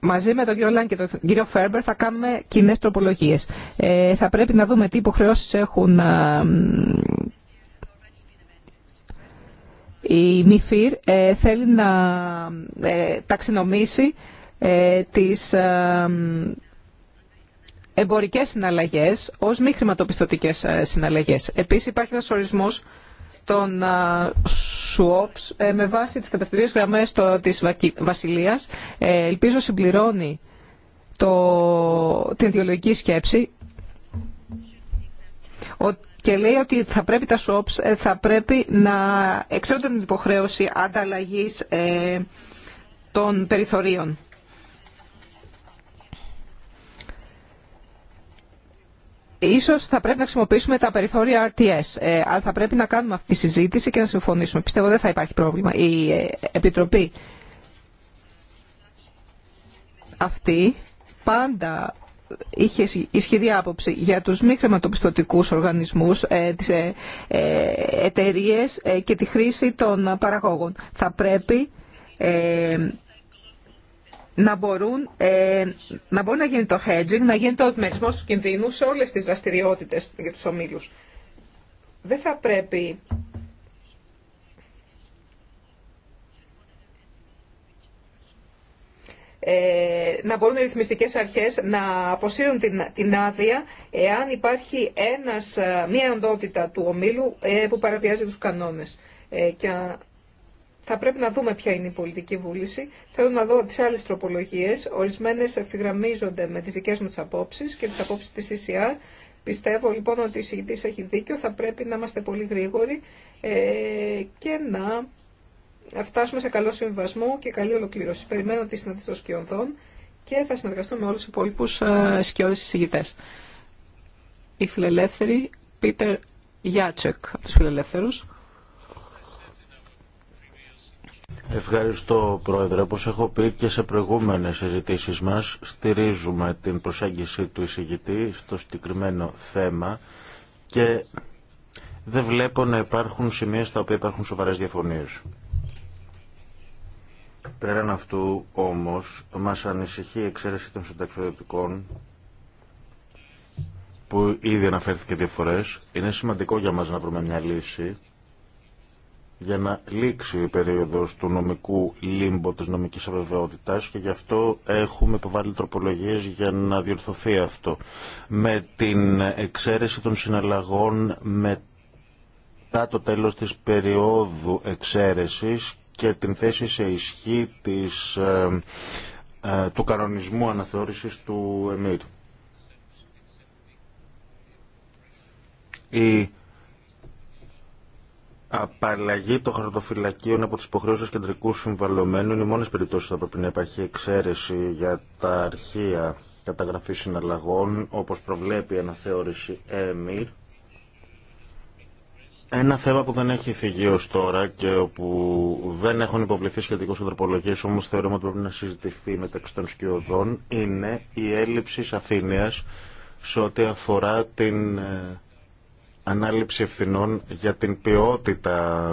Μαζί με τον κύριο Λαν και τον κύριο Φέρμπερ θα κάνουμε κοινέ τροπολογίε. Ε, θα πρέπει να δούμε τι υποχρεώσει έχουν ε, η ΜΥΦΙΡ. Ε, θέλει να ταξινομήσει τις εμπορικές συναλλαγές ως μη χρηματοπιστωτικές ε, συναλλαγές. Επίσης υπάρχει ένας ορισμός των ε, swaps ε, με βάση τις κατευθυντήριες γραμμές της Βασιλείας. Ελπίζω συμπληρώνει το, την ιδεολογική σκέψη και λέει ότι θα πρέπει τα swaps θα πρέπει να εξαιρούνται την υποχρέωση ανταλλαγής των περιθωρίων. Ίσως θα πρέπει να χρησιμοποιήσουμε τα περιθώρια RTS, ε, αλλά θα πρέπει να κάνουμε αυτή τη συζήτηση και να συμφωνήσουμε. Πιστεύω δεν θα υπάρχει πρόβλημα. Η ε, Επιτροπή αυτή πάντα είχε ισχυρή άποψη για τους μη χρηματοπιστωτικούς οργανισμούς, ε, τις εταιρείες και τη χρήση των παραγόγων. Θα πρέπει να, μπορούν, ε, να μπορεί να γίνει το hedging, να γίνει το επιμερισμό του κινδύνου σε όλες τις δραστηριότητε για τους ομίλους. Δεν θα πρέπει ε, να μπορούν οι ρυθμιστικές αρχές να αποσύρουν την, την άδεια εάν υπάρχει ένας, ε, μία οντότητα του ομίλου ε, που παραβιάζει τους κανόνες. και θα πρέπει να δούμε ποια είναι η πολιτική βούληση. Θέλω να δω τι άλλε τροπολογίε. Ορισμένε ευθυγραμμίζονται με τι δικέ μου τι απόψεις και τι απόψει τη ECR. Πιστεύω λοιπόν ότι ο εισηγητής έχει δίκιο. Θα πρέπει να είμαστε πολύ γρήγοροι ε, και να φτάσουμε σε καλό συμβασμό και καλή ολοκλήρωση. Περιμένω τη συναντήση των σκιωδών και θα συνεργαστώ με όλου του υπόλοιπου ε, σκιώδες εισηγητές. Η φιλελεύθερη Πίτερ Γιάτσεκ από Ευχαριστώ Πρόεδρε. Όπως έχω πει και σε προηγούμενες συζητήσεις μας, στηρίζουμε την προσέγγιση του εισηγητή στο συγκεκριμένο θέμα και δεν βλέπω να υπάρχουν σημεία στα οποία υπάρχουν σοβαρές διαφωνίες. Πέραν αυτού όμως μας ανησυχεί η εξαίρεση των συνταξιοδοτικών που ήδη αναφέρθηκε δύο φορές. Είναι σημαντικό για μας να βρούμε μια λύση για να λήξει η περίοδος του νομικού λίμπο της νομικής αβεβαιότητας και γι' αυτό έχουμε υποβάλει τροπολογίες για να διορθωθεί αυτό με την εξαίρεση των συναλλαγών μετά το τέλος της περίοδου εξαίρεσης και την θέση σε ισχύ της, ε, ε, του κανονισμού αναθεώρησης του ΕΜΗΡ. Η Απαλλαγή των χαρτοφυλακίων από τι υποχρεώσει κεντρικού συμβαλωμένου είναι οι μόνε περιπτώσει που θα πρέπει να υπάρχει εξαίρεση για τα αρχεία καταγραφή συναλλαγών, όπω προβλέπει η αναθεώρηση ΕΜΙΡ. Ένα θέμα που δεν έχει θυγεί ω τώρα και όπου δεν έχουν υποβληθεί σχετικώ ανθρωπολογίε, όμω θεωρούμε ότι πρέπει να συζητηθεί μεταξύ των σκιωδών, είναι η έλλειψη σαφήνεια σε ό,τι αφορά την ε, ανάληψη ευθυνών για την ποιότητα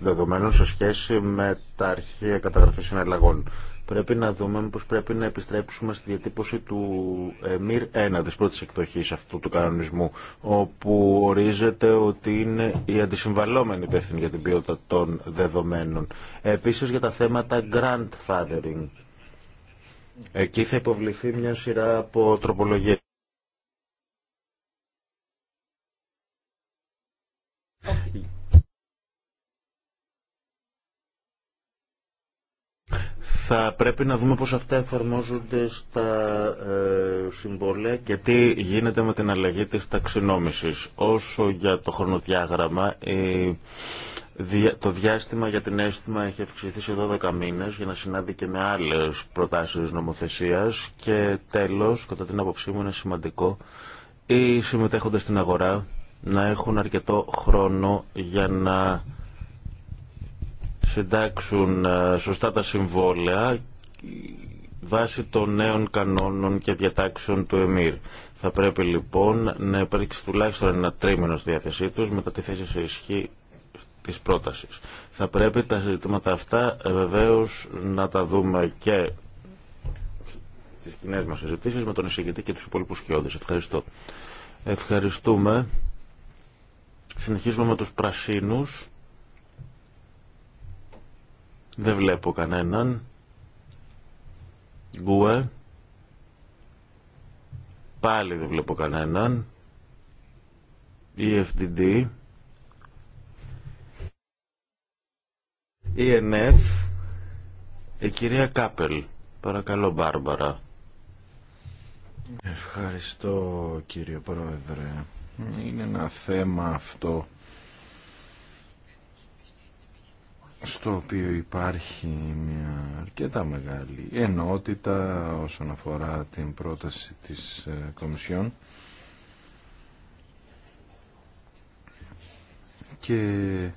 δεδομένων σε σχέση με τα αρχεία καταγραφή συναλλαγών. Πρέπει να δούμε πως πρέπει να επιστρέψουμε στη διατύπωση του ε, Μύρ 1 της πρώτης εκδοχής αυτού του κανονισμού όπου ορίζεται ότι είναι η αντισυμβαλόμενη υπεύθυνη για την ποιότητα των δεδομένων. Επίσης για τα θέματα grandfathering. Εκεί θα υποβληθεί μια σειρά από τροπολογίες. Θα πρέπει να δούμε πώς αυτά εφαρμόζονται στα ε, συμβόλαια και τι γίνεται με την αλλαγή της ταξινόμησης. Όσο για το χρονοδιάγραμμα, το διάστημα για την αίσθημα έχει αυξηθεί σε 12 μήνες για να συνάδει και με άλλες προτάσεις νομοθεσίας και τέλος, κατά την άποψή μου είναι σημαντικό, οι συμμετέχοντες στην αγορά να έχουν αρκετό χρόνο για να συντάξουν ε, σωστά τα συμβόλαια βάσει των νέων κανόνων και διατάξεων του ΕΜΗΡ. Θα πρέπει λοιπόν να υπάρξει τουλάχιστον ένα τρίμηνο στη διάθεσή τους μετά τη θέση σε ισχύ της πρότασης. Θα πρέπει τα ζητήματα αυτά ε, βεβαίως να τα δούμε και στις κοινέ μας συζητήσεις με τον εισηγητή και τους υπόλοιπους σκιώδες. Ευχαριστώ. Ευχαριστούμε. Συνεχίζουμε με τους πρασίνους. Δεν βλέπω κανέναν. Γκουε. Πάλι δεν βλέπω κανέναν. EFDD. ENF. Η κυρία Κάπελ. Παρακαλώ Μπάρμπαρα. Ευχαριστώ κύριε Πρόεδρε. Είναι ένα θέμα αυτό στο οποίο υπάρχει μια αρκετά μεγάλη ενότητα όσον αφορά την πρόταση της ε, Κομισιόν και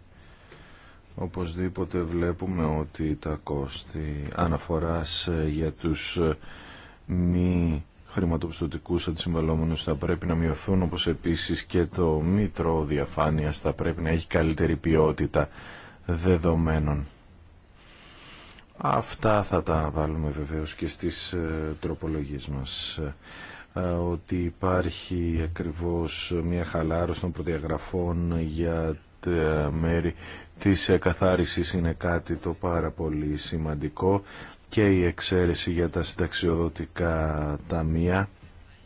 οπωσδήποτε βλέπουμε ότι τα κόστη αναφοράς ε, για τους ε, μη χρηματοπιστωτικούς αντισυμβαλόμενους θα πρέπει να μειωθούν, όπως επίσης και το μήτρο διαφάνειας θα πρέπει να έχει καλύτερη ποιότητα δεδομένων. Αυτά θα τα βάλουμε βεβαίως και στις ε, τροπολογίες μας ε, ότι υπάρχει ακριβώς μια χαλάρωση των προδιαγραφών για τα μέρη της καθάρισης είναι κάτι το πάρα πολύ σημαντικό και η εξαίρεση για τα συνταξιοδοτικά ταμεία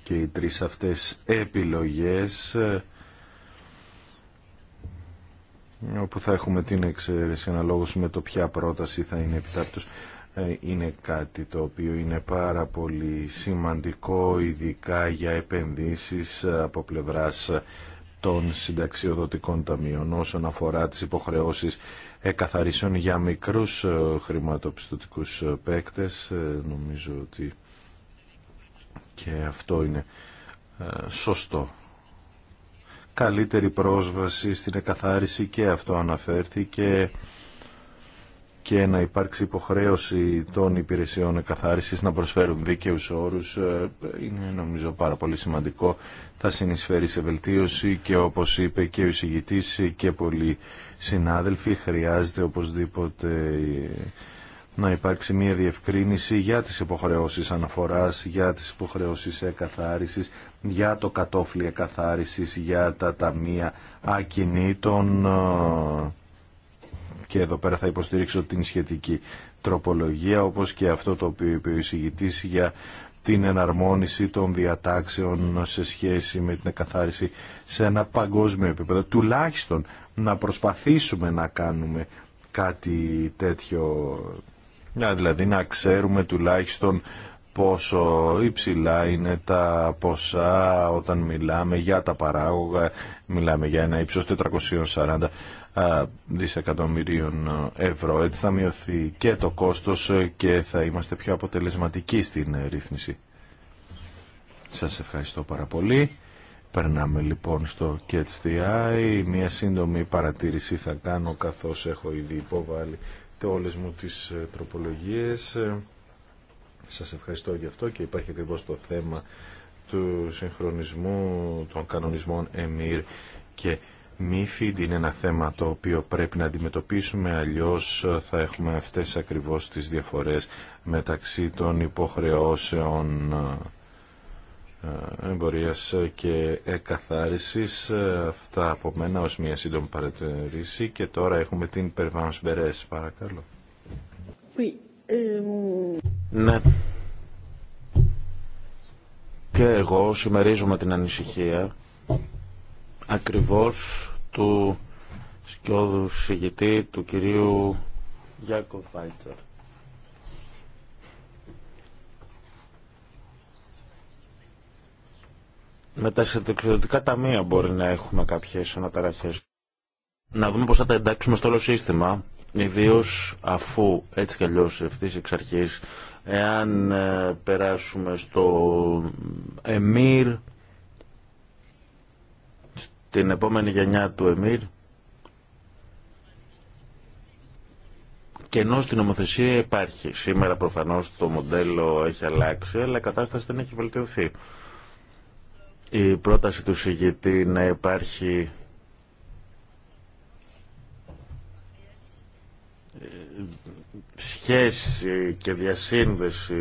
και οι τρεις αυτές επιλογές ε, όπου θα έχουμε την εξαίρεση αναλόγως με το ποια πρόταση θα είναι επιτάπτους ε, είναι κάτι το οποίο είναι πάρα πολύ σημαντικό ειδικά για επενδύσεις ε, από πλευράς των συνταξιοδοτικών ταμείων όσον αφορά τις υποχρεώσεις εκαθαρίσεων για μικρούς ε, χρηματοπιστωτικούς ε, παίκτες. Ε, νομίζω ότι και αυτό είναι σωστό. Καλύτερη πρόσβαση στην εκαθάριση και αυτό αναφέρθηκε και να υπάρξει υποχρέωση των υπηρεσιών εκαθάρισης να προσφέρουν δίκαιους όρους ε, είναι νομίζω πάρα πολύ σημαντικό. Θα συνεισφέρει σε βελτίωση και όπως είπε και ο εισηγητής και πολλοί συνάδελφοι χρειάζεται οπωσδήποτε ε, να υπάρξει μια διευκρίνηση για τις υποχρεώσεις αναφοράς, για τις υποχρεώσεις εκαθάρισης, για το κατόφλι εκαθάρισης, για τα ταμεία ακινήτων ε, και εδώ πέρα θα υποστηρίξω την σχετική τροπολογία όπως και αυτό το οποίο είπε ο εισηγητής για την εναρμόνιση των διατάξεων σε σχέση με την εκαθάριση σε ένα παγκόσμιο επίπεδο. Τουλάχιστον να προσπαθήσουμε να κάνουμε κάτι τέτοιο, δηλαδή να ξέρουμε τουλάχιστον πόσο υψηλά είναι τα ποσά όταν μιλάμε για τα παράγωγα, μιλάμε για ένα ύψος 440 δισεκατομμυρίων ευρώ. Έτσι θα μειωθεί και το κόστος και θα είμαστε πιο αποτελεσματικοί στην ρύθμιση. Σας ευχαριστώ πάρα πολύ. Περνάμε λοιπόν στο CatchDI. Μία σύντομη παρατήρηση θα κάνω καθώς έχω ήδη υποβάλει όλες μου τις ε, τροπολογίες. Σας ευχαριστώ γι' αυτό και υπάρχει ακριβώ το θέμα του συγχρονισμού των κανονισμών ΕΜΙΡ και Μύφη είναι ένα θέμα το οποίο πρέπει να αντιμετωπίσουμε, αλλιώς θα έχουμε αυτές ακριβώς τις διαφορές μεταξύ των υποχρεώσεων ε, εμπορίας και εκαθάρισης. Αυτά από μένα ως μια σύντομη παρατηρήση και τώρα έχουμε την Περβάνος Μπερές, παρακαλώ. Ε, ναι. Και εγώ συμμερίζομαι την ανησυχία ακριβώς του σκιώδου συγητή του κυρίου Γιάκο Φάιτσερ. Με τα συνταξιδοτικά ταμεία μπορεί να έχουμε κάποιες αναταραχές. Να δούμε πώς θα τα εντάξουμε στο όλο σύστημα, ιδίω αφού έτσι κι αλλιώς ευθύς εξ αρχής, εάν ε, περάσουμε στο ΕΜΙΡ, την επόμενη γενιά του ΕΜΗΡ ενώ στην ομοθεσία υπάρχει. Σήμερα προφανώς το μοντέλο έχει αλλάξει, αλλά η κατάσταση δεν έχει βελτιωθεί. Η πρόταση του συγγητή να υπάρχει σχέση και διασύνδεση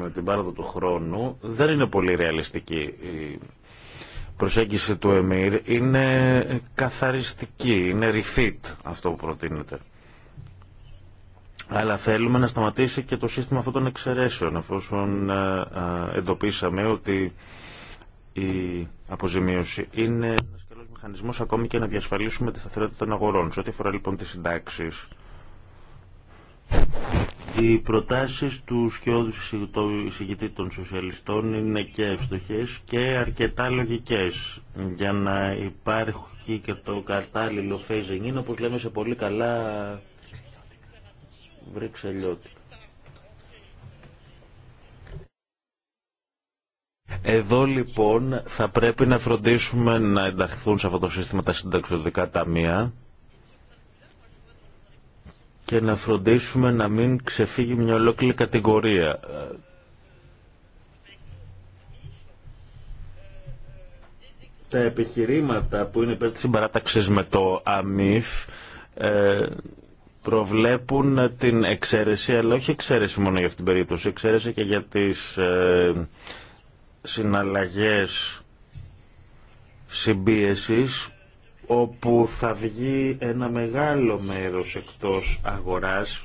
με την πάροδο του χρόνου δεν είναι πολύ ρεαλιστική προσέγγιση του ΕΜΗΡ είναι καθαριστική, είναι refit αυτό που προτείνεται. Αλλά θέλουμε να σταματήσει και το σύστημα αυτών των εξαιρέσεων, εφόσον ε, ε, εντοπίσαμε ότι η αποζημίωση είναι ένας καλός μηχανισμός ακόμη και να διασφαλίσουμε τη σταθερότητα των αγορών. Σε ό,τι αφορά λοιπόν τις συντάξεις, οι προτάσεις του σκιώδου εισηγητή των σοσιαλιστών είναι και ευστοχές και αρκετά λογικές για να υπάρχει και το κατάλληλο phasing είναι όπως λέμε σε πολύ καλά Βρυξελιώτη. Εδώ λοιπόν θα πρέπει να φροντίσουμε να ενταχθούν σε αυτό το σύστημα τα συνταξιωτικά ταμεία και να φροντίσουμε να μην ξεφύγει μια ολόκληρη κατηγορία. Τα επιχειρήματα που είναι υπέρ της συμπαράταξης με το ΑΜΙΦ ε, προβλέπουν την εξαίρεση, αλλά όχι εξαίρεση μόνο για αυτήν την περίπτωση, εξαίρεση και για τις ε, συναλλαγές συμπίεσης όπου θα βγει ένα μεγάλο μέρος εκτός αγοράς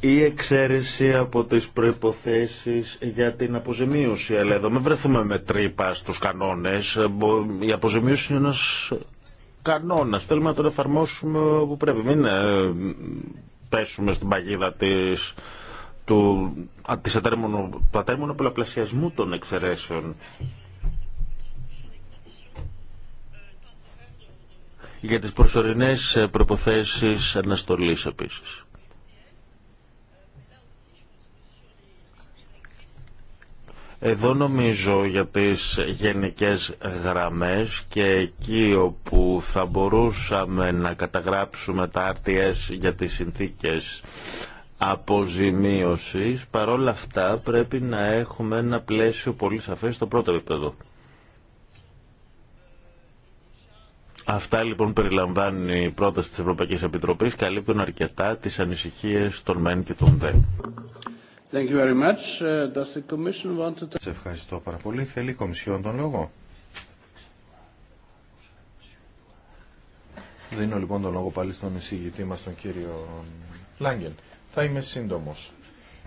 ή εξαίρεση από τις προϋποθέσεις για την αποζημίωση. Αλλά εδώ μην βρεθούμε με τρύπα στους κανόνες. Η αποζημίωση είναι ένας κανόνας. Θέλουμε να τον εφαρμόσουμε όπου πρέπει. Μην ε, πέσουμε στην παγίδα της, του, της πολλαπλασιασμού των εξαιρέσεων για τις προσωρινές ε, προϋποθέσεις αναστολής επίσης. Εδώ νομίζω για τις γενικές γραμμές και εκεί όπου θα μπορούσαμε να καταγράψουμε τα RTS για τις συνθήκες αποζημίωσης, παρόλα αυτά πρέπει να έχουμε ένα πλαίσιο πολύ σαφές στο πρώτο επίπεδο. Αυτά λοιπόν περιλαμβάνει η πρόταση της Ευρωπαϊκής Επιτροπής, καλύπτουν αρκετά τις ανησυχίες των ΜΕΝ και των ΔΕΝ. Thank uh, Σε ευχαριστώ πάρα πολύ. Θέλει η Κομισιόν τον λόγο. Δίνω λοιπόν τον λόγο πάλι στον εισηγητή μας, τον κύριο Λάγκεν. Θα είμαι σύντομος.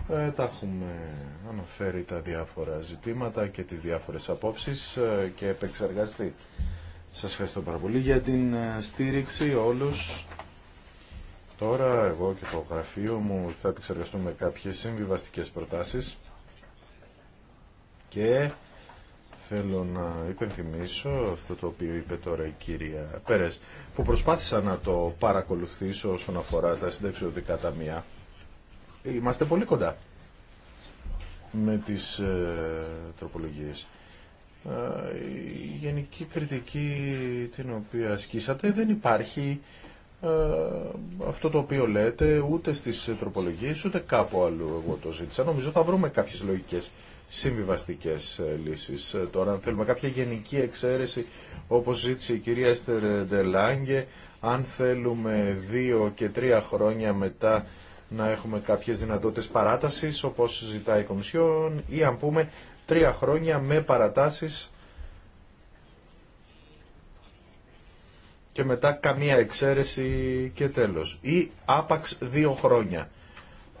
Ε, τα έχουμε αναφέρει τα διάφορα ζητήματα και τις διάφορες απόψεις ε, και επεξεργαστεί σας ευχαριστώ πάρα πολύ για την ε, στήριξη όλους. Τώρα εγώ και το γραφείο μου θα επεξεργαστούμε κάποιες συμβιβαστικές προτάσεις και θέλω να υπενθυμίσω αυτό το οποίο είπε τώρα η κυρία Πέρες που προσπάθησα να το παρακολουθήσω όσον αφορά τα συνταξιωτικά ταμεία. Είμαστε πολύ κοντά με τις ε, τροπολογίες. Ε, η γενική κριτική την οποία ασκήσατε δεν υπάρχει ε, αυτό το οποίο λέτε ούτε στις τροπολογίες ούτε κάπου αλλού εγώ το ζήτησα. Νομίζω θα βρούμε κάποιες λογικές συμβιβαστικές ε, λύσεις. Τώρα αν θέλουμε κάποια γενική εξαίρεση όπως ζήτησε η κυρία Έστερ Ντελάγκε αν θέλουμε δύο και τρία χρόνια μετά να έχουμε κάποιες δυνατότητες παράτασης όπως ζητάει η Κομισιόν ή αν πούμε τρία χρόνια με παρατάσεις και μετά καμία εξαίρεση και τέλος. Ή άπαξ δύο χρόνια.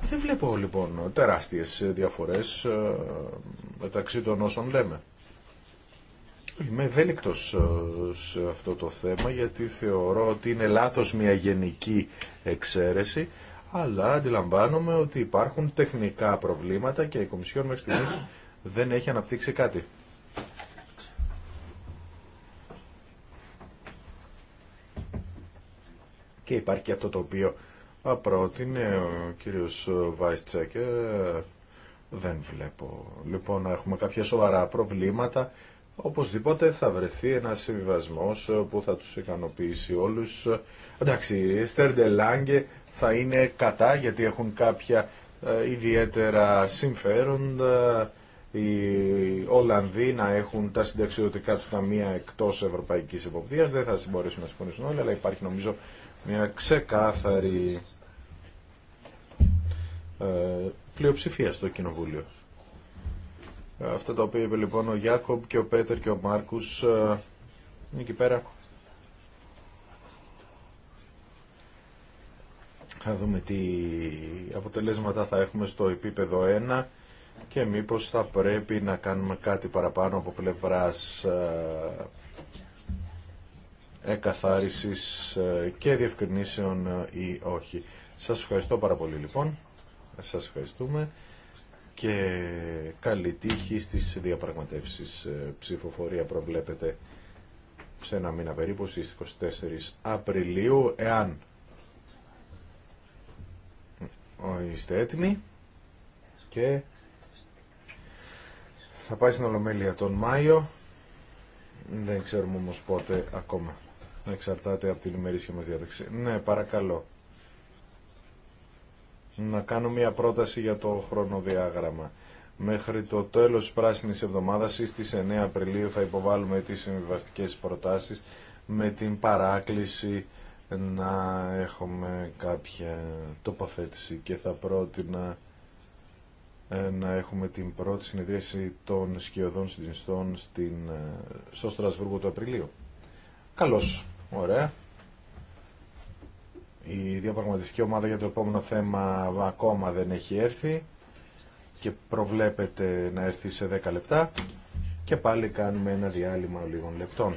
Δεν βλέπω λοιπόν τεράστιες διαφορές ε, μεταξύ των όσων λέμε. Είμαι ευέλικτο ε, σε αυτό το θέμα γιατί θεωρώ ότι είναι λάθος μια γενική εξαίρεση αλλά αντιλαμβάνομαι ότι υπάρχουν τεχνικά προβλήματα και η Κομισιόν μέχρι στιγμής δεν έχει αναπτύξει κάτι. Και υπάρχει και αυτό το οποίο πρότεινε ο κύριος Τσέκερ. Δεν βλέπω λοιπόν να έχουμε κάποια σοβαρά προβλήματα. Οπωσδήποτε θα βρεθεί ένα συμβιβασμό που θα τους ικανοποιήσει όλους. Εντάξει, Στέρντε Λάγκε θα είναι κατά γιατί έχουν κάποια ε, ιδιαίτερα συμφέροντα οι Ολλανδοί να έχουν τα συνταξιδοτικά του ταμεία εκτό ευρωπαϊκή Εποπτεία. Δεν θα συμπορέσουν να συμφωνήσουν όλοι, αλλά υπάρχει νομίζω μια ξεκάθαρη ε, πλειοψηφία στο Κοινοβούλιο. Αυτά τα οποία είπε λοιπόν ο Γιάκομπ και ο Πέτερ και ο Μάρκους ε, εκεί πέρα. Θα δούμε τι αποτελέσματα θα έχουμε στο επίπεδο 1 και μήπως θα πρέπει να κάνουμε κάτι παραπάνω από πλευράς ε, εκαθάρισης ε, και διευκρινήσεων ε, ή όχι. Σας ευχαριστώ πάρα πολύ λοιπόν. Σας ευχαριστούμε και καλή τύχη στις διαπραγματεύσεις. Ψηφοφορία προβλέπεται σε ένα μήνα περίπου στις 24 Απριλίου. Εάν είστε έτοιμοι και θα πάει στην Ολομέλεια τον Μάιο. Δεν ξέρουμε όμως πότε ακόμα. Εξαρτάται από την ημερήσια μας διάταξη. Ναι, παρακαλώ. Να κάνω μια πρόταση για το χρονοδιάγραμμα. Μέχρι το τέλος της πράσινης εβδομάδας ή στις 9 Απριλίου θα υποβάλουμε τις συμβιβαστικές προτάσεις με την παράκληση να έχουμε κάποια τοποθέτηση και θα πρότεινα ε, να έχουμε την πρώτη συνεδρίαση των σκιωδών συνδυνστών στην, ε, στο Στρασβούργο του Απριλίου. Καλώς. Ωραία. Η διαπραγματευτική ομάδα για το επόμενο θέμα ακόμα δεν έχει έρθει και προβλέπεται να έρθει σε 10 λεπτά και πάλι κάνουμε ένα διάλειμμα λίγων λεπτών.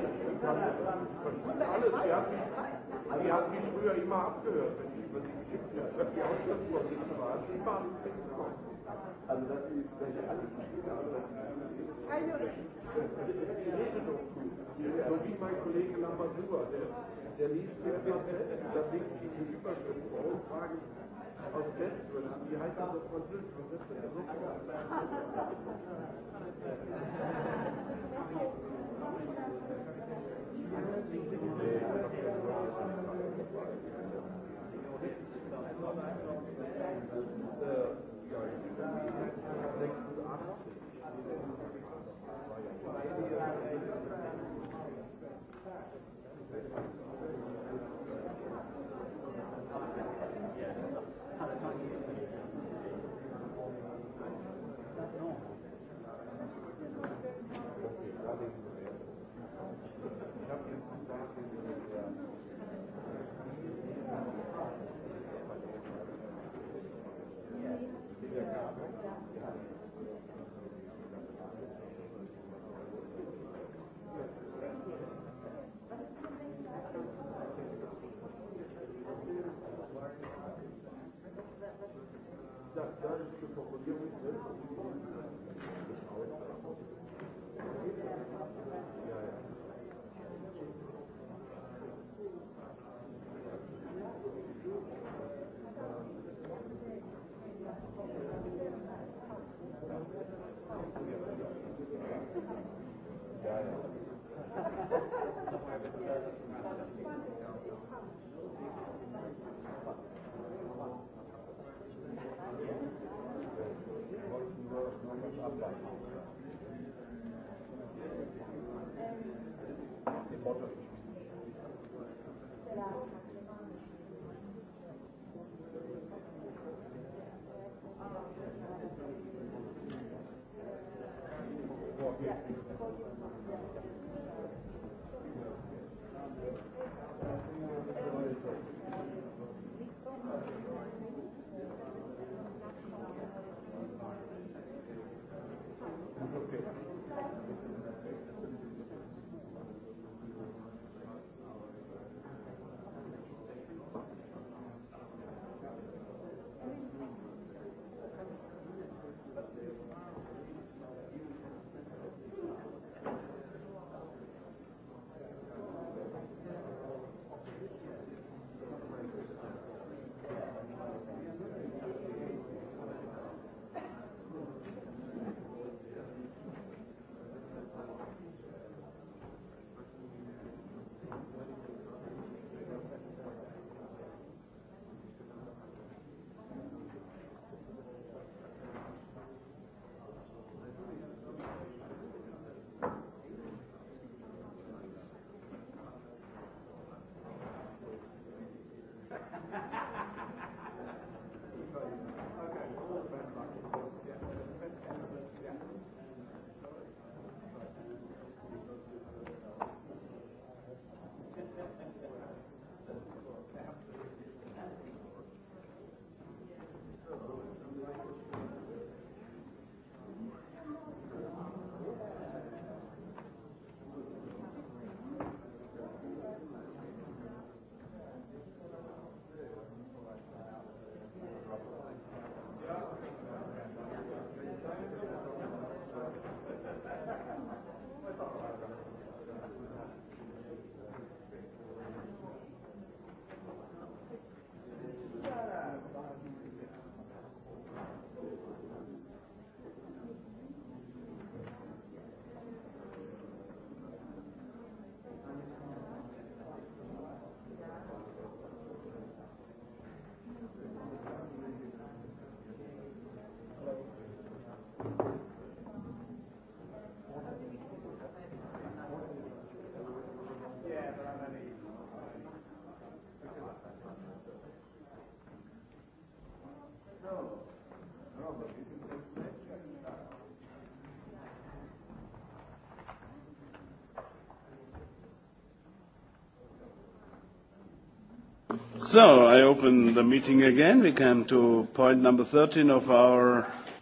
Alles, ja. sie mich früher immer abgehört, wenn über sie Die war, Also, So wie mein Kollege Lamassoua, der, der liest da denkt die Überschrift, aus wie heißt das Französisch?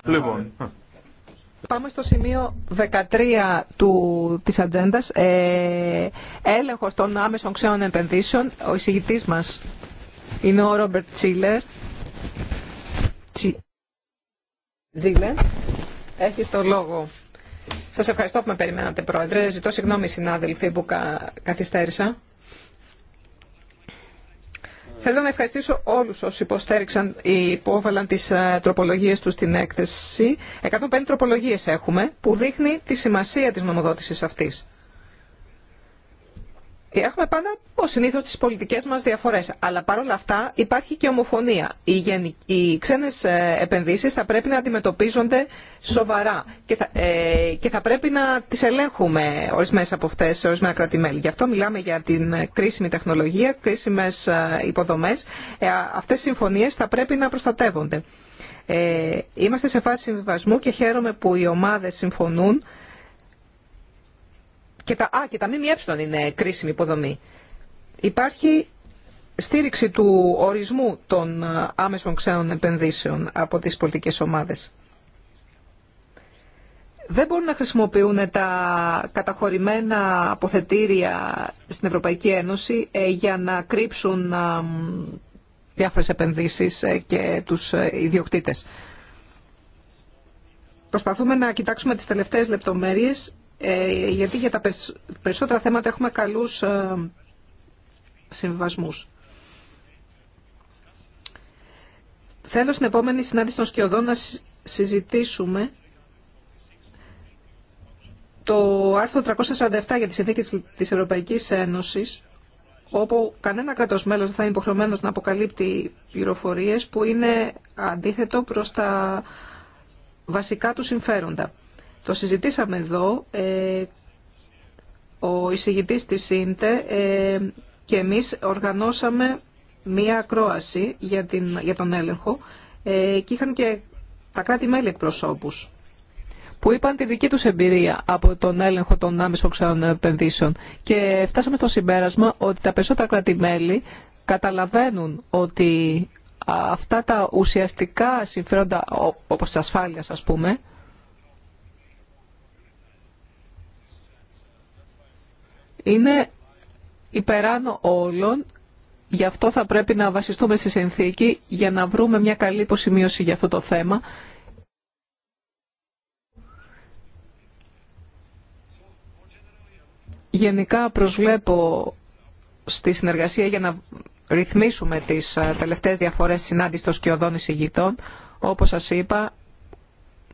Λοιπόν, Πάμε στο σημείο 13 του, της ατζέντας, ε, έλεγχος των άμεσων ξένων επενδύσεων. Ο εισηγητής μας είναι ο Ρόμπερτ Τσίλερ. Τσι... Έχει το λόγο. Σας ευχαριστώ που με περιμένατε, Πρόεδρε. Ζητώ συγγνώμη, συνάδελφοι, που καθυστέρησα. Θέλω να ευχαριστήσω όλους όσοι υποστέριξαν ή υπόβαλαν τι ε, τροπολογίε του στην έκθεση. 105 τροπολογίες έχουμε που δείχνει τη σημασία της νομοδότηση αυτής. Έχουμε πάντα, ω συνήθω, τι πολιτικέ μα διαφορέ. Αλλά παρόλα αυτά υπάρχει και ομοφωνία. Οι, γεν... οι ξένε επενδύσει θα πρέπει να αντιμετωπίζονται σοβαρά και θα, ε, και θα πρέπει να τι ελέγχουμε ορισμένε από αυτέ σε ορισμένα κράτη-μέλη. Γι' αυτό μιλάμε για την κρίσιμη τεχνολογία, κρίσιμε υποδομέ. Ε, ε αυτέ οι συμφωνίε θα πρέπει να προστατεύονται. Ε, είμαστε σε φάση συμβιβασμού και χαίρομαι που οι ομάδε συμφωνούν και τα, α, και τα ΜΜΕ είναι κρίσιμη υποδομή. Υπάρχει στήριξη του ορισμού των ε, άμεσων ξένων επενδύσεων από τις πολιτικές ομάδες. Δεν μπορούν να χρησιμοποιούν τα καταχωρημένα αποθετήρια στην Ευρωπαϊκή Ένωση ε, για να κρύψουν ε, διάφορες επενδύσεις και τους ιδιοκτήτες. Προσπαθούμε να κοιτάξουμε τις τελευταίες λεπτομέρειες ε, γιατί για τα περισσότερα θέματα έχουμε καλούς ε, συμβασμούς. Θέλω στην επόμενη συνάντηση των Σκιωδών να συζητήσουμε το άρθρο 347 για τη συνθήκη της Ευρωπαϊκής Ένωσης, όπου κανένα κράτος μέλος δεν θα είναι υποχρεωμένος να αποκαλύπτει πληροφορίες που είναι αντίθετο προς τα βασικά του συμφέροντα. Το συζητήσαμε εδώ. Ε, ο εισηγητής της ΣΥΝΤΕ ε, και εμείς οργανώσαμε μία ακρόαση για, την, για τον έλεγχο ε, και είχαν και τα κράτη-μέλη εκπροσώπους που είπαν τη δική τους εμπειρία από τον έλεγχο των άμεσων ξένων επενδύσεων. Και φτάσαμε στο συμπέρασμα ότι τα περισσότερα κράτη-μέλη καταλαβαίνουν ότι αυτά τα ουσιαστικά συμφέροντα, όπως ασφάλεια, ας πούμε, είναι υπεράνω όλων. Γι' αυτό θα πρέπει να βασιστούμε στη συνθήκη για να βρούμε μια καλή υποσημείωση για αυτό το θέμα. Γενικά προσβλέπω στη συνεργασία για να ρυθμίσουμε τις τελευταίες διαφορές συνάντησης των σκιωδών εισηγητών. Όπως σας είπα,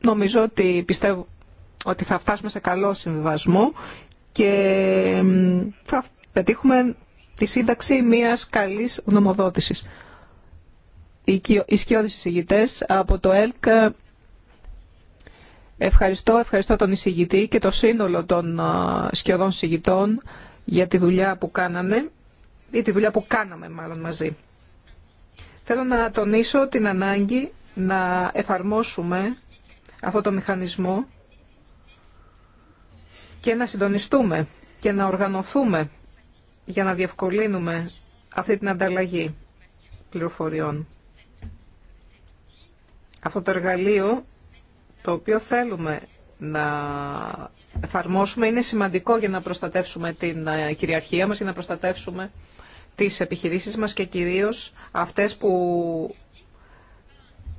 νομίζω ότι πιστεύω ότι θα φτάσουμε σε καλό συμβιβασμό και θα πετύχουμε τη σύνταξη μιας καλής γνωμοδότησης. Οι σκιώδεις εισηγητές από το ΕΛΚ ευχαριστώ, ευχαριστώ τον εισηγητή και το σύνολο των σκιωδών εισηγητών για τη δουλειά που κάνανε ή τη δουλειά που κάναμε μάλλον μαζί. Θέλω να τονίσω την ανάγκη να εφαρμόσουμε αυτό το μηχανισμό και να συντονιστούμε και να οργανωθούμε για να διευκολύνουμε αυτή την ανταλλαγή πληροφοριών. Αυτό το εργαλείο το οποίο θέλουμε να εφαρμόσουμε είναι σημαντικό για να προστατεύσουμε την ε, κυριαρχία μας, για να προστατεύσουμε τις επιχειρήσεις μας και κυρίως αυτές που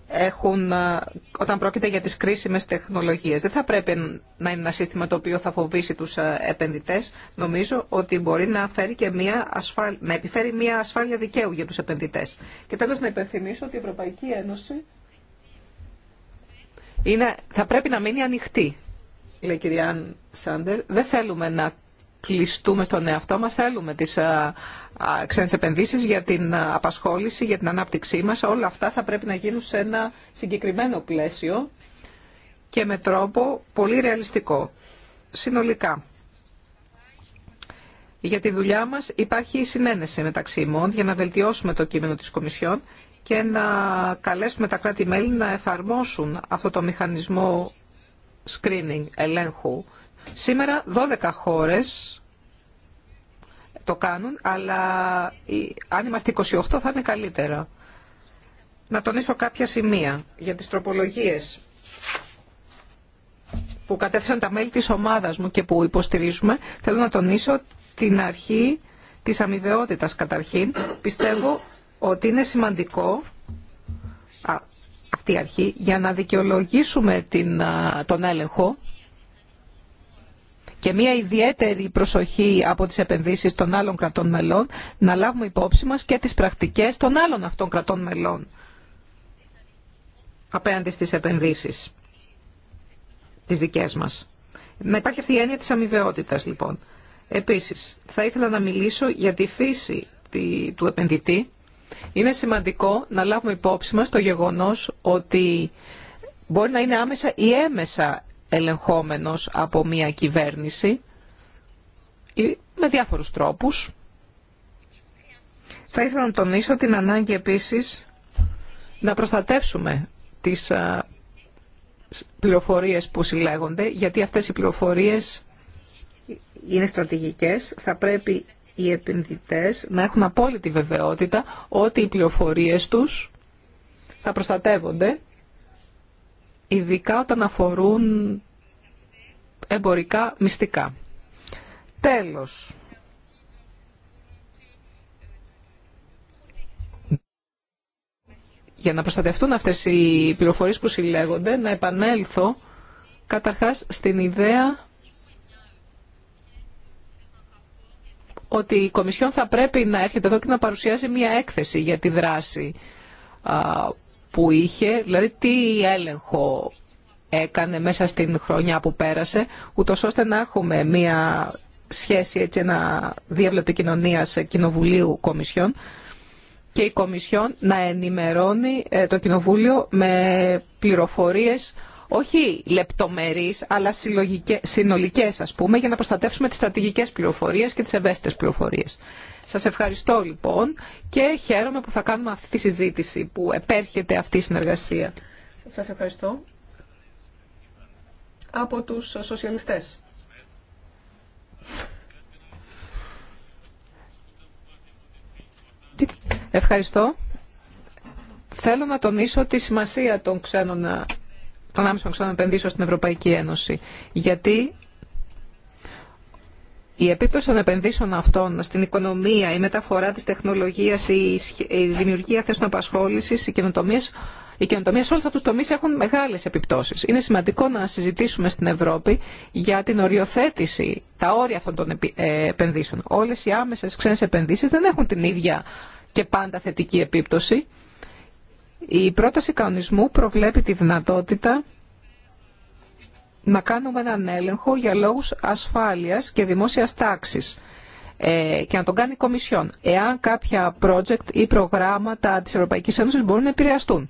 έχουν, ε, όταν πρόκειται για τις κρίσιμες τεχνολογίες. Δεν θα πρέπει να είναι ένα σύστημα το οποίο θα φοβήσει τους ε, επενδυτές. Νομίζω ότι μπορεί να, φέρει και μια να επιφέρει μια ασφάλεια δικαίου για τους επενδυτές. Και τέλος να υπενθυμίσω ότι η Ευρωπαϊκή Ένωση είναι... θα πρέπει να μείνει ανοιχτή, λέει η κυρία Σάντερ. Δεν θέλουμε να κλειστούμε στον εαυτό μας, θέλουμε τις ξένες επενδύσεις για την απασχόληση, για την ανάπτυξή μας. Όλα αυτά θα πρέπει να γίνουν σε ένα συγκεκριμένο πλαίσιο και με τρόπο πολύ ρεαλιστικό. Συνολικά, για τη δουλειά μας υπάρχει συνένεση μεταξύ ημών για να βελτιώσουμε το κείμενο της Κομισιόν και να καλέσουμε τα κράτη-μέλη να εφαρμόσουν αυτό το μηχανισμό screening, ελέγχου, Σήμερα 12 χώρες το κάνουν, αλλά αν είμαστε 28 θα είναι καλύτερα. Να τονίσω κάποια σημεία για τις τροπολογίες που κατέθεσαν τα μέλη της ομάδας μου και που υποστηρίζουμε. Θέλω να τονίσω την αρχή της αμοιβαιότητας καταρχήν. Πιστεύω ότι είναι σημαντικό αυτή η αρχή για να δικαιολογήσουμε την, τον έλεγχο και μια ιδιαίτερη προσοχή από τις επενδύσεις των άλλων κρατών μελών, να λάβουμε υπόψη μας και τις πρακτικές των άλλων αυτών κρατών μελών απέναντι στις επενδύσεις τις δικές μας. Να υπάρχει αυτή η έννοια της αμοιβαιότητας λοιπόν. Επίσης, θα ήθελα να μιλήσω για τη φύση του επενδυτή. Είναι σημαντικό να λάβουμε υπόψη μας το γεγονός ότι μπορεί να είναι άμεσα ή έμεσα ελεγχόμενος από μια κυβέρνηση με διάφορους τρόπους. Θα ήθελα να τονίσω την ανάγκη επίσης να προστατεύσουμε τις πληροφορίες που συλλέγονται, γιατί αυτές οι πληροφορίες είναι στρατηγικές. Θα πρέπει οι επενδυτές να έχουν απόλυτη βεβαιότητα ότι οι πληροφορίες τους θα προστατεύονται ειδικά όταν αφορούν εμπορικά μυστικά. Τέλος. Για να προστατευτούν αυτές οι πληροφορίες που συλλέγονται, να επανέλθω καταρχάς στην ιδέα ότι η Κομισιόν θα πρέπει να έρχεται εδώ και να παρουσιάζει μία έκθεση για τη δράση που είχε, δηλαδή τι έλεγχο έκανε μέσα στην χρονιά που πέρασε, ούτω ώστε να έχουμε μια σχέση, έτσι, ένα διάβλο επικοινωνία Κοινοβουλίου κομισιών και η Κομισιόν να ενημερώνει ε, το Κοινοβούλιο με πληροφορίες όχι λεπτομερείς, αλλά συνολικές ας πούμε, για να προστατεύσουμε τις στρατηγικές πληροφορίες και τις ευαίσθητες πληροφορίες. Σας ευχαριστώ λοιπόν και χαίρομαι που θα κάνουμε αυτή τη συζήτηση που επέρχεται αυτή η συνεργασία. Σας ευχαριστώ. Από τους σοσιαλιστές. Ευχαριστώ. Θέλω να τονίσω τη σημασία των ξένων των άμεσων ξένων επενδύσεων στην Ευρωπαϊκή Ένωση. Γιατί η επίπτωση των επενδύσεων αυτών στην οικονομία, η μεταφορά της τεχνολογίας, η δημιουργία θέσεων απασχόλησης, οι καινοτομίες, οι καινοτομίε σε όλου αυτού του τομεί έχουν μεγάλε επιπτώσει. Είναι σημαντικό να συζητήσουμε στην Ευρώπη για την οριοθέτηση, τα όρια αυτών των ε, επενδύσεων. Όλε οι άμεσε ξένε επενδύσει δεν έχουν την ίδια και πάντα θετική επίπτωση. Η πρόταση κανονισμού προβλέπει τη δυνατότητα να κάνουμε έναν έλεγχο για λόγους ασφάλειας και δημόσιας τάξης ε, και να τον κάνει η Κομισιόν, εάν κάποια project ή προγράμματα της Ευρωπαϊκής Ένωσης μπορούν να επηρεαστούν.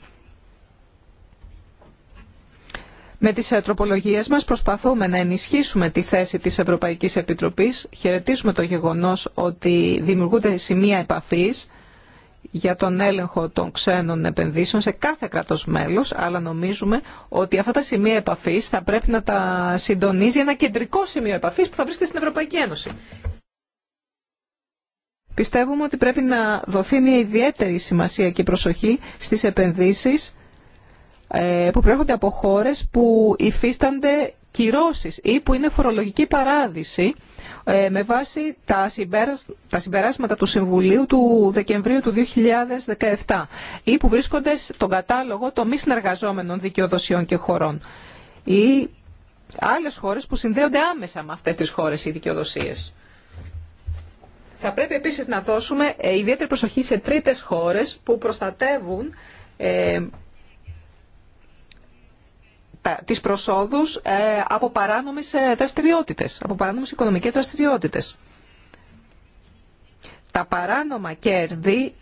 Με τις ε, τροπολογίες μας προσπαθούμε να ενισχύσουμε τη θέση της Ευρωπαϊκής Επιτροπής. Χαιρετίζουμε το γεγονός ότι δημιουργούνται σημεία επαφής για τον έλεγχο των ξένων επενδύσεων σε κάθε κράτος μέλος, αλλά νομίζουμε ότι αυτά τα σημεία επαφής θα πρέπει να τα συντονίζει ένα κεντρικό σημείο επαφής που θα βρίσκεται στην Ευρωπαϊκή Ένωση. Πιστεύουμε ότι πρέπει να δοθεί μια ιδιαίτερη σημασία και προσοχή στις επενδύσεις ε, που προέρχονται από χώρες που υφίστανται κυρώσεις ή που είναι φορολογική παράδειση ε, με βάση τα συμπεράσματα του Συμβουλίου του Δεκεμβρίου του 2017 ή που βρίσκονται στον κατάλογο των μη συνεργαζόμενων δικαιοδοσιών και χωρών ή άλλες χώρες που συνδέονται άμεσα με αυτές τις χώρες οι δικαιοδοσίες. Θα πρέπει επίσης να δώσουμε ε, ιδιαίτερη προσοχή σε τρίτες χώρες που προστατεύουν ε, τις προσόδους ε, από παράνομες ε, δραστηριότητε, από παράνομες οικονομικές δραστηριότητε. Τα παράνομα κέρδη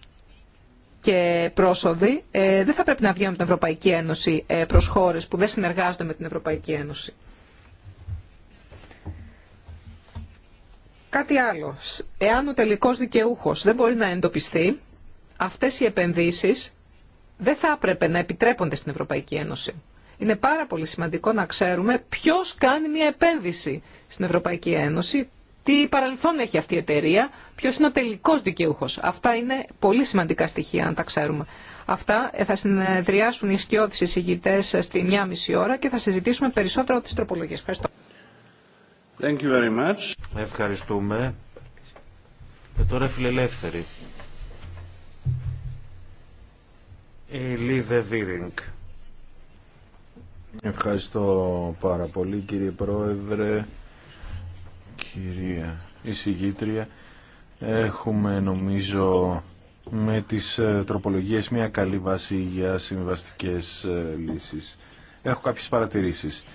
και πρόσοδοι ε, δεν θα πρέπει να βγαίνουν από την Ευρωπαϊκή Ένωση προς χώρες που δεν συνεργάζονται με την Ευρωπαϊκή Ένωση. Κάτι άλλο. Εάν ο τελικός δικαιούχος δεν μπορεί να εντοπιστεί, αυτές οι επενδύσει δεν θα έπρεπε να επιτρέπονται στην Ευρωπαϊκή Ένωση. Είναι πάρα πολύ σημαντικό να ξέρουμε ποιος κάνει μια επένδυση στην Ευρωπαϊκή Ένωση, τι παρελθόν έχει αυτή η εταιρεία, ποιος είναι ο τελικός δικαιούχος. Αυτά είναι πολύ σημαντικά στοιχεία, αν τα ξέρουμε. Αυτά ε, θα συνεδριάσουν οι σκιώδεις εισηγητές στη μία μισή ώρα και θα συζητήσουμε περισσότερο τις τροπολογίες. Ευχαριστώ. Thank you very much. Ευχαριστούμε. Και ε, τώρα φιλελεύθερη. Βίρινγκ. Ευχαριστώ πάρα πολύ κύριε Πρόεδρε, κυρία εισηγήτρια. Έχουμε νομίζω με τις ε, τροπολογίες μια καλή βάση για συμβαστικές ε, λύσεις. Έχω κάποιες παρατηρήσεις.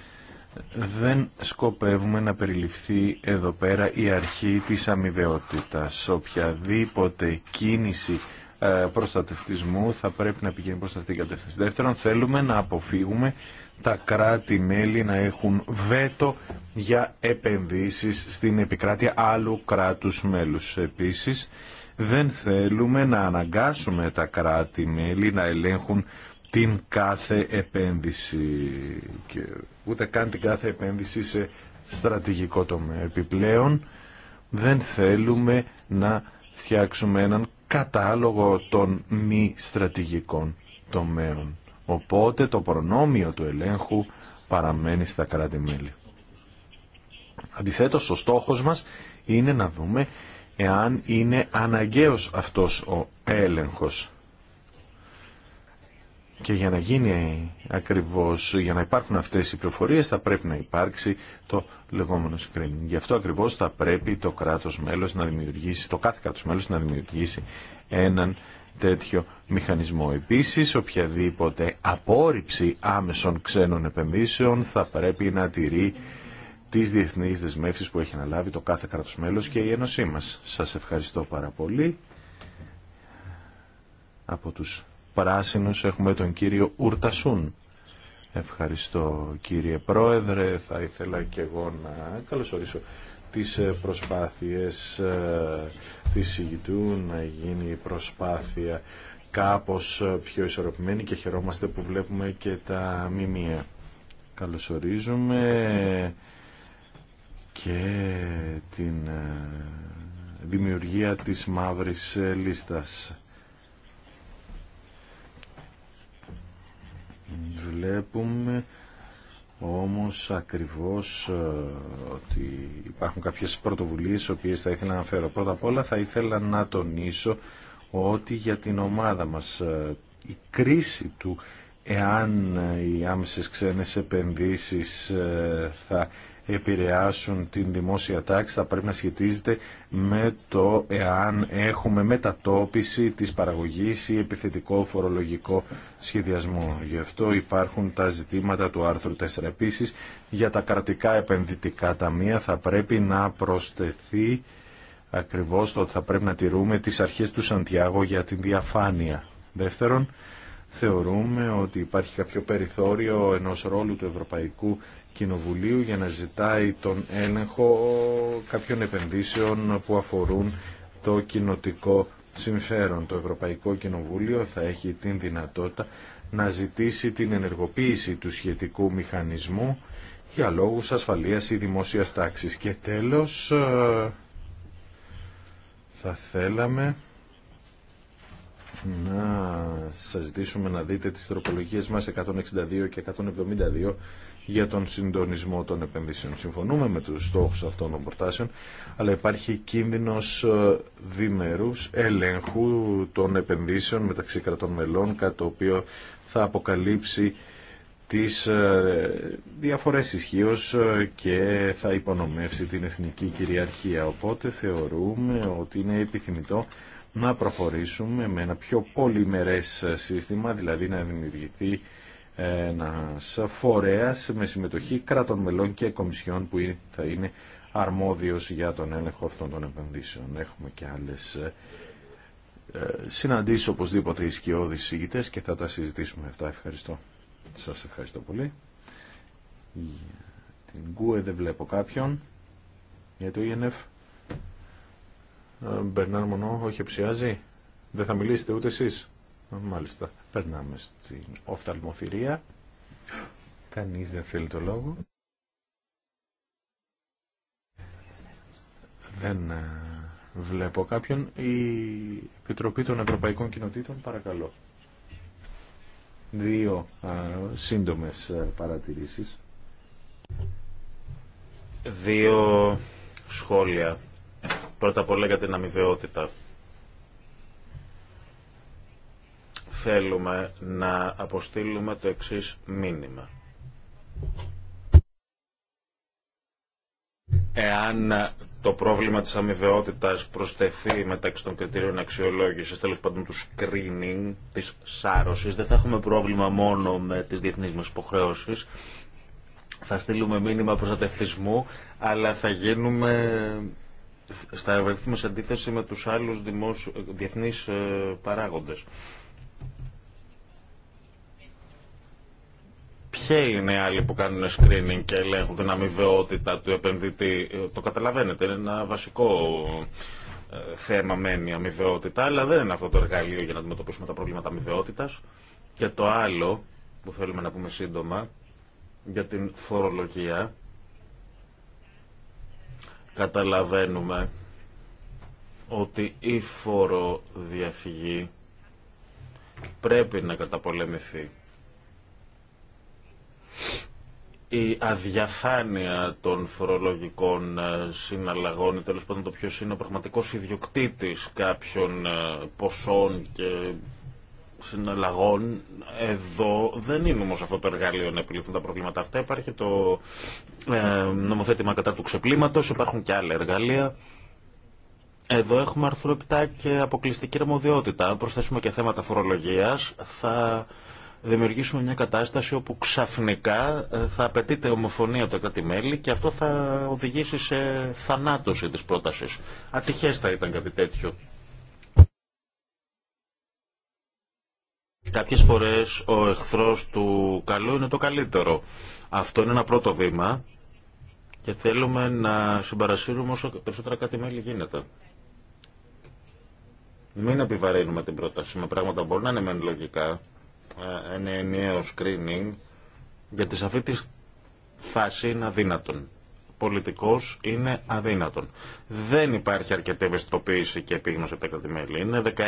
Δεν σκοπεύουμε να περιληφθεί εδώ πέρα η αρχή της αμοιβαιότητας. Οποιαδήποτε κίνηση ε, προστατευτισμού θα πρέπει να πηγαίνει προς αυτήν την κατεύθυνση. Δεύτερον, θέλουμε να αποφύγουμε τα κράτη-μέλη να έχουν βέτο για επενδύσεις στην επικράτεια άλλου κράτους μέλους. Επίσης, δεν θέλουμε να αναγκάσουμε τα κράτη-μέλη να ελέγχουν την κάθε επένδυση και ούτε καν την κάθε επένδυση σε στρατηγικό τομέα. Επιπλέον, δεν θέλουμε να φτιάξουμε έναν κατάλογο των μη στρατηγικών τομέων. Οπότε το προνόμιο του ελέγχου παραμένει στα κράτη-μέλη. Αντιθέτως, ο στόχος μας είναι να δούμε εάν είναι αναγκαίος αυτός ο έλεγχος. Και για να γίνει ακριβώς, για να υπάρχουν αυτές οι πληροφορίες θα πρέπει να υπάρξει το λεγόμενο screening. Γι' αυτό ακριβώς θα πρέπει το κράτος μέλος να δημιουργήσει, το κάθε κράτος μέλος να δημιουργήσει έναν τέτοιο μηχανισμό. Επίσης, οποιαδήποτε απόρριψη άμεσων ξένων επενδύσεων θα πρέπει να τηρεί τις διεθνείς δεσμεύσεις που έχει αναλάβει το κάθε κράτος μέλος και η Ένωσή μας. Σας ευχαριστώ πάρα πολύ. Από τους πράσινους έχουμε τον κύριο Ουρτασούν. Ευχαριστώ κύριε Πρόεδρε. Θα ήθελα και εγώ να καλωσορίσω τις ε, προσπάθειες ε, της ηγητού να γίνει προσπάθεια κάπως ε, πιο ισορροπημένη και χαιρόμαστε που βλέπουμε και τα μήμια Καλωσορίζουμε και την δημιουργία της μαύρης λίστας. Βλέπουμε όμως ακριβώς ε, ότι υπάρχουν κάποιες πρωτοβουλίες οι οποίες θα ήθελα να αναφέρω. Πρώτα απ' όλα θα ήθελα να τονίσω ότι για την ομάδα μας ε, η κρίση του εάν ε, οι άμεσες ξένες επενδύσεις θα επηρεάσουν την δημόσια τάξη θα πρέπει να σχετίζεται με το εάν έχουμε μετατόπιση της παραγωγής ή επιθετικό φορολογικό σχεδιασμό. Γι' αυτό υπάρχουν τα ζητήματα του άρθρου 4. Επίσης, για τα κρατικά επενδυτικά ταμεία θα πρέπει να προσθεθεί ακριβώς το ότι θα πρέπει να τηρούμε τις αρχές του Σαντιάγο για την διαφάνεια. Δεύτερον, θεωρούμε ότι υπάρχει κάποιο περιθώριο ενός ρόλου του Ευρωπαϊκού Κοινοβουλίου για να ζητάει τον έλεγχο κάποιων επενδύσεων που αφορούν το κοινοτικό συμφέρον. Το Ευρωπαϊκό Κοινοβούλιο θα έχει την δυνατότητα να ζητήσει την ενεργοποίηση του σχετικού μηχανισμού για λόγους ασφαλείας ή δημόσιας τάξης. Και τέλος, ε, θα θέλαμε να σας ζητήσουμε να δείτε τις τροπολογίες μας 162 και 172 για τον συντονισμό των επενδύσεων. Συμφωνούμε με τους στόχους αυτών των προτάσεων, αλλά υπάρχει κίνδυνος ε, διμερούς ελέγχου των επενδύσεων μεταξύ κρατών μελών, κάτι το οποίο θα αποκαλύψει τις ε, διαφορές ισχύω ε, και θα υπονομεύσει την εθνική κυριαρχία. Οπότε θεωρούμε ότι είναι επιθυμητό να προχωρήσουμε με ένα πιο πολυμερές σύστημα, δηλαδή να δημιουργηθεί ένα φορέα με συμμετοχή κράτων μελών και κομισιών που θα είναι αρμόδιο για τον έλεγχο αυτών των επενδύσεων. Έχουμε και άλλε ε, συναντήσεις οπωσδήποτε οι σκιώδεις και θα τα συζητήσουμε αυτά. Ευχαριστώ. Σας ευχαριστώ πολύ. Την ΚΟΕ δεν βλέπω κάποιον. Για το ΙΝΕΦ. Ε, Μπερνάρ Μονό, όχι ψιάζει. Δεν θα μιλήσετε ούτε εσείς. Μάλιστα, περνάμε στην οφθαλμοφυρία. Κανείς δεν θέλει το λόγο. Δεν ε, βλέπω κάποιον. Η Επιτροπή των Ευρωπαϊκών Κοινοτήτων, παρακαλώ. Δύο α, ε, σύντομες ε, παρατηρήσεις. Δύο σχόλια. Πρώτα απ' όλα για την αμοιβαιότητα. θέλουμε να αποστείλουμε το εξής μήνυμα. Εάν το πρόβλημα της αμοιβαιότητας προσθεθεί μεταξύ των κριτηρίων αξιολόγησης, Τέλο πάντων του screening, της σάρωσης, δεν θα έχουμε πρόβλημα μόνο με τις διεθνείς μας υποχρεώσεις, θα στείλουμε μήνυμα προστατευτισμού, αλλά θα γίνουμε στα βρεθούμε σε αντίθεση με τους άλλους δημόσιο, διεθνείς ε, παράγοντες. ποιοι είναι άλλοι που κάνουν screening και ελέγχουν την αμοιβαιότητα του επενδυτή. Το καταλαβαίνετε, είναι ένα βασικό ε, θέμα μένει η αμοιβαιότητα, αλλά δεν είναι αυτό το εργαλείο για να αντιμετωπίσουμε τα προβλήματα αμοιβαιότητα. Και το άλλο που θέλουμε να πούμε σύντομα για την φορολογία. Καταλαβαίνουμε ότι η φοροδιαφυγή πρέπει να καταπολεμηθεί η αδιαφάνεια των φορολογικών ε, συναλλαγών ή τέλος πάντων το ποιος είναι ο πραγματικός ιδιοκτήτης κάποιων ε, ποσών και συναλλαγών εδώ δεν είναι όμως αυτό το εργαλείο να επιληθούν τα προβλήματα αυτά. Υπάρχει το ε, νομοθέτημα κατά του ξεπλήματος, υπάρχουν και άλλα εργαλεία. Εδώ έχουμε αρθροπιτά και αποκλειστική ρεμοδιότητα. Αν προσθέσουμε και θέματα φορολογίας θα δημιουργήσουμε μια κατάσταση όπου ξαφνικά ε, θα απαιτείται ομοφωνία από τα κράτη-μέλη και αυτό θα οδηγήσει σε θανάτωση της πρότασης. Ατυχές θα ήταν κάτι τέτοιο. Κάποιες φορές ο εχθρός του καλού είναι το καλύτερο. Αυτό είναι ένα πρώτο βήμα και θέλουμε να συμπαρασύρουμε όσο περισσότερα κάτι μέλη γίνεται. Μην επιβαρύνουμε την πρόταση με πράγματα που μπορεί να είναι μεν λογικά, ένα ενιαίο screening, γιατί σε αυτή τη φάση είναι αδύνατον. Πολιτικός είναι αδύνατον. Δεν υπάρχει αρκετή ευαισθητοποίηση και επίγνωση από τα κρατημέλη. Είναι 16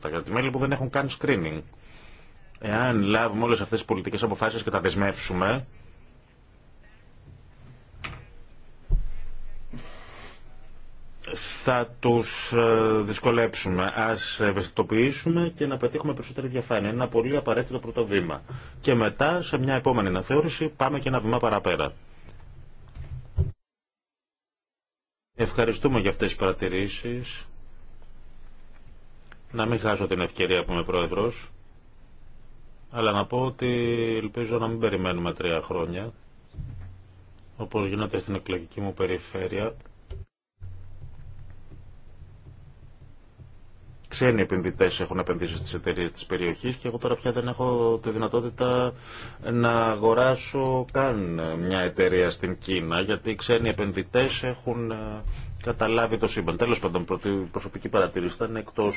τα κρατημέλη που δεν έχουν καν screening. Εάν λάβουμε όλες αυτές τις πολιτικές αποφάσεις και τα δεσμεύσουμε, θα τους ε, δυσκολέψουμε. Ας ευαισθητοποιήσουμε και να πετύχουμε περισσότερη διαφάνεια. Είναι ένα πολύ απαραίτητο πρώτο βήμα. Και μετά, σε μια επόμενη αναθεώρηση, πάμε και ένα βήμα παραπέρα. Ευχαριστούμε για αυτές τις παρατηρήσεις. Να μην χάσω την ευκαιρία που είμαι πρόεδρος. Αλλά να πω ότι ελπίζω να μην περιμένουμε τρία χρόνια όπως γίνεται στην εκλογική μου περιφέρεια ξένοι επενδυτέ έχουν επενδύσει στις εταιρείε τη περιοχή και εγώ τώρα πια δεν έχω τη δυνατότητα να αγοράσω καν μια εταιρεία στην Κίνα γιατί οι ξένοι επενδυτέ έχουν ε, καταλάβει το σύμπαν. Τέλος πάντων, η προσωπική παρατήρηση ήταν εκτό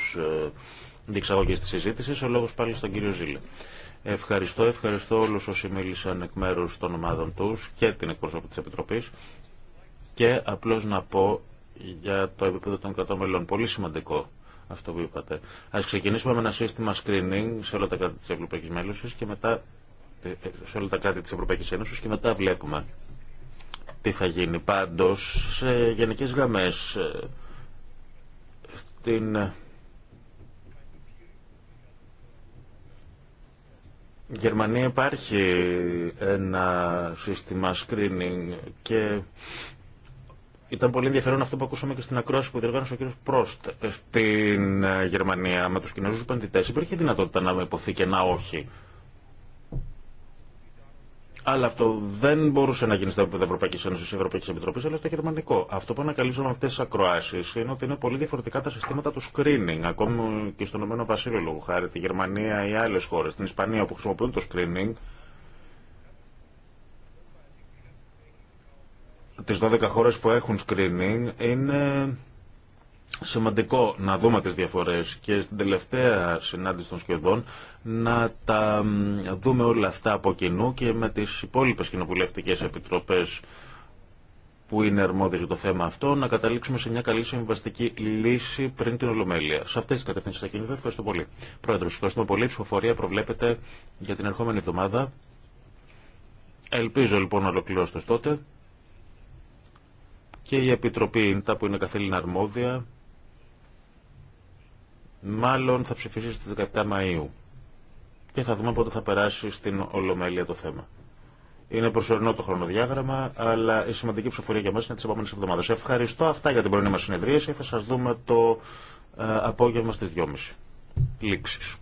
ε, διεξαγωγή τη συζήτηση, ο λόγο πάλι στον κύριο Ζήλε. Ευχαριστώ, ευχαριστώ όλους όσοι μίλησαν εκ μέρου των ομάδων του και την εκπροσώπη τη Επιτροπή και απλώ να πω για το επίπεδο των κρατών μελών. Πολύ σημαντικό αυτό που είπατε. Α ξεκινήσουμε με ένα σύστημα screening σε όλα τα κράτη τη Ευρωπαϊκή Μέλωση και μετά σε όλα τα κράτη τη Ευρωπαϊκή Ένωση και μετά βλέπουμε τι θα γίνει. Πάντω, σε γενικέ γραμμέ, στην ε, Γερμανία υπάρχει ένα σύστημα screening και ήταν πολύ ενδιαφέρον αυτό που ακούσαμε και στην ακρόαση που διεργάνωσε ο κ. Πρόστ στην ε, Γερμανία με του Κινέζου επενδυτέ. Υπήρχε δυνατότητα να υποθεί και να όχι. Αλλά αυτό δεν μπορούσε να γίνει στην Ευρωπαϊκή Ένωση ή Ευρωπαϊκή Επιτροπή, αλλά στο γερμανικό. Αυτό που ανακαλύψαμε αυτέ τι ακροάσει είναι ότι είναι πολύ διαφορετικά τα συστήματα του screening. Ακόμη και στον Ηνωμένο Βασίλειο, λόγω χάρη, τη Γερμανία ή άλλε χώρε, την Ισπανία που χρησιμοποιούν το screening, τις 12 χώρες που έχουν screening είναι σημαντικό να δούμε τις διαφορές και στην τελευταία συνάντηση των σχεδόν να τα δούμε όλα αυτά από κοινού και με τις υπόλοιπες κοινοβουλευτικές επιτροπές που είναι αρμόδιες για το θέμα αυτό, να καταλήξουμε σε μια καλή συμβαστική λύση πριν την Ολομέλεια. Σε αυτές τις κατευθύνσεις θα κινηθώ. Ευχαριστώ πολύ. Πρόεδρο, ευχαριστούμε πολύ. Η ψηφοφορία προβλέπεται για την ερχόμενη εβδομάδα. Ελπίζω λοιπόν να ολοκληρώσετε τότε και η Επιτροπή ΙΝΤΑ που είναι καθήλυνα αρμόδια μάλλον θα ψηφίσει στις 17 Μαΐου και θα δούμε πότε θα περάσει στην Ολομέλεια το θέμα. Είναι προσωρινό το χρονοδιάγραμμα, αλλά η σημαντική ψηφοφορία για μας είναι τις επόμενες εβδομάδες. Ευχαριστώ αυτά για την πρώτη μας συνεδρίαση. Θα σας δούμε το ε, απόγευμα στις 2.30. Λήξεις.